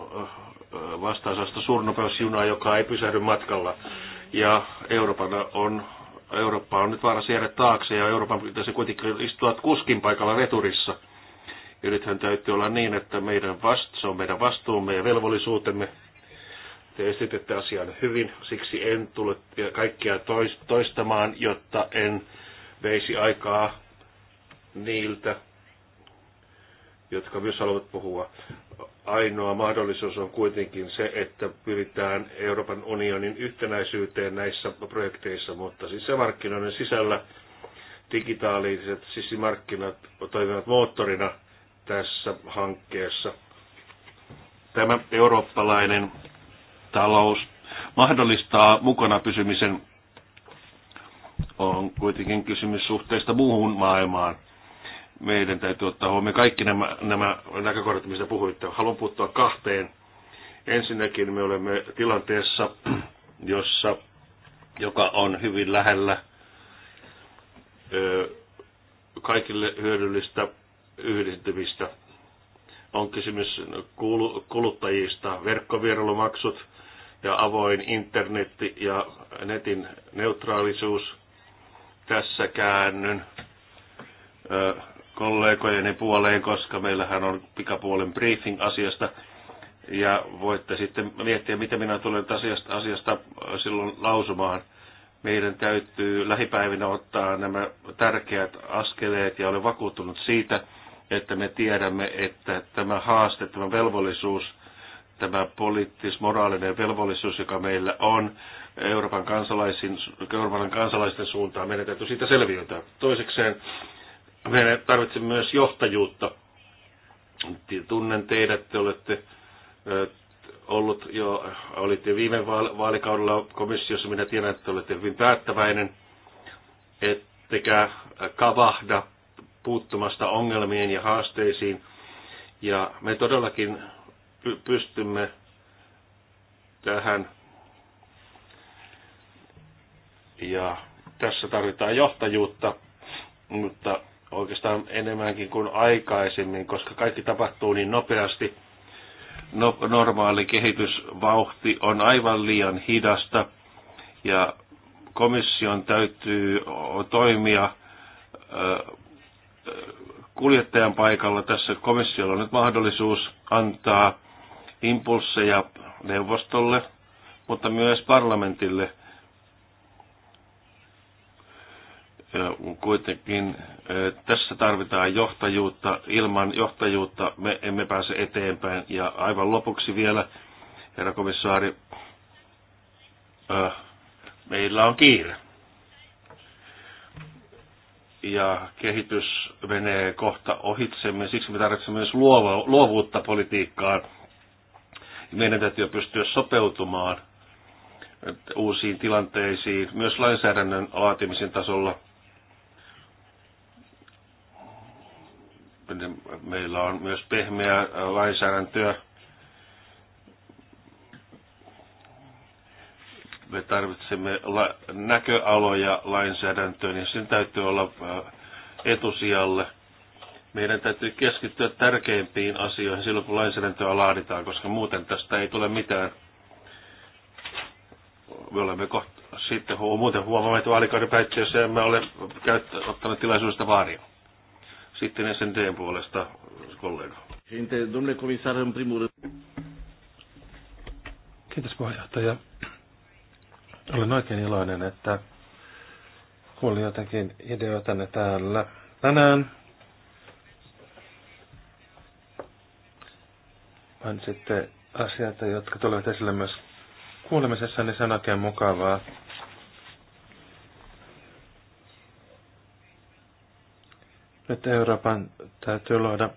vastaisasta suurnopeusjunaa, joka ei pysähdy matkalla ja Euroopan on, Eurooppa on nyt vaarassa jäädä taakse ja Euroopan pitäisi kuitenkin istua kuskin paikalla veturissa. Ja nythän täytyy olla niin, että meidän vast, se on meidän vastuumme ja velvollisuutemme. Te esitette asian hyvin, siksi en tule kaikkia toistamaan, jotta en veisi aikaa niiltä, jotka myös haluavat puhua ainoa mahdollisuus on kuitenkin se, että pyritään Euroopan unionin yhtenäisyyteen näissä projekteissa, mutta sisämarkkinoiden sisällä digitaaliset sisämarkkinat toimivat moottorina tässä hankkeessa. Tämä eurooppalainen talous mahdollistaa mukana pysymisen. On kuitenkin kysymys suhteesta muuhun maailmaan meidän täytyy ottaa huomioon kaikki nämä, nämä näkökohdat, mistä puhuitte. Haluan puuttua kahteen. Ensinnäkin me olemme tilanteessa, jossa, joka on hyvin lähellä ö, kaikille hyödyllistä yhdistymistä. On kysymys kuluttajista, verkkovierailumaksut ja avoin internetti ja netin neutraalisuus. Tässä käännyn ö, kollegojeni puoleen, koska meillähän on pikapuolen briefing asiasta. Ja voitte sitten miettiä, mitä minä tulen asiasta, asiasta silloin lausumaan. Meidän täytyy lähipäivinä ottaa nämä tärkeät askeleet ja olen vakuuttunut siitä, että me tiedämme, että tämä haaste, tämä velvollisuus, tämä poliittis-moraalinen velvollisuus, joka meillä on Euroopan, kansalaisin, Euroopan kansalaisten suuntaan, meidän täytyy siitä selviytyä. Toisekseen me tarvitsemme myös johtajuutta. Tunnen teidät, te olette ollut jo, olitte viime vaalikaudella komissiossa, minä tiedän, että olette hyvin päättäväinen, ettekä kavahda puuttumasta ongelmiin ja haasteisiin. Ja me todellakin pystymme tähän. Ja tässä tarvitaan johtajuutta, mutta Oikeastaan enemmänkin kuin aikaisemmin, koska kaikki tapahtuu niin nopeasti. No, normaali kehitysvauhti on aivan liian hidasta ja komission täytyy toimia kuljettajan paikalla. Tässä komissiolla on nyt mahdollisuus antaa impulseja neuvostolle, mutta myös parlamentille – Kuitenkin tässä tarvitaan johtajuutta. Ilman johtajuutta me emme pääse eteenpäin. Ja aivan lopuksi vielä, herra komissaari, meillä on kiire. Ja kehitys menee kohta ohitsemme. Siksi me tarvitsemme myös luovuutta politiikkaan. Meidän täytyy pystyä sopeutumaan uusiin tilanteisiin, myös lainsäädännön laatimisen tasolla. Niin meillä on myös pehmeää äh, lainsäädäntöä. Me tarvitsemme la- näköaloja lainsäädäntöön, niin sen täytyy olla äh, etusijalle. Meidän täytyy keskittyä tärkeimpiin asioihin silloin, kun lainsäädäntöä laaditaan, koska muuten tästä ei tule mitään. Me olemme kohta sitten muuten huomaamme, että vaalikauden päättyessä emme ole käyttö, ottanut tilaisuudesta vaaria. Sitten SNDn puolesta kollega. Kiitos puheenjohtaja. Olen oikein iloinen, että kuulin jotakin tänne täällä tänään. Vain sitten asioita, jotka tulevat esille myös kuulemisessa, niin se on oikein mukavaa. Nyt Euroopan täytyy luoda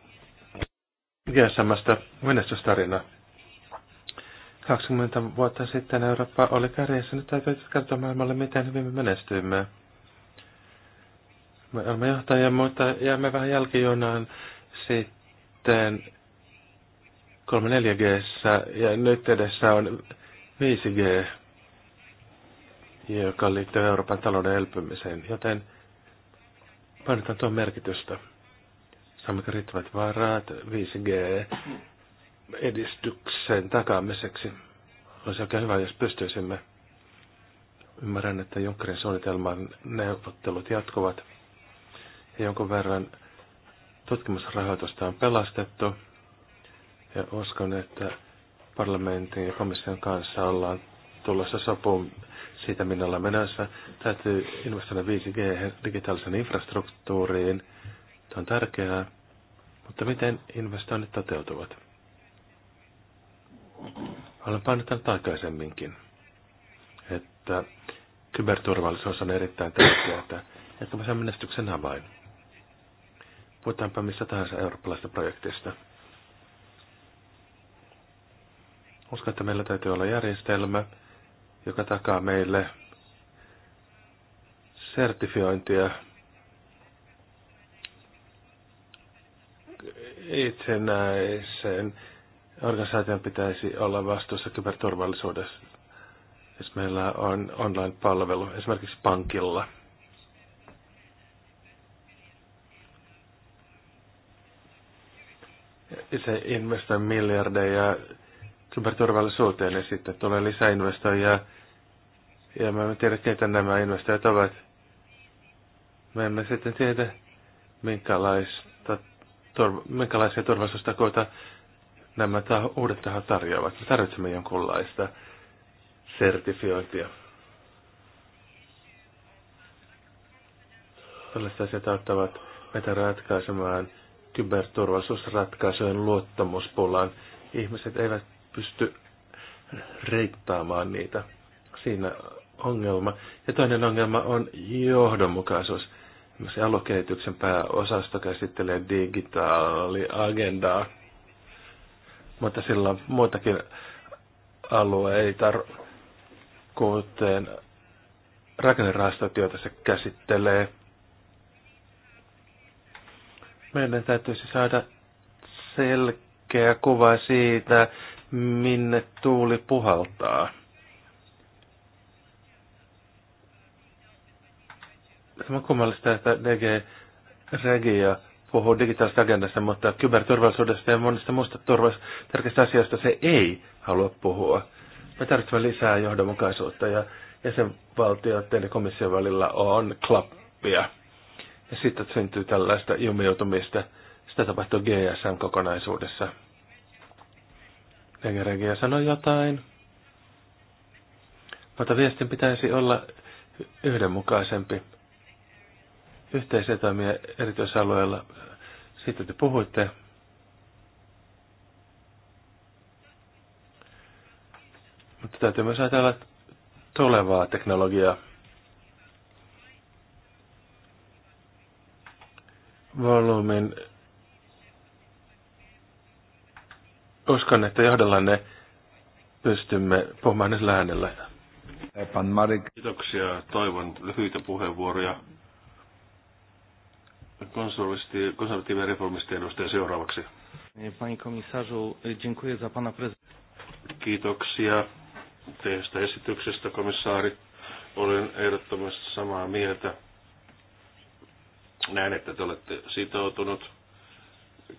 GSMstä menestystarina. 20 vuotta sitten Eurooppa oli kärjessä. Nyt täytyy kertoa maailmalle, miten hyvin me menestyimme. Me olemme johtajia, mutta jäämme vähän jälkijunaan sitten 3-4 g ja nyt edessä on 5G, joka liittyy Euroopan talouden elpymiseen. Joten Painotan tuon merkitystä. Saammeko riittävät varat 5G-edistyksen takaamiseksi? Olisi oikein hyvä, jos pystyisimme. Ymmärrän, että Junckerin suunnitelman neuvottelut jatkuvat ja jonkun verran tutkimusrahoitusta on pelastettu ja uskon, että parlamentin ja komission kanssa ollaan tulossa sopuun siitä, minne ollaan menossa. Täytyy investoida 5G digitaalisen infrastruktuuriin. Se on tärkeää. Mutta miten investoinnit toteutuvat? Olen painottanut aikaisemminkin, että kyberturvallisuus on erittäin tärkeää, että me saamme menestyksen avain. Puhutaanpa missä tahansa eurooppalaista projektista. Uskon, että meillä täytyy olla järjestelmä, joka takaa meille sertifiointia itsenäisen organisaation pitäisi olla vastuussa kyberturvallisuudessa. Jos siis meillä on online-palvelu, esimerkiksi pankilla. Se investoi miljardeja kyberturvallisuuteen ja sitten tulee lisäinvestoijia ja me emme tiedä, keitä nämä investoijat ovat. Me emme sitten tiedä, minkälaista, turva, minkälaisia turvallisuustakoita nämä ta- uudet tahot tarjoavat. Me tarvitsemme jonkunlaista sertifiointia. Tällaiset asiat auttavat meitä ratkaisemaan kyberturvallisuusratkaisujen luottamuspulaan. Ihmiset eivät pysty reittaamaan niitä. Siinä ongelma. Ja toinen ongelma on johdonmukaisuus. Se aluekehityksen pääosasto käsittelee digitaaliagendaa, mutta sillä on muitakin alueita, kuten rakennerahastot, joita se käsittelee. Meidän täytyisi saada selkeä kuva siitä, minne tuuli puhaltaa. se on kummallista, että DG Regia puhuu digitaalista agendasta, mutta kyberturvallisuudesta ja monista muista tärkeistä asioista se ei halua puhua. Me tarvitsemme lisää johdonmukaisuutta ja jäsenvaltioiden ja komission välillä on klappia. Ja sitten syntyy tällaista jumiutumista. Sitä tapahtuu GSM-kokonaisuudessa. Regia sanoi jotain. Mutta viestin pitäisi olla yhdenmukaisempi yhteisiä toimia erityisalueella. sitten te puhuitte. Mutta täytyy myös ajatella tulevaa teknologiaa. Volumin. uskon, että johdollanne pystymme puhumaan nyt lähellä. Pan Marik. Kiitoksia. Toivon lyhyitä puheenvuoroja konservatiivien reformistien edustaja seuraavaksi. Panie komisarzu, dziękuję za pana Kiitoksia teistä esityksestä, komissaari. Olen ehdottomasti samaa mieltä. Näen, että te olette sitoutunut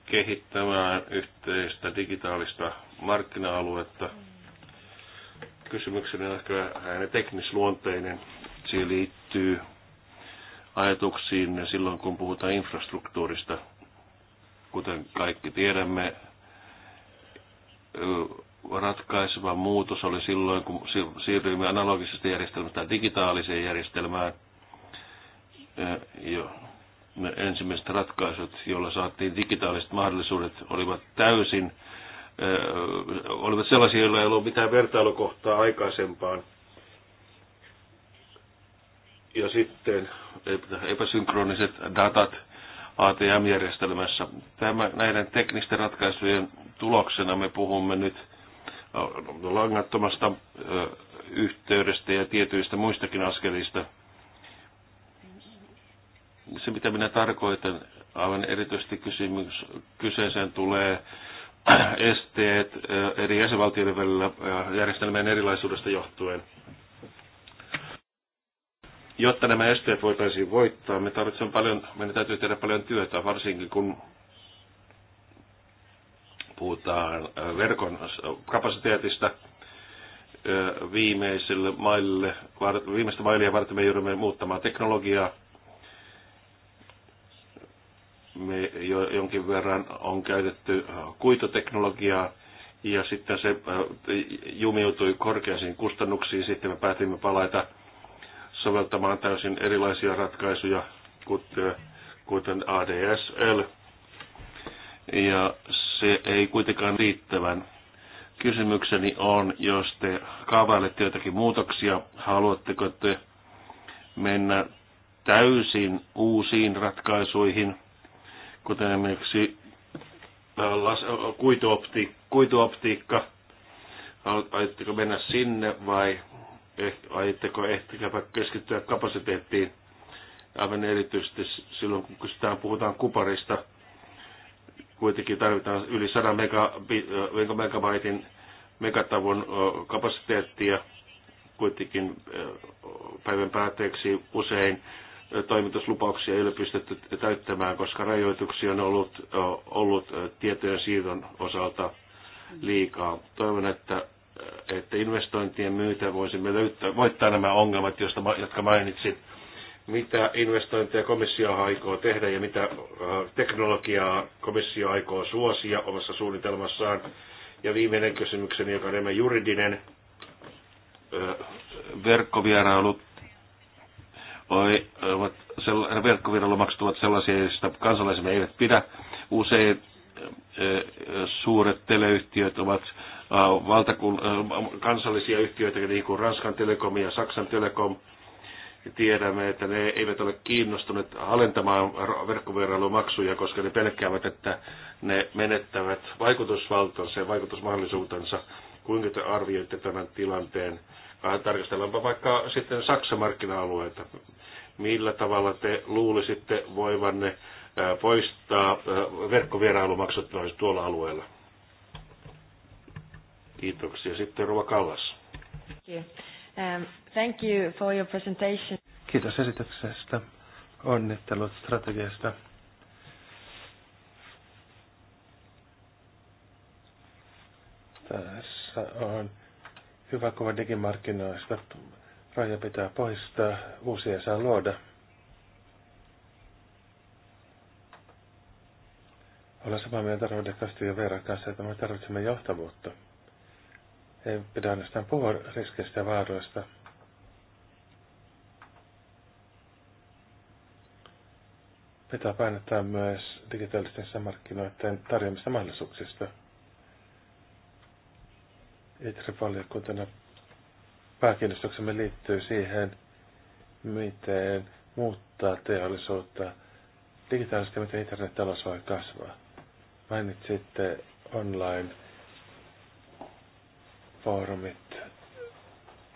kehittämään yhteistä digitaalista markkina-aluetta. Kysymykseni on ehkä teknisluonteinen. Siihen liittyy ajatuksiin silloin, kun puhutaan infrastruktuurista. Kuten kaikki tiedämme, ratkaiseva muutos oli silloin, kun siirryimme analogisesta järjestelmästä digitaaliseen järjestelmään. Jo ne ensimmäiset ratkaisut, joilla saatiin digitaaliset mahdollisuudet, olivat täysin olivat sellaisia, joilla ei ollut mitään vertailukohtaa aikaisempaan ja sitten epäsynkroniset datat ATM-järjestelmässä. Tämä, näiden teknisten ratkaisujen tuloksena me puhumme nyt langattomasta yhteydestä ja tietyistä muistakin askelista. Se, mitä minä tarkoitan, aivan erityisesti kysymys, kyseeseen tulee esteet eri jäsenvaltioiden välillä järjestelmien erilaisuudesta johtuen. Jotta nämä esteet voitaisiin voittaa, me tarvitsemme paljon, meidän täytyy tehdä paljon työtä, varsinkin kun puhutaan verkon kapasiteetista viimeisille maille, viimeistä mailia varten me joudumme muuttamaan teknologiaa. Me jo, jonkin verran on käytetty kuitoteknologiaa ja sitten se jumiutui korkeisiin kustannuksiin. Sitten me päätimme palaita soveltamaan täysin erilaisia ratkaisuja, eh, kuten ADSL, ja se ei kuitenkaan riittävän. Kysymykseni on, jos te kaavailette jotakin muutoksia, haluatteko te mennä täysin uusiin ratkaisuihin, kuten esimerkiksi eh, eh, kuituoptiikka, kuituoptiikka aiotteko mennä sinne vai Eh, aiotteko ehtikäpä keskittyä kapasiteettiin, aivan erityisesti silloin, kun puhutaan kuparista, kuitenkin tarvitaan yli 100 mega, megabaitin megatavun kapasiteettia kuitenkin päivän päätteeksi usein toimituslupauksia ei ole pystytty täyttämään, koska rajoituksia on ollut, ollut tietojen siirron osalta liikaa. Toivon, että että investointien myötä voisimme löytää, voittaa nämä ongelmat, joista, jotka mainitsin. Mitä investointeja komissio aikoo tehdä ja mitä äh, teknologiaa komissio aikoo suosia omassa suunnitelmassaan? Ja viimeinen kysymykseni, joka on enemmän juridinen, äh, verkkovierailut ovat, verkkovierailu maksutuvat sellaisia, joista kansalaisemme eivät pidä. Usein äh, suuret teleyhtiöt ovat Äh, valtakun, äh, kansallisia yhtiöitä, niin kuin Ranskan Telekom ja Saksan Telekom, tiedämme, että ne eivät ole kiinnostuneet alentamaan verkkovierailumaksuja, koska ne pelkäävät, että ne menettävät vaikutusvaltansa ja vaikutusmahdollisuutensa. Kuinka te arvioitte tämän tilanteen? Äh, tarkastellaanpa vaikka sitten Saksan markkina-alueita. Millä tavalla te luulisitte voivanne poistaa verkkovierailumaksut tuolla alueella? Kiitoksia. Sitten Rova Kallas. Thank you. Um, thank you for your presentation. Kiitos esityksestä. Onnittelut strategiasta. Tässä on hyvä kuva digimarkkinoista. Raja pitää poistaa, uusia saa luoda. Olen samaa mieltä Rode ja Veeran kanssa, että me tarvitsemme johtavuutta. Ei pidä ainoastaan puhua riskeistä ja vaaroista. Pitää painottaa myös digitaalisten markkinoiden tarjoamista mahdollisuuksista. Itse-valiokuntana pääkiinnostuksemme liittyy siihen, miten muuttaa teollisuutta digitaalisesti, miten internet-talous voi kasvaa. Mainitsitte online foorumit,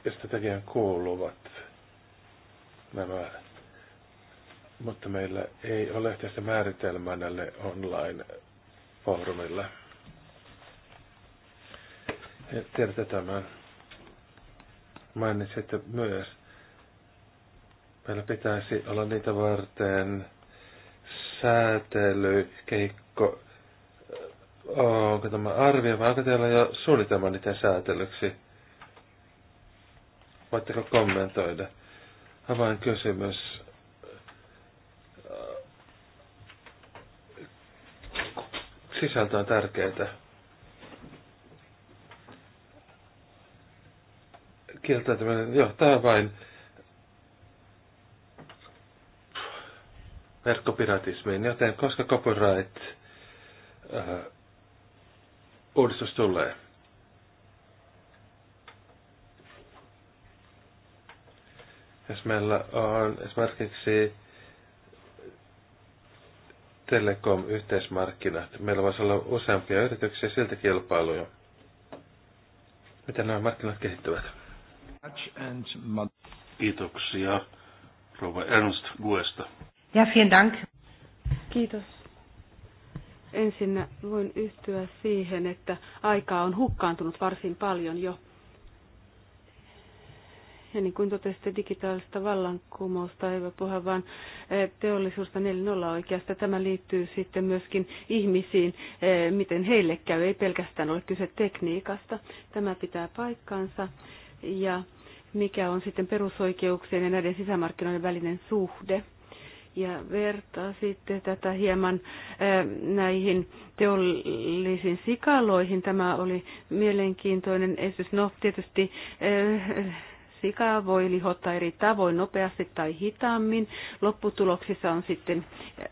josta tekijän kuuluvat nämä. Mutta meillä ei ole yhteistä määritelmää näille online-foorumille. Tiedätte tämän. että myös, meillä pitäisi olla niitä varten keikko, Onko tämä arvio vai onko teillä jo suunnitelma niiden säätelyksi? Voitteko kommentoida? Avain kysymys. Sisältö on tärkeää. Kieltäytyminen johtaa vain verkkopiratismiin, joten koska copyright äh, uudistus tulee. Jos meillä on esimerkiksi telekom-yhteismarkkinat, meillä voisi olla useampia yrityksiä siltä kilpailuja. Miten nämä markkinat kehittyvät? Kiitoksia rouva Ernst Guesta. Ja, vielen Dank. Kiitos Ensin voin yhtyä siihen, että aikaa on hukkaantunut varsin paljon jo. Ja niin kuin totesitte, digitaalista vallankumousta ei voi puhua vaan eh, teollisuusta 4.0 oikeasta. Tämä liittyy sitten myöskin ihmisiin, eh, miten heille käy. Ei pelkästään ole kyse tekniikasta. Tämä pitää paikkansa. Ja mikä on sitten perusoikeuksien ja näiden sisämarkkinoiden välinen suhde ja vertaa sitten tätä hieman näihin teollisiin sikaloihin. Tämä oli mielenkiintoinen esitys. No tietysti sikaa voi lihottaa eri tavoin nopeasti tai hitaammin. Lopputuloksissa on sitten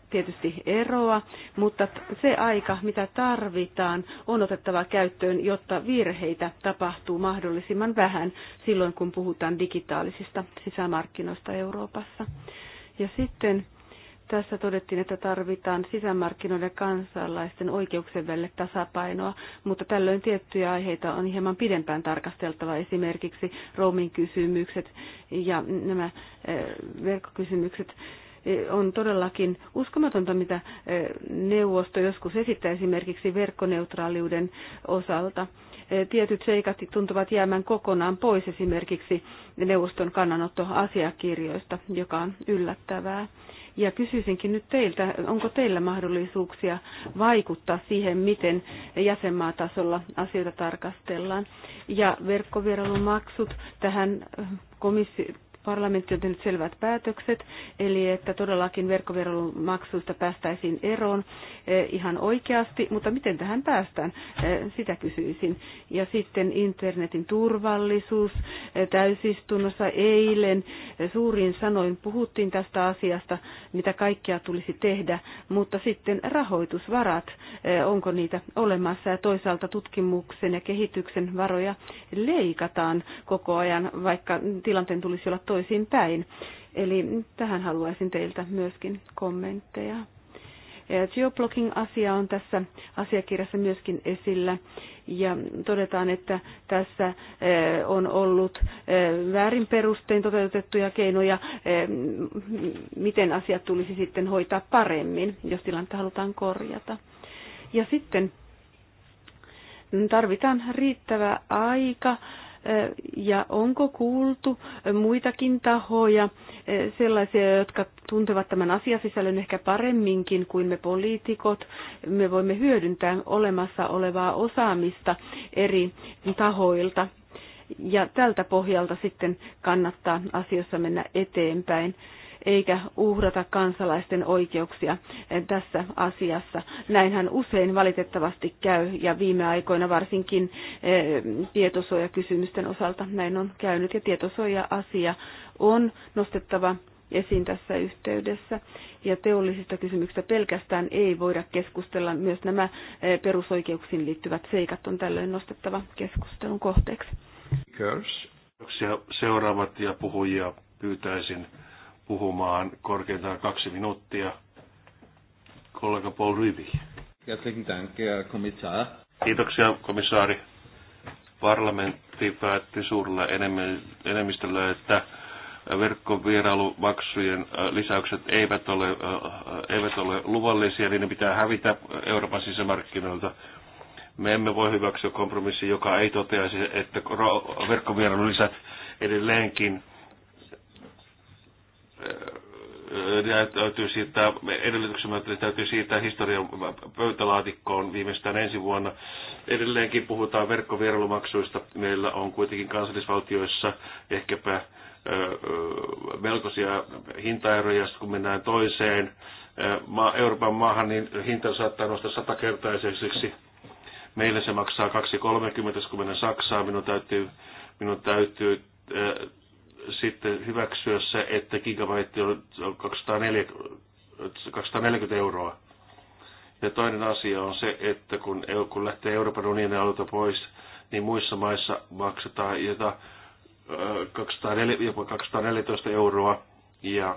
tietysti eroa, mutta se aika, mitä tarvitaan, on otettava käyttöön, jotta virheitä tapahtuu mahdollisimman vähän silloin, kun puhutaan digitaalisista sisämarkkinoista Euroopassa. Ja sitten tässä todettiin, että tarvitaan sisämarkkinoiden kansalaisten oikeuksien välille tasapainoa, mutta tällöin tiettyjä aiheita on hieman pidempään tarkasteltava, esimerkiksi roaming-kysymykset ja nämä eh, verkkokysymykset eh, on todellakin uskomatonta, mitä eh, neuvosto joskus esittää esimerkiksi verkkoneutraaliuden osalta tietyt seikat tuntuvat jäämään kokonaan pois esimerkiksi neuvoston kannanottoasiakirjoista, joka on yllättävää. Ja kysyisinkin nyt teiltä, onko teillä mahdollisuuksia vaikuttaa siihen, miten jäsenmaatasolla asioita tarkastellaan. Ja verkkovierailumaksut, tähän komissi- parlamentti on tehnyt selvät päätökset, eli että todellakin verkkoverolumaksuista päästäisiin eroon eh, ihan oikeasti, mutta miten tähän päästään, eh, sitä kysyisin. Ja sitten internetin turvallisuus eh, täysistunnossa eilen suurin sanoin puhuttiin tästä asiasta, mitä kaikkea tulisi tehdä, mutta sitten rahoitusvarat, onko niitä olemassa ja toisaalta tutkimuksen ja kehityksen varoja leikataan koko ajan, vaikka tilanteen tulisi olla toinen toisin Eli tähän haluaisin teiltä myöskin kommentteja. Geoblocking-asia on tässä asiakirjassa myöskin esillä ja todetaan, että tässä eh, on ollut eh, väärin perustein toteutettuja keinoja, eh, miten asiat tulisi sitten hoitaa paremmin, jos tilannetta halutaan korjata. Ja sitten tarvitaan riittävä aika ja onko kuultu muitakin tahoja, eh, sellaisia, jotka tuntevat tämän asiasisällön ehkä paremminkin kuin me poliitikot. Me voimme hyödyntää olemassa olevaa osaamista eri tahoilta. Ja tältä pohjalta sitten kannattaa asiassa mennä eteenpäin eikä uhrata kansalaisten oikeuksia tässä asiassa. Näinhän usein valitettavasti käy ja viime aikoina varsinkin eh, tietosuojakysymysten osalta näin on käynyt ja tietosuoja-asia on nostettava esiin tässä yhteydessä. Ja teollisista kysymyksistä pelkästään ei voida keskustella. Myös nämä eh, perusoikeuksiin liittyvät seikat on tällöin nostettava keskustelun kohteeksi. Seuraavat ja puhujia pyytäisin puhumaan korkeintaan kaksi minuuttia. Kollega Paul Rivi. Kiitoksia, komissaari. Parlamentti päätti suurella enemmistöllä, että verkkovierailumaksujen äh, lisäykset eivät ole, äh, eivät ole luvallisia, niin ne pitää hävitä Euroopan sisämarkkinoilta. Me emme voi hyväksyä kompromissia, joka ei toteaisi, että verkkovierailun lisät edelleenkin ja täytyy siirtää, edellytyksemme täytyy siirtää historian pöytälaatikkoon viimeistään ensi vuonna. Edelleenkin puhutaan verkkovierailumaksuista. Meillä on kuitenkin kansallisvaltioissa ehkäpä melkoisia hintaeroja, kun mennään toiseen Euroopan maahan, niin hinta saattaa nostaa satakertaiseksi. Meillä se maksaa 2,30, kun mennään Saksaan. Minun täytyy, minun täytyy sitten hyväksyä se, että gigabyte on 240 euroa. Ja toinen asia on se, että kun, kun lähtee Euroopan unionin alueelta pois, niin muissa maissa maksetaan jota 204, jopa 214 euroa ja,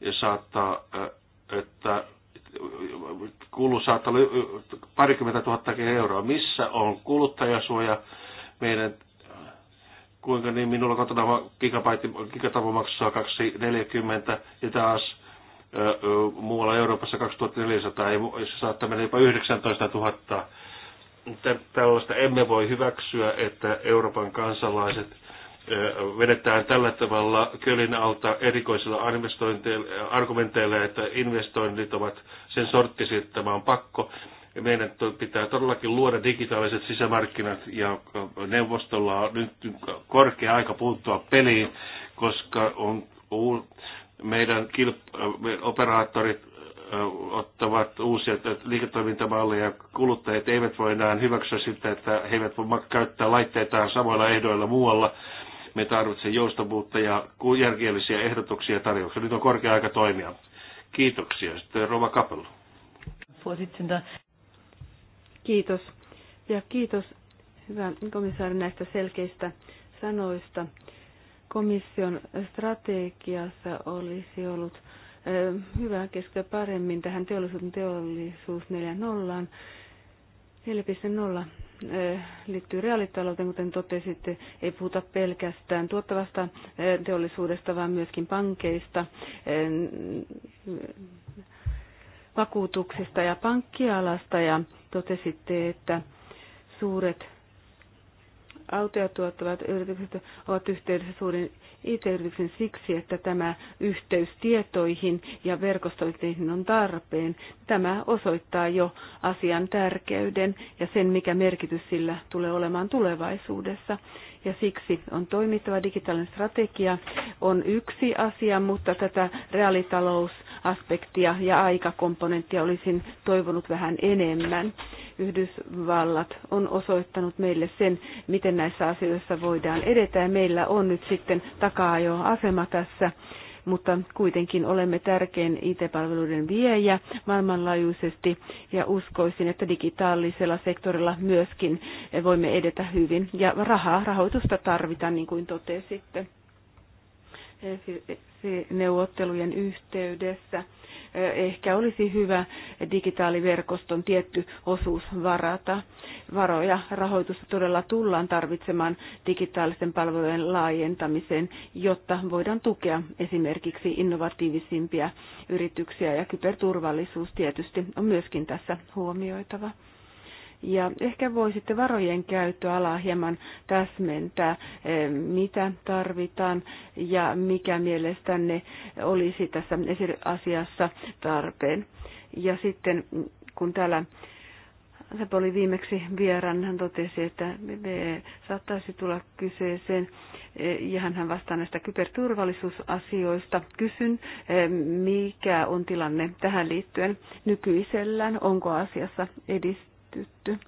ja saattaa, että kulu saattaa olla parikymmentä tuhatta euroa. Missä on kuluttajasuoja? Meidän kuinka niin minulla kotona gigatavo maksaa 2,40 ja taas ö, muualla Euroopassa 2400, ei, se saattaa mennä jopa 19 000. Tällaista emme voi hyväksyä, että Euroopan kansalaiset ö, vedetään tällä tavalla kölin alta erikoisilla argumenteilla, että investoinnit ovat sen sorttisia, että tämä on pakko meidän pitää todellakin luoda digitaaliset sisämarkkinat ja neuvostolla on nyt korkea aika puuttua peliin, koska on meidän kilp- me operaattorit ottavat uusia liiketoimintamalleja. Kuluttajat eivät voi enää hyväksyä sitä, että he eivät voi käyttää laitteitaan samoilla ehdoilla muualla. Me tarvitsemme joustavuutta ja järkeellisiä ehdotuksia ja tarjouksia. Nyt on korkea aika toimia. Kiitoksia. Sitten Rova Kapelu. Kiitos. Ja kiitos, hyvä komissaari, näistä selkeistä sanoista. Komission strategiassa olisi ollut eh, hyvä keskittyä paremmin tähän teollisuuden teollisuus 4.0. 4.0 liittyy reaalitalouteen, kuten totesitte, ei puhuta pelkästään tuottavasta eh, teollisuudesta, vaan myöskin pankeista, eh, vakuutuksista ja pankkialasta ja totesitte, että suuret autoja tuottavat yritykset ovat yhteydessä suurin IT-yrityksen siksi, että tämä yhteys tietoihin ja verkostoihin on tarpeen. Tämä osoittaa jo asian tärkeyden ja sen, mikä merkitys sillä tulee olemaan tulevaisuudessa. Ja siksi on toimittava digitaalinen strategia on yksi asia, mutta tätä reaalitalous aspektia ja aikakomponenttia olisin toivonut vähän enemmän. Yhdysvallat on osoittanut meille sen, miten näissä asioissa voidaan edetä meillä on nyt sitten takaa jo asema tässä mutta kuitenkin olemme tärkein IT-palveluiden viejä maailmanlaajuisesti ja uskoisin, että digitaalisella sektorilla myöskin voimme edetä hyvin. Ja rahaa, rahoitusta tarvitaan, niin kuin totesitte neuvottelujen yhteydessä. Ehkä olisi hyvä digitaaliverkoston tietty osuus varata. Varoja rahoitusta todella tullaan tarvitsemaan digitaalisten palvelujen laajentamiseen, jotta voidaan tukea esimerkiksi innovatiivisimpia yrityksiä ja kyberturvallisuus tietysti on myöskin tässä huomioitava. Ja ehkä voisitte varojen käyttöalaa hieman täsmentää, eh, mitä tarvitaan ja mikä mielestänne olisi tässä asiassa tarpeen. Ja sitten kun täällä se oli viimeksi vieraan, hän totesi, että me saattaisi tulla kyseeseen eh, ja hän vastaa näistä kyberturvallisuusasioista. Kysyn, eh, mikä on tilanne tähän liittyen nykyisellään, onko asiassa edistystä? keskitytty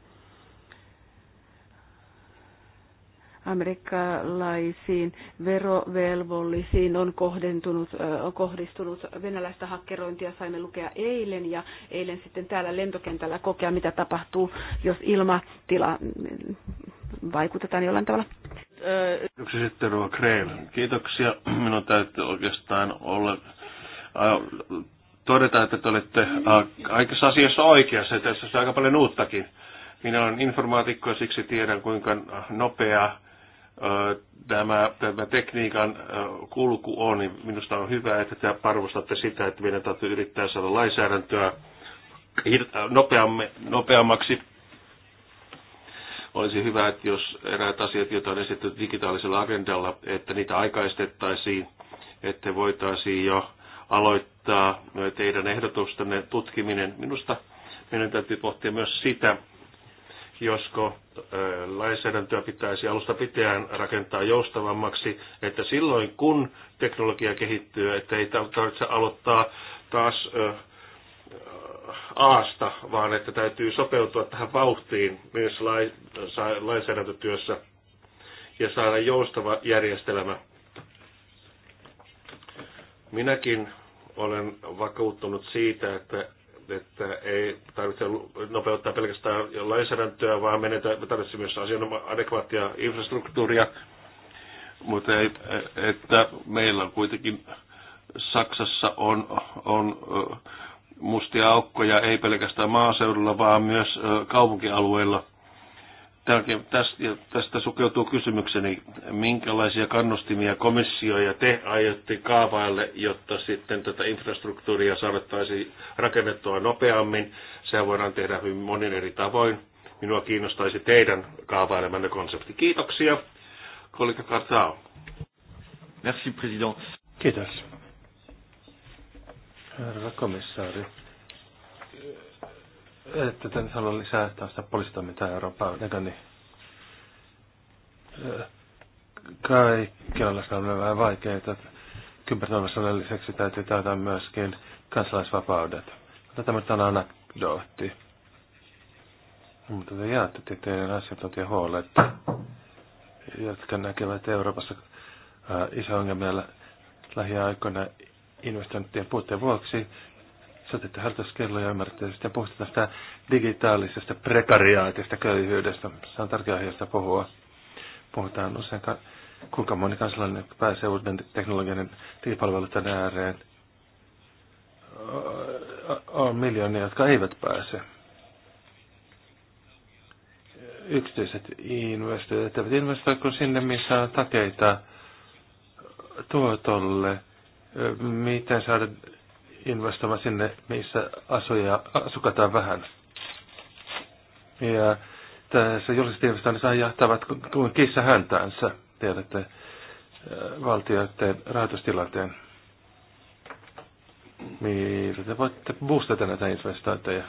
amerikkalaisiin verovelvollisiin on kohdentunut, kohdistunut venäläistä hakkerointia. Saimme lukea eilen ja eilen sitten täällä lentokentällä kokea, mitä tapahtuu, jos ilmatila mm, vaikutetaan jollain tavalla. Yksi sitten Kreel. Kiitoksia. Minun täytyy oikeastaan olla todeta, että te olette kaikissa asiassa oikeassa, että tässä on aika paljon uuttakin. Minä olen informaatikko ja siksi tiedän, kuinka nopea tämä, tämä tekniikan kulku on, niin minusta on hyvä, että te arvostatte sitä, että meidän täytyy yrittää saada lainsäädäntöä nopeammaksi. Olisi hyvä, että jos eräät asiat, joita on esitetty digitaalisella agendalla, että niitä aikaistettaisiin, että voitaisiin jo aloittaa kiinnostaa teidän ehdotustenne tutkiminen. Minusta meidän täytyy pohtia myös sitä, josko lainsäädäntöä pitäisi alusta pitäen rakentaa joustavammaksi, että silloin kun teknologia kehittyy, että ei tarvitse aloittaa taas aasta, vaan että täytyy sopeutua tähän vauhtiin myös lainsäädäntötyössä ja saada joustava järjestelmä. Minäkin olen vakuuttunut siitä, että että ei tarvitse nopeuttaa pelkästään lainsäädäntöä, vaan menetä, me tarvitsemme myös asian adekvaattia infrastruktuuria, mutta ei, että meillä on kuitenkin Saksassa on, on mustia aukkoja ei pelkästään maaseudulla, vaan myös kaupunkialueilla – Tästä sukeutuu kysymykseni, minkälaisia kannustimia komissio ja te aiotte kaavaille, jotta sitten tätä infrastruktuuria saataisiin rakennettua nopeammin. Se voidaan tehdä hyvin monin eri tavoin. Minua kiinnostaisi teidän kaavailemanne konsepti. Kiitoksia. Kollega Kartao. Merci, president. Kiitos. Herra komissaari että tänne sanon lisää tällaista poliisitoimintaa Euroopan eikä niin. Kaikkialla on vähän vaikeaa. Kybertoimiston lisäksi täytyy taata myöskin kansalaisvapaudet. Mutta tämä on anekdootti. Mutta te jaatte tieteen asiantuntijahuolet, jotka näkevät Euroopassa iso ongelmia lähiaikoina investointien puutteen vuoksi Sotitte hallituskelloja ja ymmärrätte ja puhutte tästä digitaalisesta prekariaatista köyhyydestä. Se on tärkeä aiheesta puhua. Puhutaan usein, kuinka moni kansalainen pääsee uuden teknologian digipalveluiden ääreen. On miljoonia, jotka eivät pääse yksityiset investoijat eivät investoi kuin sinne, missä on takeita tuotolle, miten saada investoima sinne, missä asuja, asukataan vähän. Ja tässä julkiset investoinnit jahtavat kuin kissa häntäänsä, tiedätte, äh, valtioiden rahoitustilanteen. Millä te voitte boostata näitä investointeja?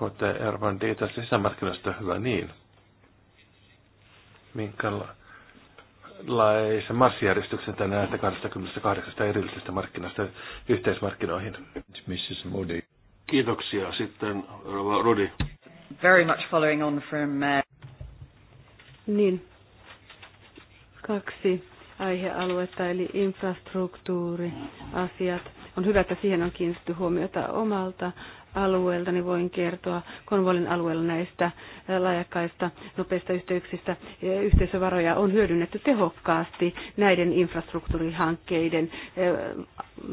Voitte Ervan Diitas sisämarkkinoista, hyvä niin. Minkälaista? laisen marssijärjestyksen tänään 28 erillisestä markkinasta yhteismarkkinoihin. Mrs. Moody. Kiitoksia. Sitten Rodi. Very much following on from... Uh... Niin. Kaksi aihealuetta, eli infrastruktuuri, asiat. On hyvä, että siihen on kiinnitetty huomiota omalta alueelta, niin voin kertoa Konvolin alueella näistä laajakkaista nopeista yhteyksistä. Yhteisövaroja on hyödynnetty tehokkaasti näiden infrastruktuurihankkeiden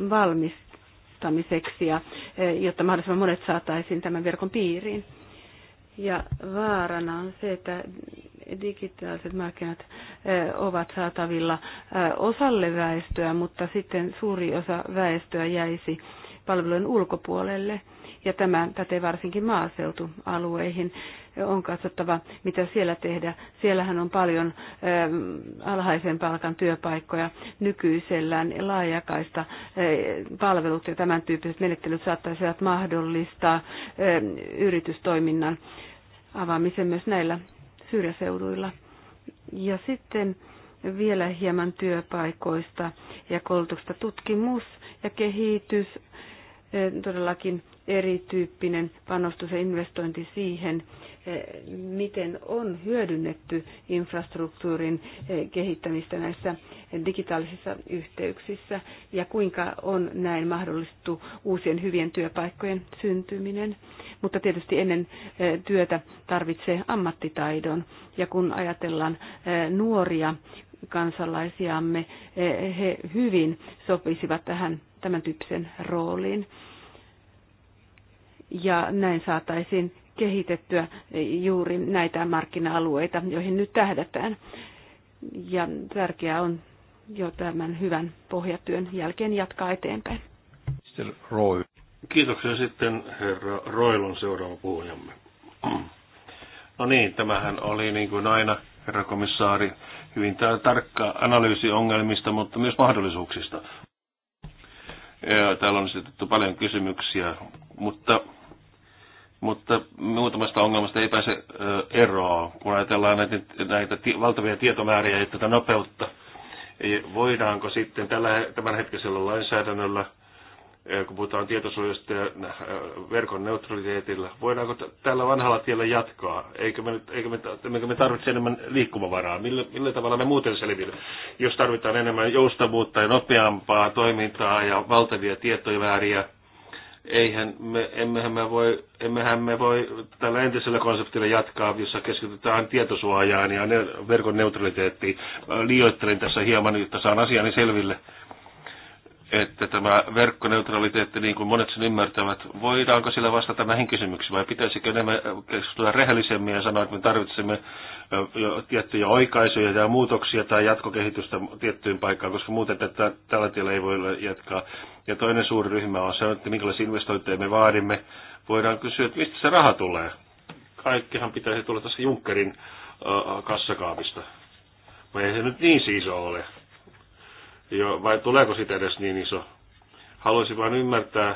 valmistamiseksi, ja, jotta mahdollisimman monet saataisiin tämän verkon piiriin. Ja vaarana on se, että digitaaliset markkinat ovat saatavilla osalle väestöä, mutta sitten suuri osa väestöä jäisi palvelujen ulkopuolelle. Ja tämä pätee varsinkin maaseutualueihin. On katsottava, mitä siellä tehdä. Siellähän on paljon ähm, alhaisen palkan työpaikkoja nykyisellään laajakaista äh, palvelut ja tämän tyyppiset menettelyt saattaisivat mahdollistaa ähm, yritystoiminnan avaamisen myös näillä syrjäseuduilla. Ja sitten vielä hieman työpaikoista ja koulutuksesta tutkimus ja kehitys Eh, todellakin erityyppinen panostus ja investointi siihen, eh, miten on hyödynnetty infrastruktuurin eh, kehittämistä näissä digitaalisissa yhteyksissä ja kuinka on näin mahdollistettu uusien hyvien työpaikkojen syntyminen. Mutta tietysti ennen työtä tarvitsee ammattitaidon ja kun ajatellaan nuoria kansalaisiamme, he hyvin sopisivat tähän tämän tyyppisen rooliin. Ja näin saataisiin kehitettyä juuri näitä markkina-alueita, joihin nyt tähdätään. Ja tärkeää on jo tämän hyvän pohjatyön jälkeen jatkaa eteenpäin. Kiitoksia sitten herra Roilon seuraava puhujamme. No niin, tämähän oli niin kuin aina, herra komissaari, hyvin tarkka analyysi ongelmista, mutta myös mahdollisuuksista. Täällä on esitetty paljon kysymyksiä, mutta, mutta muutamasta ongelmasta ei pääse eroa, kun ajatellaan näitä, näitä valtavia tietomääriä ja tätä nopeutta. Voidaanko sitten tällä, tämänhetkisellä lainsäädännöllä – kun puhutaan tietosuojasta ja äh, verkon neutraliteetillä. Voidaanko tällä vanhalla tiellä jatkaa? Eikö me, eikö me, eikö me tarvitse enemmän liikkumavaraa? Millä, millä tavalla me muuten selviämme? Jos tarvitaan enemmän joustavuutta ja nopeampaa toimintaa ja valtavia tietojääriä, eihän me, emmehän, me voi, emmehän me voi tällä entisellä konseptilla jatkaa, jossa keskitytään tietosuojaan ja verkon neutraliteettiin. Äh, liioittelen tässä hieman, jotta saan asiani selville että tämä verkkoneutraliteetti, niin kuin monet sen ymmärtävät, voidaanko sillä vastata näihin kysymyksiin vai pitäisikö enemmän keskustella rehellisemmin ja sanoa, että me tarvitsemme tiettyjä oikaisuja ja muutoksia tai jatkokehitystä tiettyyn paikkaan, koska muuten tätä, tällä tiellä ei voi jatkaa. Ja toinen suuri ryhmä on se, että minkälaisia investointeja me vaadimme. Voidaan kysyä, että mistä se raha tulee. Kaikkihan pitäisi tulla tässä Junckerin kassakaapista. Vai ei se nyt niin siis ole jo, vai tuleeko siitä edes niin iso? Haluaisin vain ymmärtää,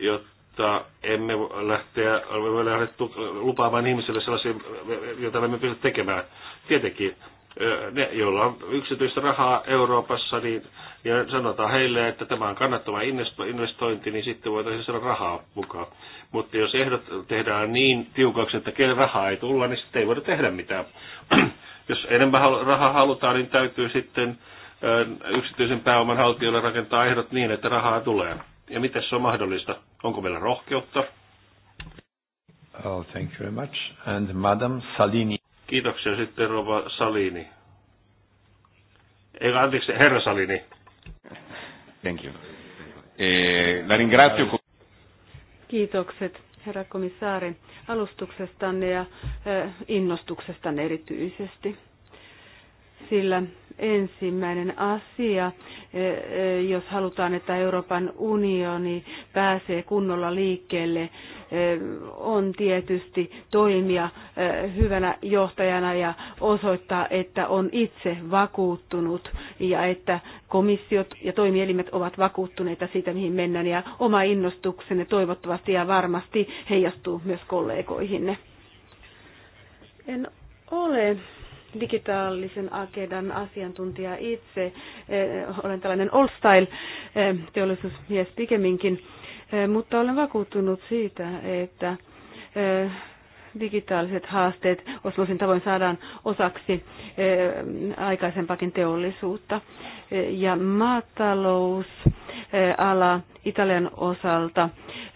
jotta emme lähteä, emme lähde lupaamaan ihmisille sellaisia, joita me emme pysty tekemään. Tietenkin, ne, joilla on yksityistä rahaa Euroopassa, niin ja sanotaan heille, että tämä on kannattava investointi, niin sitten voitaisiin saada rahaa mukaan. Mutta jos ehdot tehdään niin tiukaksi, että kenen rahaa ei tulla, niin sitten ei voida tehdä mitään. jos enemmän rahaa halutaan, niin täytyy sitten yksityisen pääoman haltijoille rakentaa ehdot niin, että rahaa tulee. Ja miten se on mahdollista? Onko meillä rohkeutta? Oh, thank you very much. And Madam Salini. Kiitoksia sitten Rova Salini. Ei, anteeksi, herra Salini. Thank you. Eh, la ringrazio. Kiitokset, herra komissaari, alustuksestanne ja eh, innostuksestanne erityisesti sillä ensimmäinen asia, eh, eh, jos halutaan, että Euroopan unioni pääsee kunnolla liikkeelle, eh, on tietysti toimia hyvänä johtajana ja osoittaa, että on itse vakuuttunut ja että komissiot ja toimielimet ovat vakuuttuneita siitä, mihin mennään. Ja oma innostuksenne toivottavasti ja varmasti heijastuu myös kollegoihinne. En ole digitaalisen agendan asiantuntija itse. Eh, olen tällainen old style eh, teollisuusmies pikemminkin, eh, mutta olen vakuuttunut siitä, että digitaaliset haasteet osallisin tavoin saadaan osaksi aikaisempakin teollisuutta. Ja maatalous Eh, ala Italian osalta.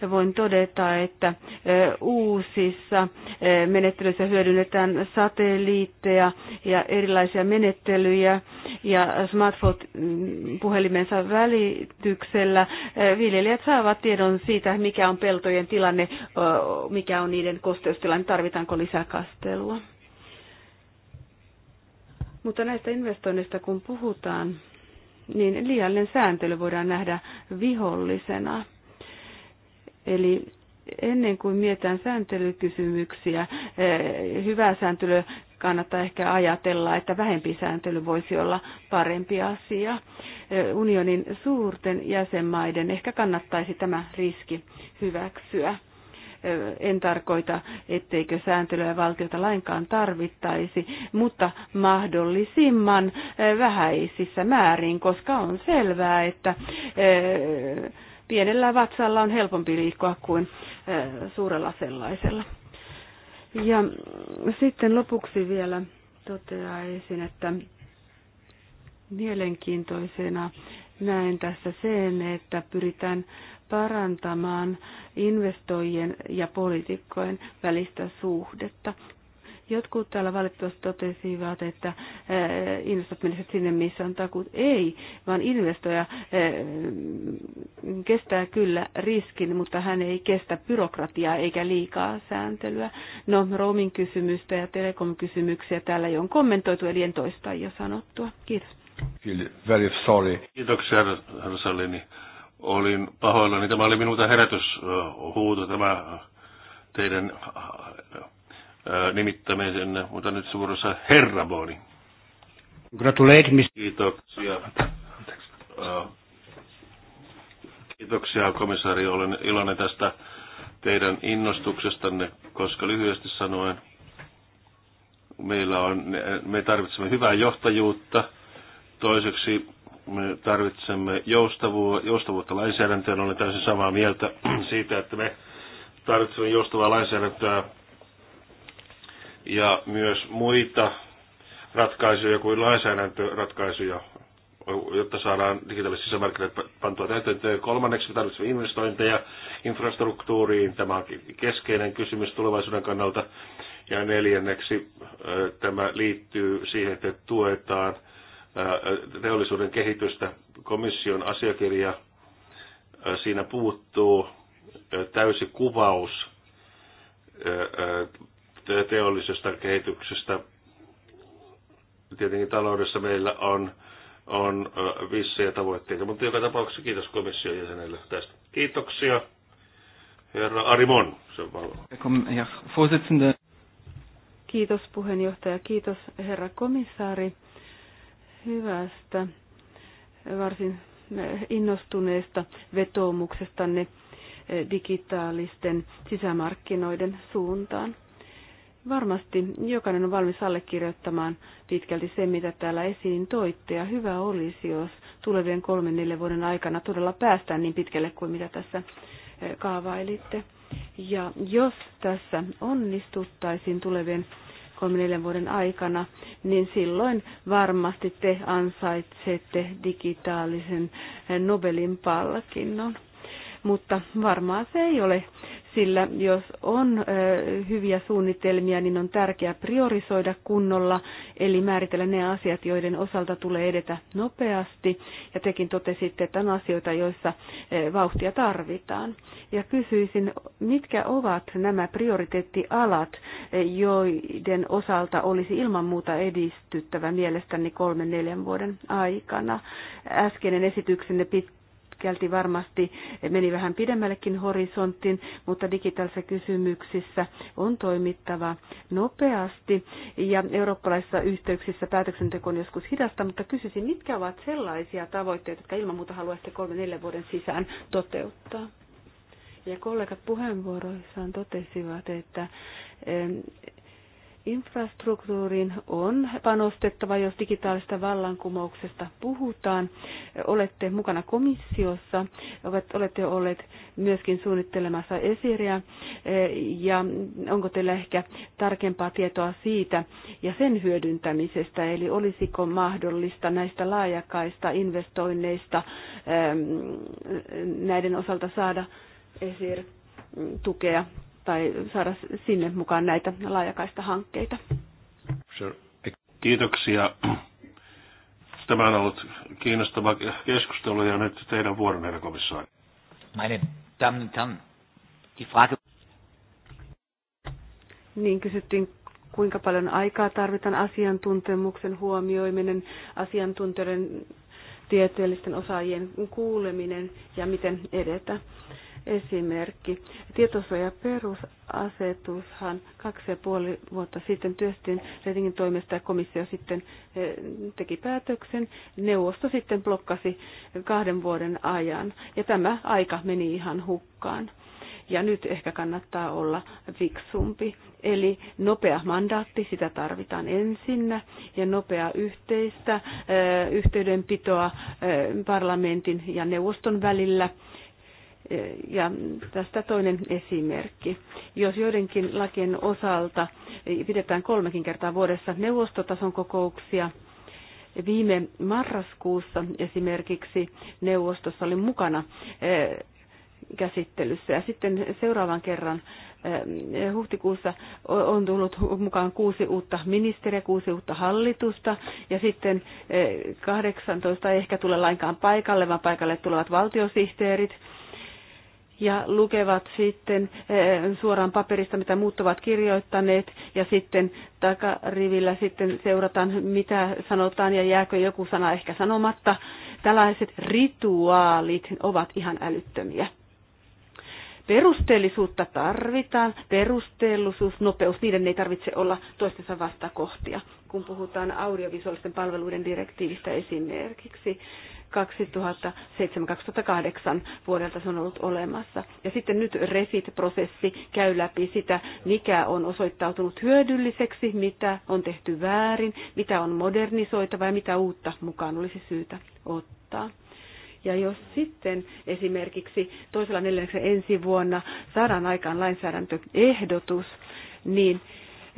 Voin todeta, että eh, uusissa eh, menettelyissä hyödynnetään satelliitteja ja erilaisia menettelyjä ja smartphone-puhelimensa mm, välityksellä viljelijät saavat tiedon siitä, mikä on peltojen tilanne, mikä on niiden kosteustilanne, tarvitaanko lisäkastelua. Mutta näistä investoinneista kun puhutaan, niin liiallinen sääntely voidaan nähdä vihollisena. Eli ennen kuin mietitään sääntelykysymyksiä, eh, hyvää sääntelyä kannattaa ehkä ajatella, että vähempi sääntely voisi olla parempi asia. Eh, unionin suurten jäsenmaiden ehkä kannattaisi tämä riski hyväksyä. En tarkoita, etteikö sääntelyä valtiota lainkaan tarvittaisi, mutta mahdollisimman eh, vähäisissä määrin, koska on selvää, että eh, pienellä vatsalla on helpompi liikkua kuin eh, suurella sellaisella. Ja sitten lopuksi vielä toteaisin, että mielenkiintoisena näen tässä sen, että pyritään parantamaan investoijien ja poliitikkojen välistä suhdetta. Jotkut täällä valitettavasti totesivat, että eh, investoijat menisivät sinne, missä on takuut. Ei, vaan investoija eh, kestää kyllä riskin, mutta hän ei kestä byrokratiaa eikä liikaa sääntelyä. No, roaming kysymystä ja telekom-kysymyksiä täällä jo on kommentoitu, eli en toista jo sanottua. Kiitos. very sorry. Kiitoksia, herra Olin pahoillani. Tämä oli minulta herätyshuuto, tämä teidän äh, äh, nimittämisenne, mutta nyt suorassa Herra Boni. Kiitoksia. Äh, kiitoksia, komissaari. Olen iloinen tästä teidän innostuksestanne, koska lyhyesti sanoen meillä on, me tarvitsemme hyvää johtajuutta. Toiseksi me tarvitsemme joustavuutta, joustavuutta lainsäädäntöön. Olen täysin samaa mieltä siitä, että me tarvitsemme joustavaa lainsäädäntöä ja myös muita ratkaisuja kuin lainsäädäntöratkaisuja, jotta saadaan digitaaliset sisämarkkinat pantua täytäntöön. Kolmanneksi me tarvitsemme investointeja infrastruktuuriin. Tämä on keskeinen kysymys tulevaisuuden kannalta. Ja neljänneksi tämä liittyy siihen, että tuetaan – teollisuuden kehitystä. Komission asiakirja, siinä puuttuu täysi kuvaus teollisesta kehityksestä. Tietenkin taloudessa meillä on, on vissejä tavoitteita, mutta joka tapauksessa kiitos komission jäsenelle tästä. Kiitoksia. Herra Arimon, se Kiitos puheenjohtaja, kiitos herra komissaari hyvästä, varsin innostuneesta vetoomuksestanne eh, digitaalisten sisämarkkinoiden suuntaan. Varmasti jokainen on valmis allekirjoittamaan pitkälti se, mitä täällä esiin toitte, ja hyvä olisi, jos tulevien kolmen neljän vuoden aikana todella päästään niin pitkälle kuin mitä tässä eh, kaavailitte. Ja jos tässä onnistuttaisiin tulevien kolmen vuoden aikana, niin silloin varmasti te ansaitsette digitaalisen Nobelin palkinnon. Mutta varmaan se ei ole sillä jos on hyviä suunnitelmia, niin on tärkeää priorisoida kunnolla, eli määritellä ne asiat, joiden osalta tulee edetä nopeasti. Ja tekin totesitte, että on asioita, joissa vauhtia tarvitaan. Ja kysyisin, mitkä ovat nämä prioriteettialat, joiden osalta olisi ilman muuta edistyttävä mielestäni kolmen neljän vuoden aikana. Äskeinen esityksenne pitää pitkälti varmasti meni vähän pidemmällekin horisonttiin, mutta digitaalisissa kysymyksissä on toimittava nopeasti ja eurooppalaisissa yhteyksissä päätöksenteko on joskus hidasta, mutta kysyisin, mitkä ovat sellaisia tavoitteita, jotka ilman muuta haluaisitte kolme neljä vuoden sisään toteuttaa? Ja kollegat puheenvuoroissaan totesivat, että Infrastruktuuriin on panostettava, jos digitaalista vallankumouksesta puhutaan. Olette mukana komissiossa, olette olleet myöskin suunnittelemassa esiriä, eh, ja onko teillä ehkä tarkempaa tietoa siitä ja sen hyödyntämisestä, eli olisiko mahdollista näistä laajakaista investoinneista eh, näiden osalta saada esir mm, tukea tai saada sinne mukaan näitä laajakaista hankkeita. Kiitoksia. Tämä on ollut kiinnostava keskustelu ja nyt teidän vuoron, herra komissaari. Meine Damen und Herren, die Frage... Niin kysyttiin kuinka paljon aikaa tarvitaan asiantuntemuksen huomioiminen, asiantuntijoiden tieteellisten osaajien kuuleminen ja miten edetä esimerkki. Tietosuojaperusasetushan kaksi ja puoli vuotta sitten työstin Redingin toimesta ja komissio sitten eh, teki päätöksen. Neuvosto sitten blokkasi kahden vuoden ajan ja tämä aika meni ihan hukkaan. Ja nyt ehkä kannattaa olla fiksumpi. Eli nopea mandaatti, sitä tarvitaan ensinnä, ja nopea yhteistä eh, yhteydenpitoa eh, parlamentin ja neuvoston välillä ja tästä toinen esimerkki. Jos joidenkin lakien osalta pidetään kolmekin kertaa vuodessa neuvostotason kokouksia, viime marraskuussa esimerkiksi neuvostossa oli mukana eh, käsittelyssä. Ja sitten seuraavan kerran eh, huhtikuussa on tullut mukaan kuusi uutta ministeriä, kuusi uutta hallitusta ja sitten 18 eh, ei ehkä tule lainkaan paikalle, vaan paikalle tulevat valtiosihteerit ja lukevat sitten eh, suoraan paperista, mitä muut ovat kirjoittaneet, ja sitten takarivillä sitten seurataan, mitä sanotaan, ja jääkö joku sana ehkä sanomatta. Tällaiset rituaalit ovat ihan älyttömiä. Perusteellisuutta tarvitaan, perusteellisuus, nopeus, niiden ei tarvitse olla toistensa vastakohtia, kun puhutaan audiovisuaalisten palveluiden direktiivistä esimerkiksi 2007-2008 vuodelta se on ollut olemassa. Ja sitten nyt REFIT-prosessi käy läpi sitä, mikä on osoittautunut hyödylliseksi, mitä on tehty väärin, mitä on modernisoitava ja mitä uutta mukaan olisi syytä ottaa. Ja jos sitten esimerkiksi toisella neljänneksen ensi vuonna saadaan aikaan lainsäädäntöehdotus, niin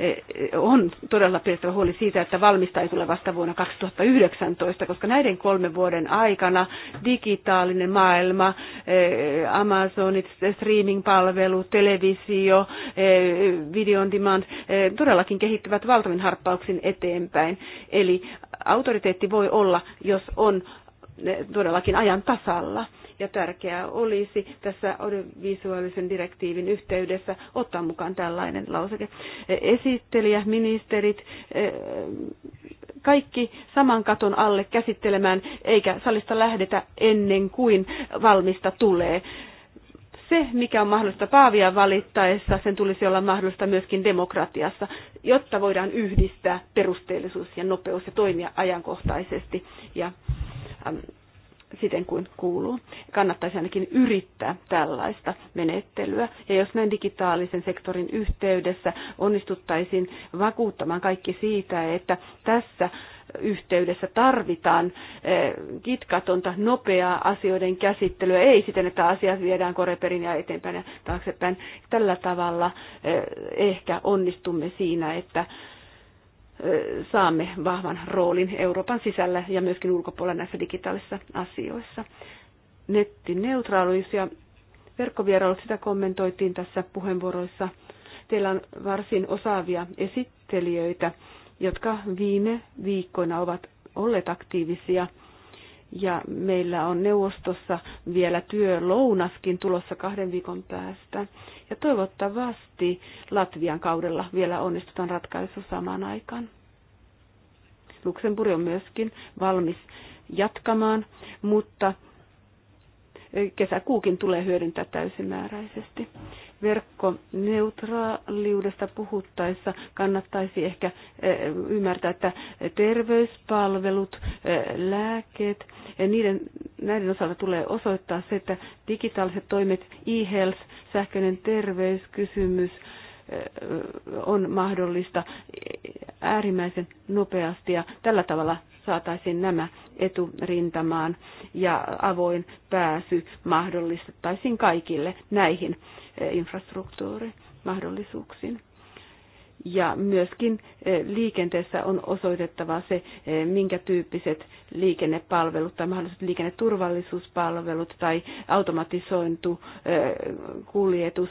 Eh, on todella pidettävä huoli siitä, että valmista ei tule vasta vuonna 2019, koska näiden kolmen vuoden aikana digitaalinen maailma, eh, Amazonit, streaming-palvelut, televisio, eh, video on demand todellakin kehittyvät valtavin harppauksin eteenpäin. Eli autoriteetti voi olla, jos on todellakin ajan tasalla ja tärkeää olisi tässä audiovisuaalisen direktiivin yhteydessä ottaa mukaan tällainen lauseke. Esittelijä, ministerit, eh, kaikki saman katon alle käsittelemään, eikä salista lähdetä ennen kuin valmista tulee se, mikä on mahdollista paavia valittaessa, sen tulisi olla mahdollista myöskin demokratiassa, jotta voidaan yhdistää perusteellisuus ja nopeus ja toimia ajankohtaisesti ja siten kuin kuuluu. Kannattaisi ainakin yrittää tällaista menettelyä. Ja jos näin digitaalisen sektorin yhteydessä onnistuttaisiin vakuuttamaan kaikki siitä, että tässä yhteydessä tarvitaan eh, kitkatonta, nopeaa asioiden käsittelyä, ei siten, että asiat viedään koreperin ja eteenpäin ja taaksepäin. Tällä tavalla eh, ehkä onnistumme siinä, että saamme vahvan roolin Euroopan sisällä ja myöskin ulkopuolella näissä digitaalisissa asioissa. Nettineutraalius ja verkkovierailut, sitä kommentoitiin tässä puheenvuoroissa. Teillä on varsin osaavia esittelijöitä, jotka viime viikkoina ovat olleet aktiivisia. Ja meillä on neuvostossa vielä työlounaskin tulossa kahden viikon päästä. Ja toivottavasti Latvian kaudella vielä onnistutaan ratkaisu samaan aikaan. Luxemburg on myöskin valmis jatkamaan, mutta kesäkuukin tulee hyödyntää täysimääräisesti verkkoneutraaliudesta puhuttaessa kannattaisi ehkä eh, ymmärtää, että terveyspalvelut, eh, lääkkeet, eh, niiden, näiden osalta tulee osoittaa se, että digitaaliset toimet, e-health, sähköinen terveyskysymys, on mahdollista äärimmäisen nopeasti ja tällä tavalla saataisiin nämä eturintamaan ja avoin pääsy mahdollistettaisiin kaikille näihin infrastruktuurimahdollisuuksiin ja myöskin eh, liikenteessä on osoitettava se, eh, minkä tyyppiset liikennepalvelut tai mahdolliset liikenneturvallisuuspalvelut tai automatisointu eh, kuljetus,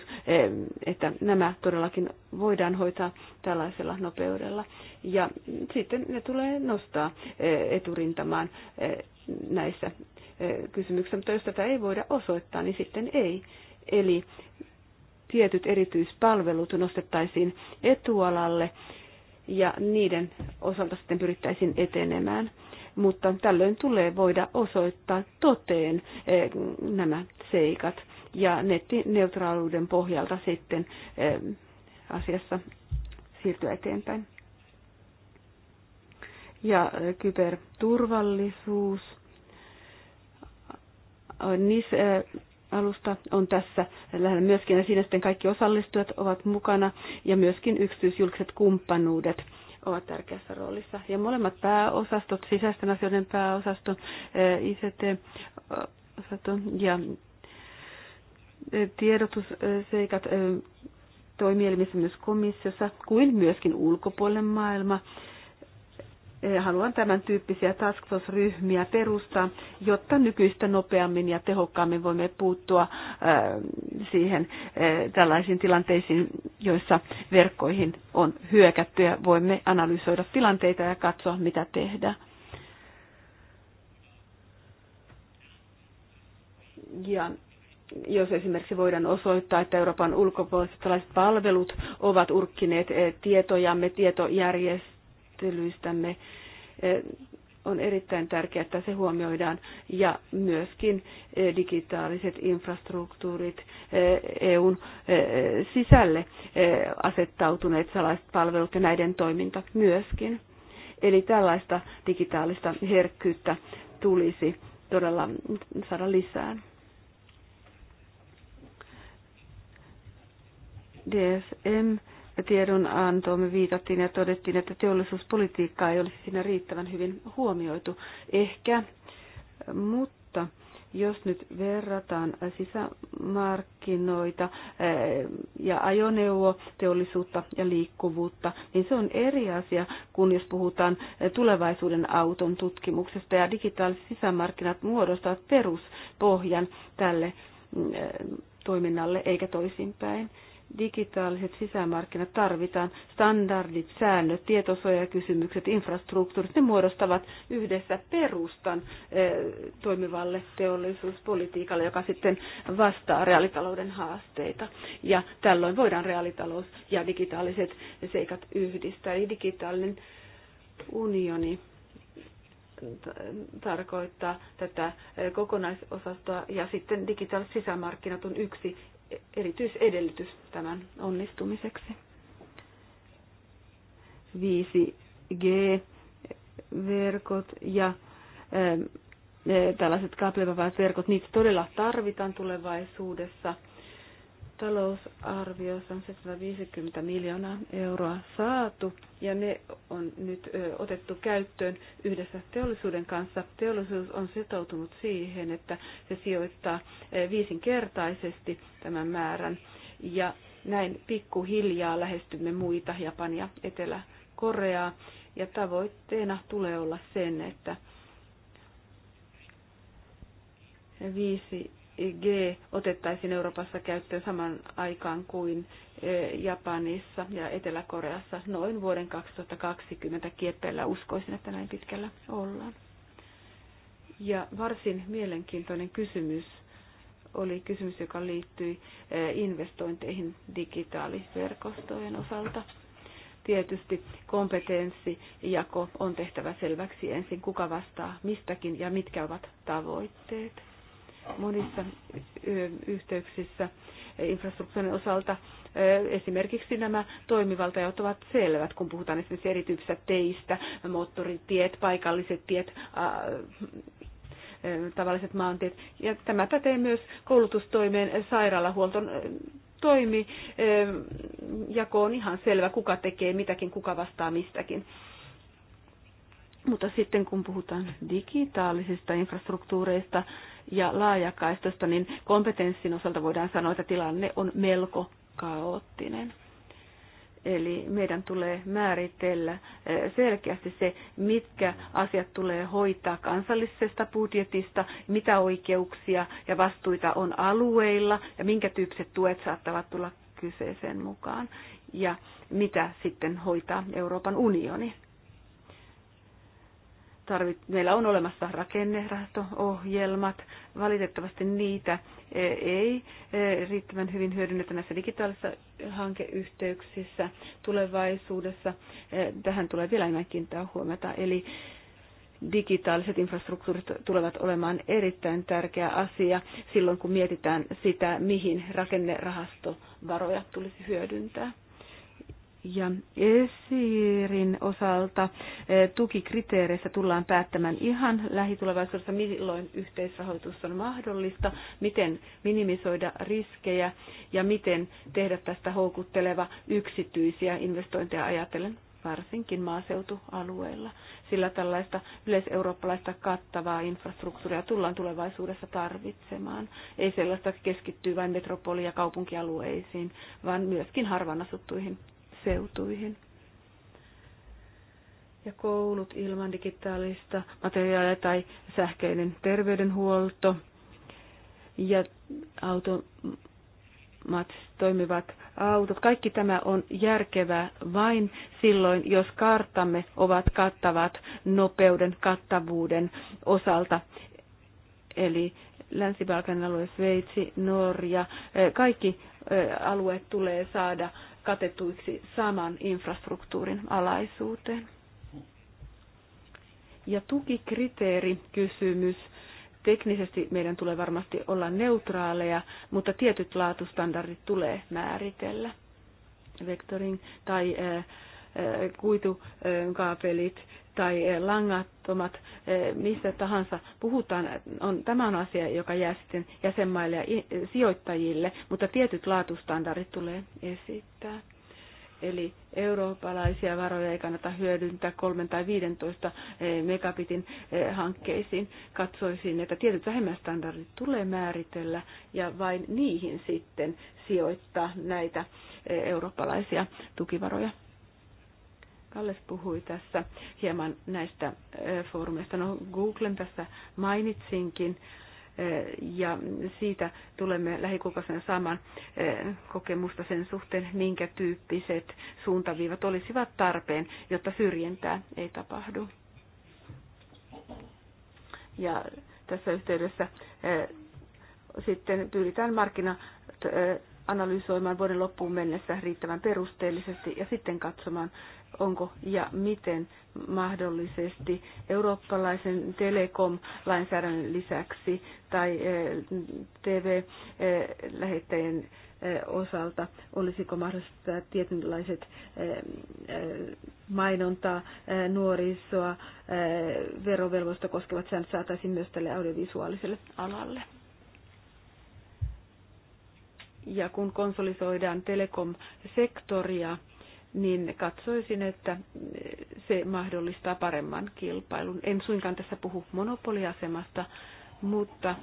että nämä todellakin voidaan hoitaa tällaisella nopeudella. Ja sitten ne tulee nostaa eturintamaan näissä kysymyksissä, mutta jos tätä ei voida osoittaa, niin sitten ei. Eli tietyt erityispalvelut nostettaisiin etualalle ja niiden osalta sitten pyrittäisiin etenemään. Mutta tällöin tulee voida osoittaa toteen eh, nämä seikat ja nettineutraaliuden pohjalta sitten eh, asiassa siirtyä eteenpäin. Ja eh, kyberturvallisuus. NIS alusta on tässä lähellä myöskin, ja siinä sitten kaikki osallistujat ovat mukana, ja myöskin yksityisjulkiset kumppanuudet ovat tärkeässä roolissa. Ja molemmat pääosastot, sisäisten asioiden pääosasto, eh, ict ja eh, tiedotusseikat eh, toimielimissä myös komissiossa, kuin myöskin ulkopuolen maailma Eh, haluan tämän tyyppisiä task force-ryhmiä perustaa, jotta nykyistä nopeammin ja tehokkaammin voimme puuttua eh, siihen eh, tällaisiin tilanteisiin, joissa verkkoihin on hyökätty ja voimme analysoida tilanteita ja katsoa, mitä tehdä. Ja jos esimerkiksi voidaan osoittaa, että Euroopan ulkopuoliset tällaiset palvelut ovat urkkineet tietojamme, tietojärjestelmiä, järjestelyistämme eh, on erittäin tärkeää, että se huomioidaan ja myöskin eh, digitaaliset infrastruktuurit eh, EUn sisälle asettautuneet salaiset palvelut ja näiden toiminta myöskin. Eli tällaista digitaalista herkkyyttä tulisi todella saada lisää. DSM me viitattiin ja todettiin, että teollisuuspolitiikkaa ei olisi siinä riittävän hyvin huomioitu. Ehkä, mutta jos nyt verrataan sisämarkkinoita eh, ja ajoneuvoteollisuutta ja liikkuvuutta, niin se on eri asia kuin jos puhutaan tulevaisuuden auton tutkimuksesta ja digitaaliset sisämarkkinat muodostavat peruspohjan tälle eh, toiminnalle eikä toisinpäin digitaaliset sisämarkkinat tarvitaan, standardit, säännöt, tietosuojakysymykset, infrastruktuurit, ne muodostavat yhdessä perustan eh, toimivalle teollisuuspolitiikalle, joka sitten vastaa reaalitalouden haasteita. Ja tällöin voidaan reaalitalous ja digitaaliset seikat yhdistää. Eli digitaalinen unioni tarkoittaa tätä eh, kokonaisosastoa ja sitten digitaaliset sisämarkkinat on yksi erityisedellytys tämän onnistumiseksi. 5G-verkot ja eh, eh, tällaiset kaapelivapaavat verkot, niitä todella tarvitaan tulevaisuudessa – talousarviossa on 750 miljoonaa euroa saatu ja ne on nyt otettu käyttöön yhdessä teollisuuden kanssa. Teollisuus on sitoutunut siihen, että se sijoittaa viisinkertaisesti tämän määrän ja näin pikkuhiljaa lähestymme muita Japania, Etelä-Koreaa ja tavoitteena tulee olla sen, että viisi 5G e otettaisiin Euroopassa käyttöön saman aikaan kuin e, Japanissa ja Etelä-Koreassa noin vuoden 2020 kieppeillä. Uskoisin, että näin pitkällä ollaan. Ja varsin mielenkiintoinen kysymys oli kysymys, joka liittyi e, investointeihin digitaaliverkostojen osalta. Tietysti kompetenssijako on tehtävä selväksi ensin, kuka vastaa mistäkin ja mitkä ovat tavoitteet monissa yhteyksissä infrastruktuurin osalta esimerkiksi nämä toimivaltajat ovat selvät, kun puhutaan esimerkiksi erityisistä teistä, moottoritiet, paikalliset tiet, tavalliset maantiet. Ja tämä pätee myös koulutustoimeen, sairaalahuolton toimi, jako on ihan selvä, kuka tekee mitäkin, kuka vastaa mistäkin. Mutta sitten kun puhutaan digitaalisista infrastruktuureista, ja laajakaistosta, niin kompetenssin osalta voidaan sanoa, että tilanne on melko kaoottinen. Eli meidän tulee määritellä eh, selkeästi se, mitkä asiat tulee hoitaa kansallisesta budjetista, mitä oikeuksia ja vastuita on alueilla ja minkä tyyppiset tuet saattavat tulla kyseeseen mukaan ja mitä sitten hoitaa Euroopan unioni tarvit, meillä on olemassa rakennerahasto-ohjelmat. Valitettavasti niitä e, ei e, riittävän hyvin hyödynnetä näissä digitaalisissa hankeyhteyksissä tulevaisuudessa. E, tähän tulee vielä enemmän kiinnittää huomiota. Eli digitaaliset infrastruktuurit tulevat olemaan erittäin tärkeä asia silloin, kun mietitään sitä, mihin rakennerahastovaroja tulisi hyödyntää. Ja esirin osalta eh, tukikriteereistä tullaan päättämään ihan lähitulevaisuudessa, milloin yhteisrahoitus on mahdollista, miten minimisoida riskejä ja miten tehdä tästä houkutteleva yksityisiä investointeja ajatellen varsinkin maaseutualueilla, sillä tällaista yleiseurooppalaista kattavaa infrastruktuuria tullaan tulevaisuudessa tarvitsemaan. Ei sellaista keskittyy vain metropoli- ja kaupunkialueisiin, vaan myöskin harvaan asuttuihin seutuihin. Ja koulut ilman digitaalista materiaalia tai sähköinen terveydenhuolto ja automat toimivat autot. Kaikki tämä on järkevää vain silloin, jos karttamme ovat kattavat nopeuden kattavuuden osalta. Eli länsi balkan alue, Sveitsi, Norja, eh, kaikki eh, alueet tulee saada katetuiksi saman infrastruktuurin alaisuuteen. Ja tukikriteeri kysymys. Teknisesti meidän tulee varmasti olla neutraaleja, mutta tietyt laatustandardit tulee määritellä. vektorin tai äh, kuitukaapelit eh, tai eh, langattomat, eh, missä tahansa puhutaan, on, tämä on asia, joka jää sitten jäsenmaille ja sijoittajille, mutta tietyt laatustandardit tulee esittää. Eli eurooppalaisia varoja ei kannata hyödyntää 3 tai 15 megabitin hankkeisiin. Katsoisin, että tietyt vähemmästandardit tulee määritellä ja vain niihin sitten sijoittaa näitä eurooppalaisia tukivaroja. Kalles puhui tässä hieman näistä foorumeista. No Googlen tässä mainitsinkin ja siitä tulemme lähikuukausina saamaan kokemusta sen suhteen, minkä tyyppiset suuntaviivat olisivat tarpeen, jotta syrjintää ei tapahdu. Ja tässä yhteydessä sitten pyritään markkina analysoimaan vuoden loppuun mennessä riittävän perusteellisesti ja sitten katsomaan, onko ja miten mahdollisesti eurooppalaisen telekom-lainsäädännön lisäksi tai eh, TV-lähettäjien eh, eh, osalta, olisiko mahdollista tietynlaiset mainontaa, nuorisoa, verovelvoista koskevat säännöt saataisiin myös tälle audiovisuaaliselle alalle. Ja kun konsolisoidaan telekom-sektoria, niin katsoisin, että se mahdollistaa paremman kilpailun. En suinkaan tässä puhu monopoliasemasta, mutta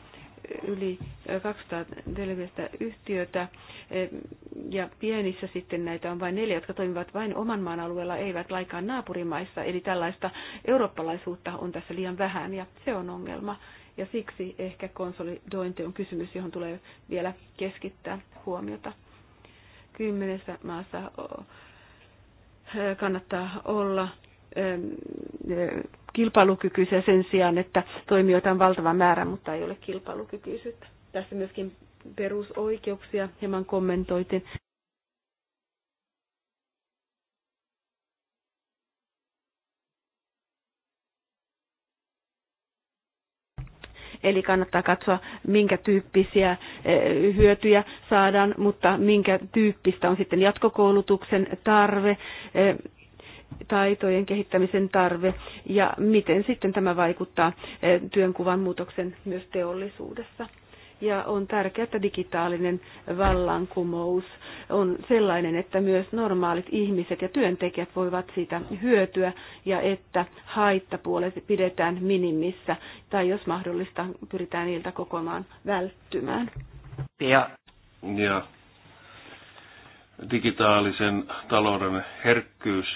yli 200 televisiota yhtiötä ja pienissä sitten näitä on vain neljä, jotka toimivat vain oman maan alueella, eivät laikaan naapurimaissa. Eli tällaista eurooppalaisuutta on tässä liian vähän ja se on ongelma. Ja siksi ehkä konsolidointi on kysymys, johon tulee vielä keskittää huomiota. Kymmenessä maassa kannattaa olla kilpailukykyisiä sen sijaan, että toimijoita on valtava määrä, mutta ei ole kilpailukykyisyyttä. Tässä myöskin perusoikeuksia hieman kommentoitin. Eli kannattaa katsoa, minkä tyyppisiä eh, hyötyjä saadaan, mutta minkä tyyppistä on sitten jatkokoulutuksen tarve, eh, taitojen kehittämisen tarve ja miten sitten tämä vaikuttaa eh, työnkuvan muutoksen myös teollisuudessa ja on tärkeää, että digitaalinen vallankumous on sellainen, että myös normaalit ihmiset ja työntekijät voivat siitä hyötyä ja että haittapuolet pidetään minimissä tai jos mahdollista pyritään niiltä kokonaan välttymään. Ja, ja digitaalisen talouden herkkyys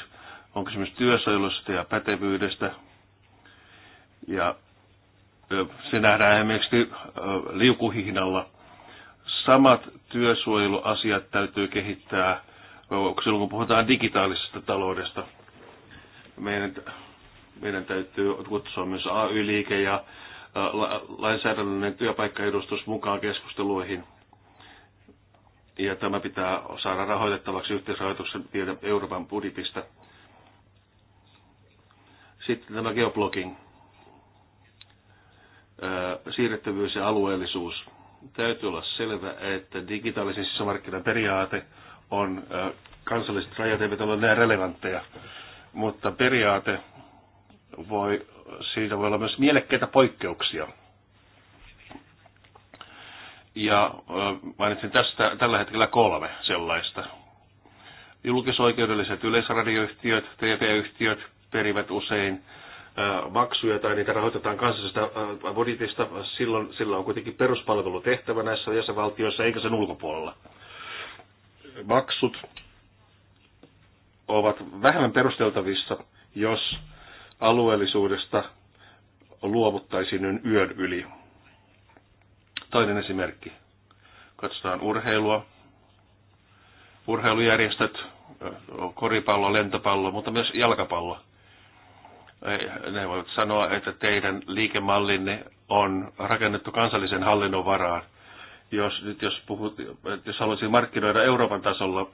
on kysymys työsuojelusta ja pätevyydestä ja se nähdään esimerkiksi liukuhihnalla. Samat työsuojeluasiat täytyy kehittää silloin, kun puhutaan digitaalisesta taloudesta. Meidän, meidän täytyy kutsua myös AY-liike ja lainsäädännöllinen työpaikkaedustus mukaan keskusteluihin. Ja tämä pitää saada rahoitettavaksi yhteisrahoituksen Euroopan budjetista. Sitten tämä geoblogging siirrettävyys ja alueellisuus. Täytyy olla selvä, että digitaalisen sisämarkkinan periaate on, kansalliset rajat eivät ole näin relevantteja, mutta periaate voi, siitä voi olla myös mielekkäitä poikkeuksia. Ja mainitsin tästä tällä hetkellä kolme sellaista. Julkisoikeudelliset yleisradioyhtiöt, TV-yhtiöt perivät usein maksuja tai niitä rahoitetaan kansallisesta budjetista, silloin sillä on kuitenkin peruspalvelutehtävä näissä jäsenvaltioissa eikä sen ulkopuolella. Maksut ovat vähemmän perusteltavissa, jos alueellisuudesta luovuttaisiin yön yli. Toinen esimerkki. Katsotaan urheilua. Urheilujärjestöt, koripallo, lentopallo, mutta myös jalkapallo – ne voivat sanoa, että teidän liikemallinne on rakennettu kansallisen hallinnon varaan. Jos, nyt jos, puhut, jos haluaisin markkinoida Euroopan tasolla,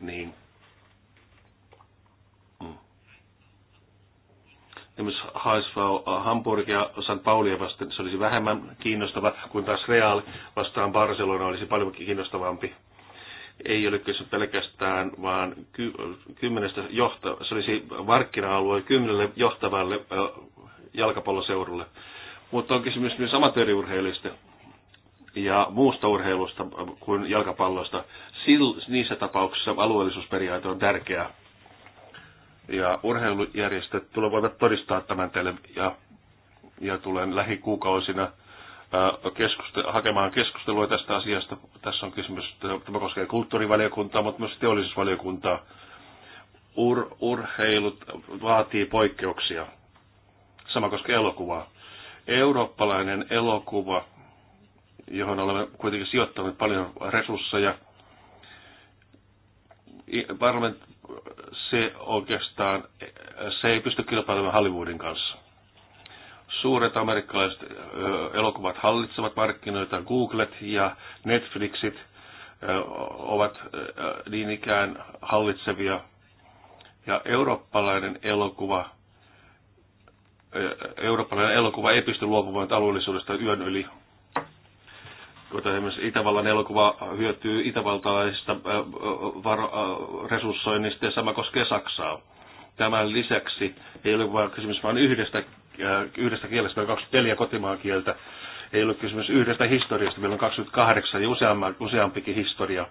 niin mm. esimerkiksi HSV äh, Hamburg ja San Paulia vasten se olisi vähemmän kiinnostava kuin taas Real vastaan Barcelona olisi paljon kiinnostavampi ei ole kyse pelkästään, vaan ky- kymmenestä johta- se olisi markkina-alue kymmenelle johtavalle jalkapalloseudulle. Mutta on kysymys myös amatööriurheilijoista ja muusta urheilusta kuin jalkapallosta. Sil- niissä tapauksissa alueellisuusperiaate on tärkeää. Ja urheilujärjestöt tulevat todistaa tämän teille ja, ja tulen lähikuukausina – keskuste- hakemaan keskustelua tästä asiasta. Tässä on kysymys, tämä koskee kulttuurivaliokuntaa, mutta myös teollisuusvaliokuntaa. Ur- urheilut vaatii poikkeuksia. Sama koskee elokuvaa. Eurooppalainen elokuva, johon olemme kuitenkin sijoittaneet paljon resursseja, parlament, se oikeastaan, se ei pysty kilpailemaan Hollywoodin kanssa. Suuret amerikkalaiset elokuvat hallitsevat markkinoita, Googlet ja Netflixit ovat niin ikään hallitsevia. Ja eurooppalainen elokuva, eurooppalainen elokuva ei pysty luopumaan taloudellisuudesta yön yli kuten esimerkiksi Itävallan elokuva hyötyy itävaltalaisista resurssoinnista ja sama koskee Saksaa. Tämän lisäksi ei ole vain kysymys vain yhdestä yhdestä kielestä, meillä on 24 kotimaan kieltä. Ei ollut kysymys yhdestä historiasta, meillä on 28 ja useamman, useampikin historia.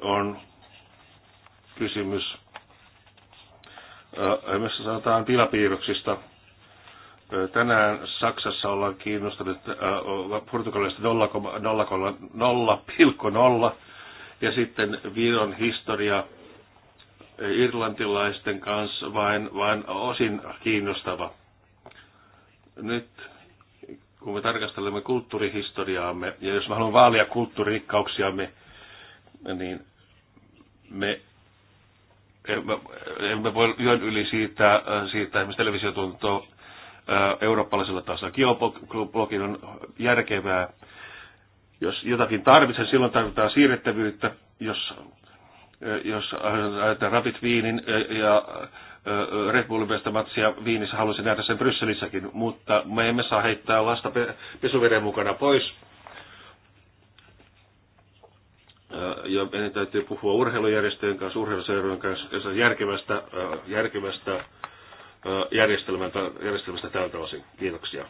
On kysymys, myös sanotaan tilapiirroksista. Tänään Saksassa ollaan kiinnostuneet portugalista 0,0 ja sitten Viron historia irlantilaisten kanssa vain, vain osin kiinnostava nyt kun me tarkastelemme kulttuurihistoriaamme, ja jos me haluamme vaalia kulttuuririkkauksiamme, niin me emme, voi yön yli siitä, äh, siitä esimerkiksi televisiotuntoa äh, eurooppalaisella tasolla. Geoblogin on järkevää. Jos jotakin tarvitsee, silloin tarvitaan siirrettävyyttä. Jos, äh, jos ajatellaan rapid viinin ja Red Bullin matsia Viinissä, halusin nähdä sen Brysselissäkin, mutta me emme saa heittää lasta pesuveden mukana pois. Ja meidän täytyy puhua urheilujärjestöjen kanssa, urheiluseurojen kanssa järkevästä, järkevästä järjestelmästä, järjestelmästä tältä osin. Kiitoksia.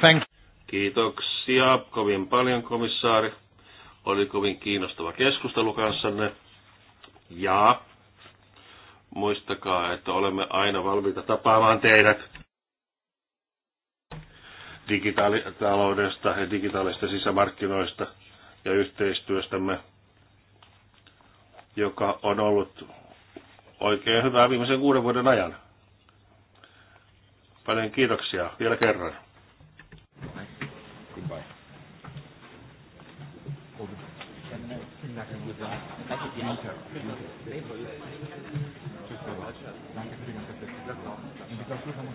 Thank. Kiitoksia kovin paljon komissaari. Oli kovin kiinnostava keskustelu kanssanne. Ja Muistakaa, että olemme aina valmiita tapaamaan teidät digitaalitaloudesta ja digitaalista sisämarkkinoista ja yhteistyöstämme, joka on ollut oikein hyvää viimeisen kuuden vuoden ajan. Paljon kiitoksia vielä kerran. Goodbye. Danke ah, für die ganze Und die Klausur schon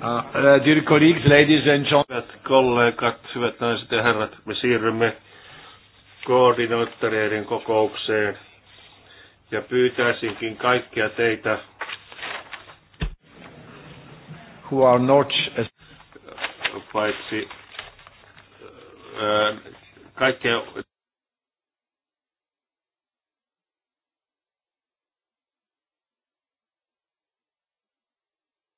Uh, dear colleagues, ladies and gentlemen, hyvät kollegat, hyvät naiset ja herrat, me siirrymme koordinoittoreiden kokoukseen ja pyytäisinkin kaikkia teitä, who are not paitsi äh, kaikkea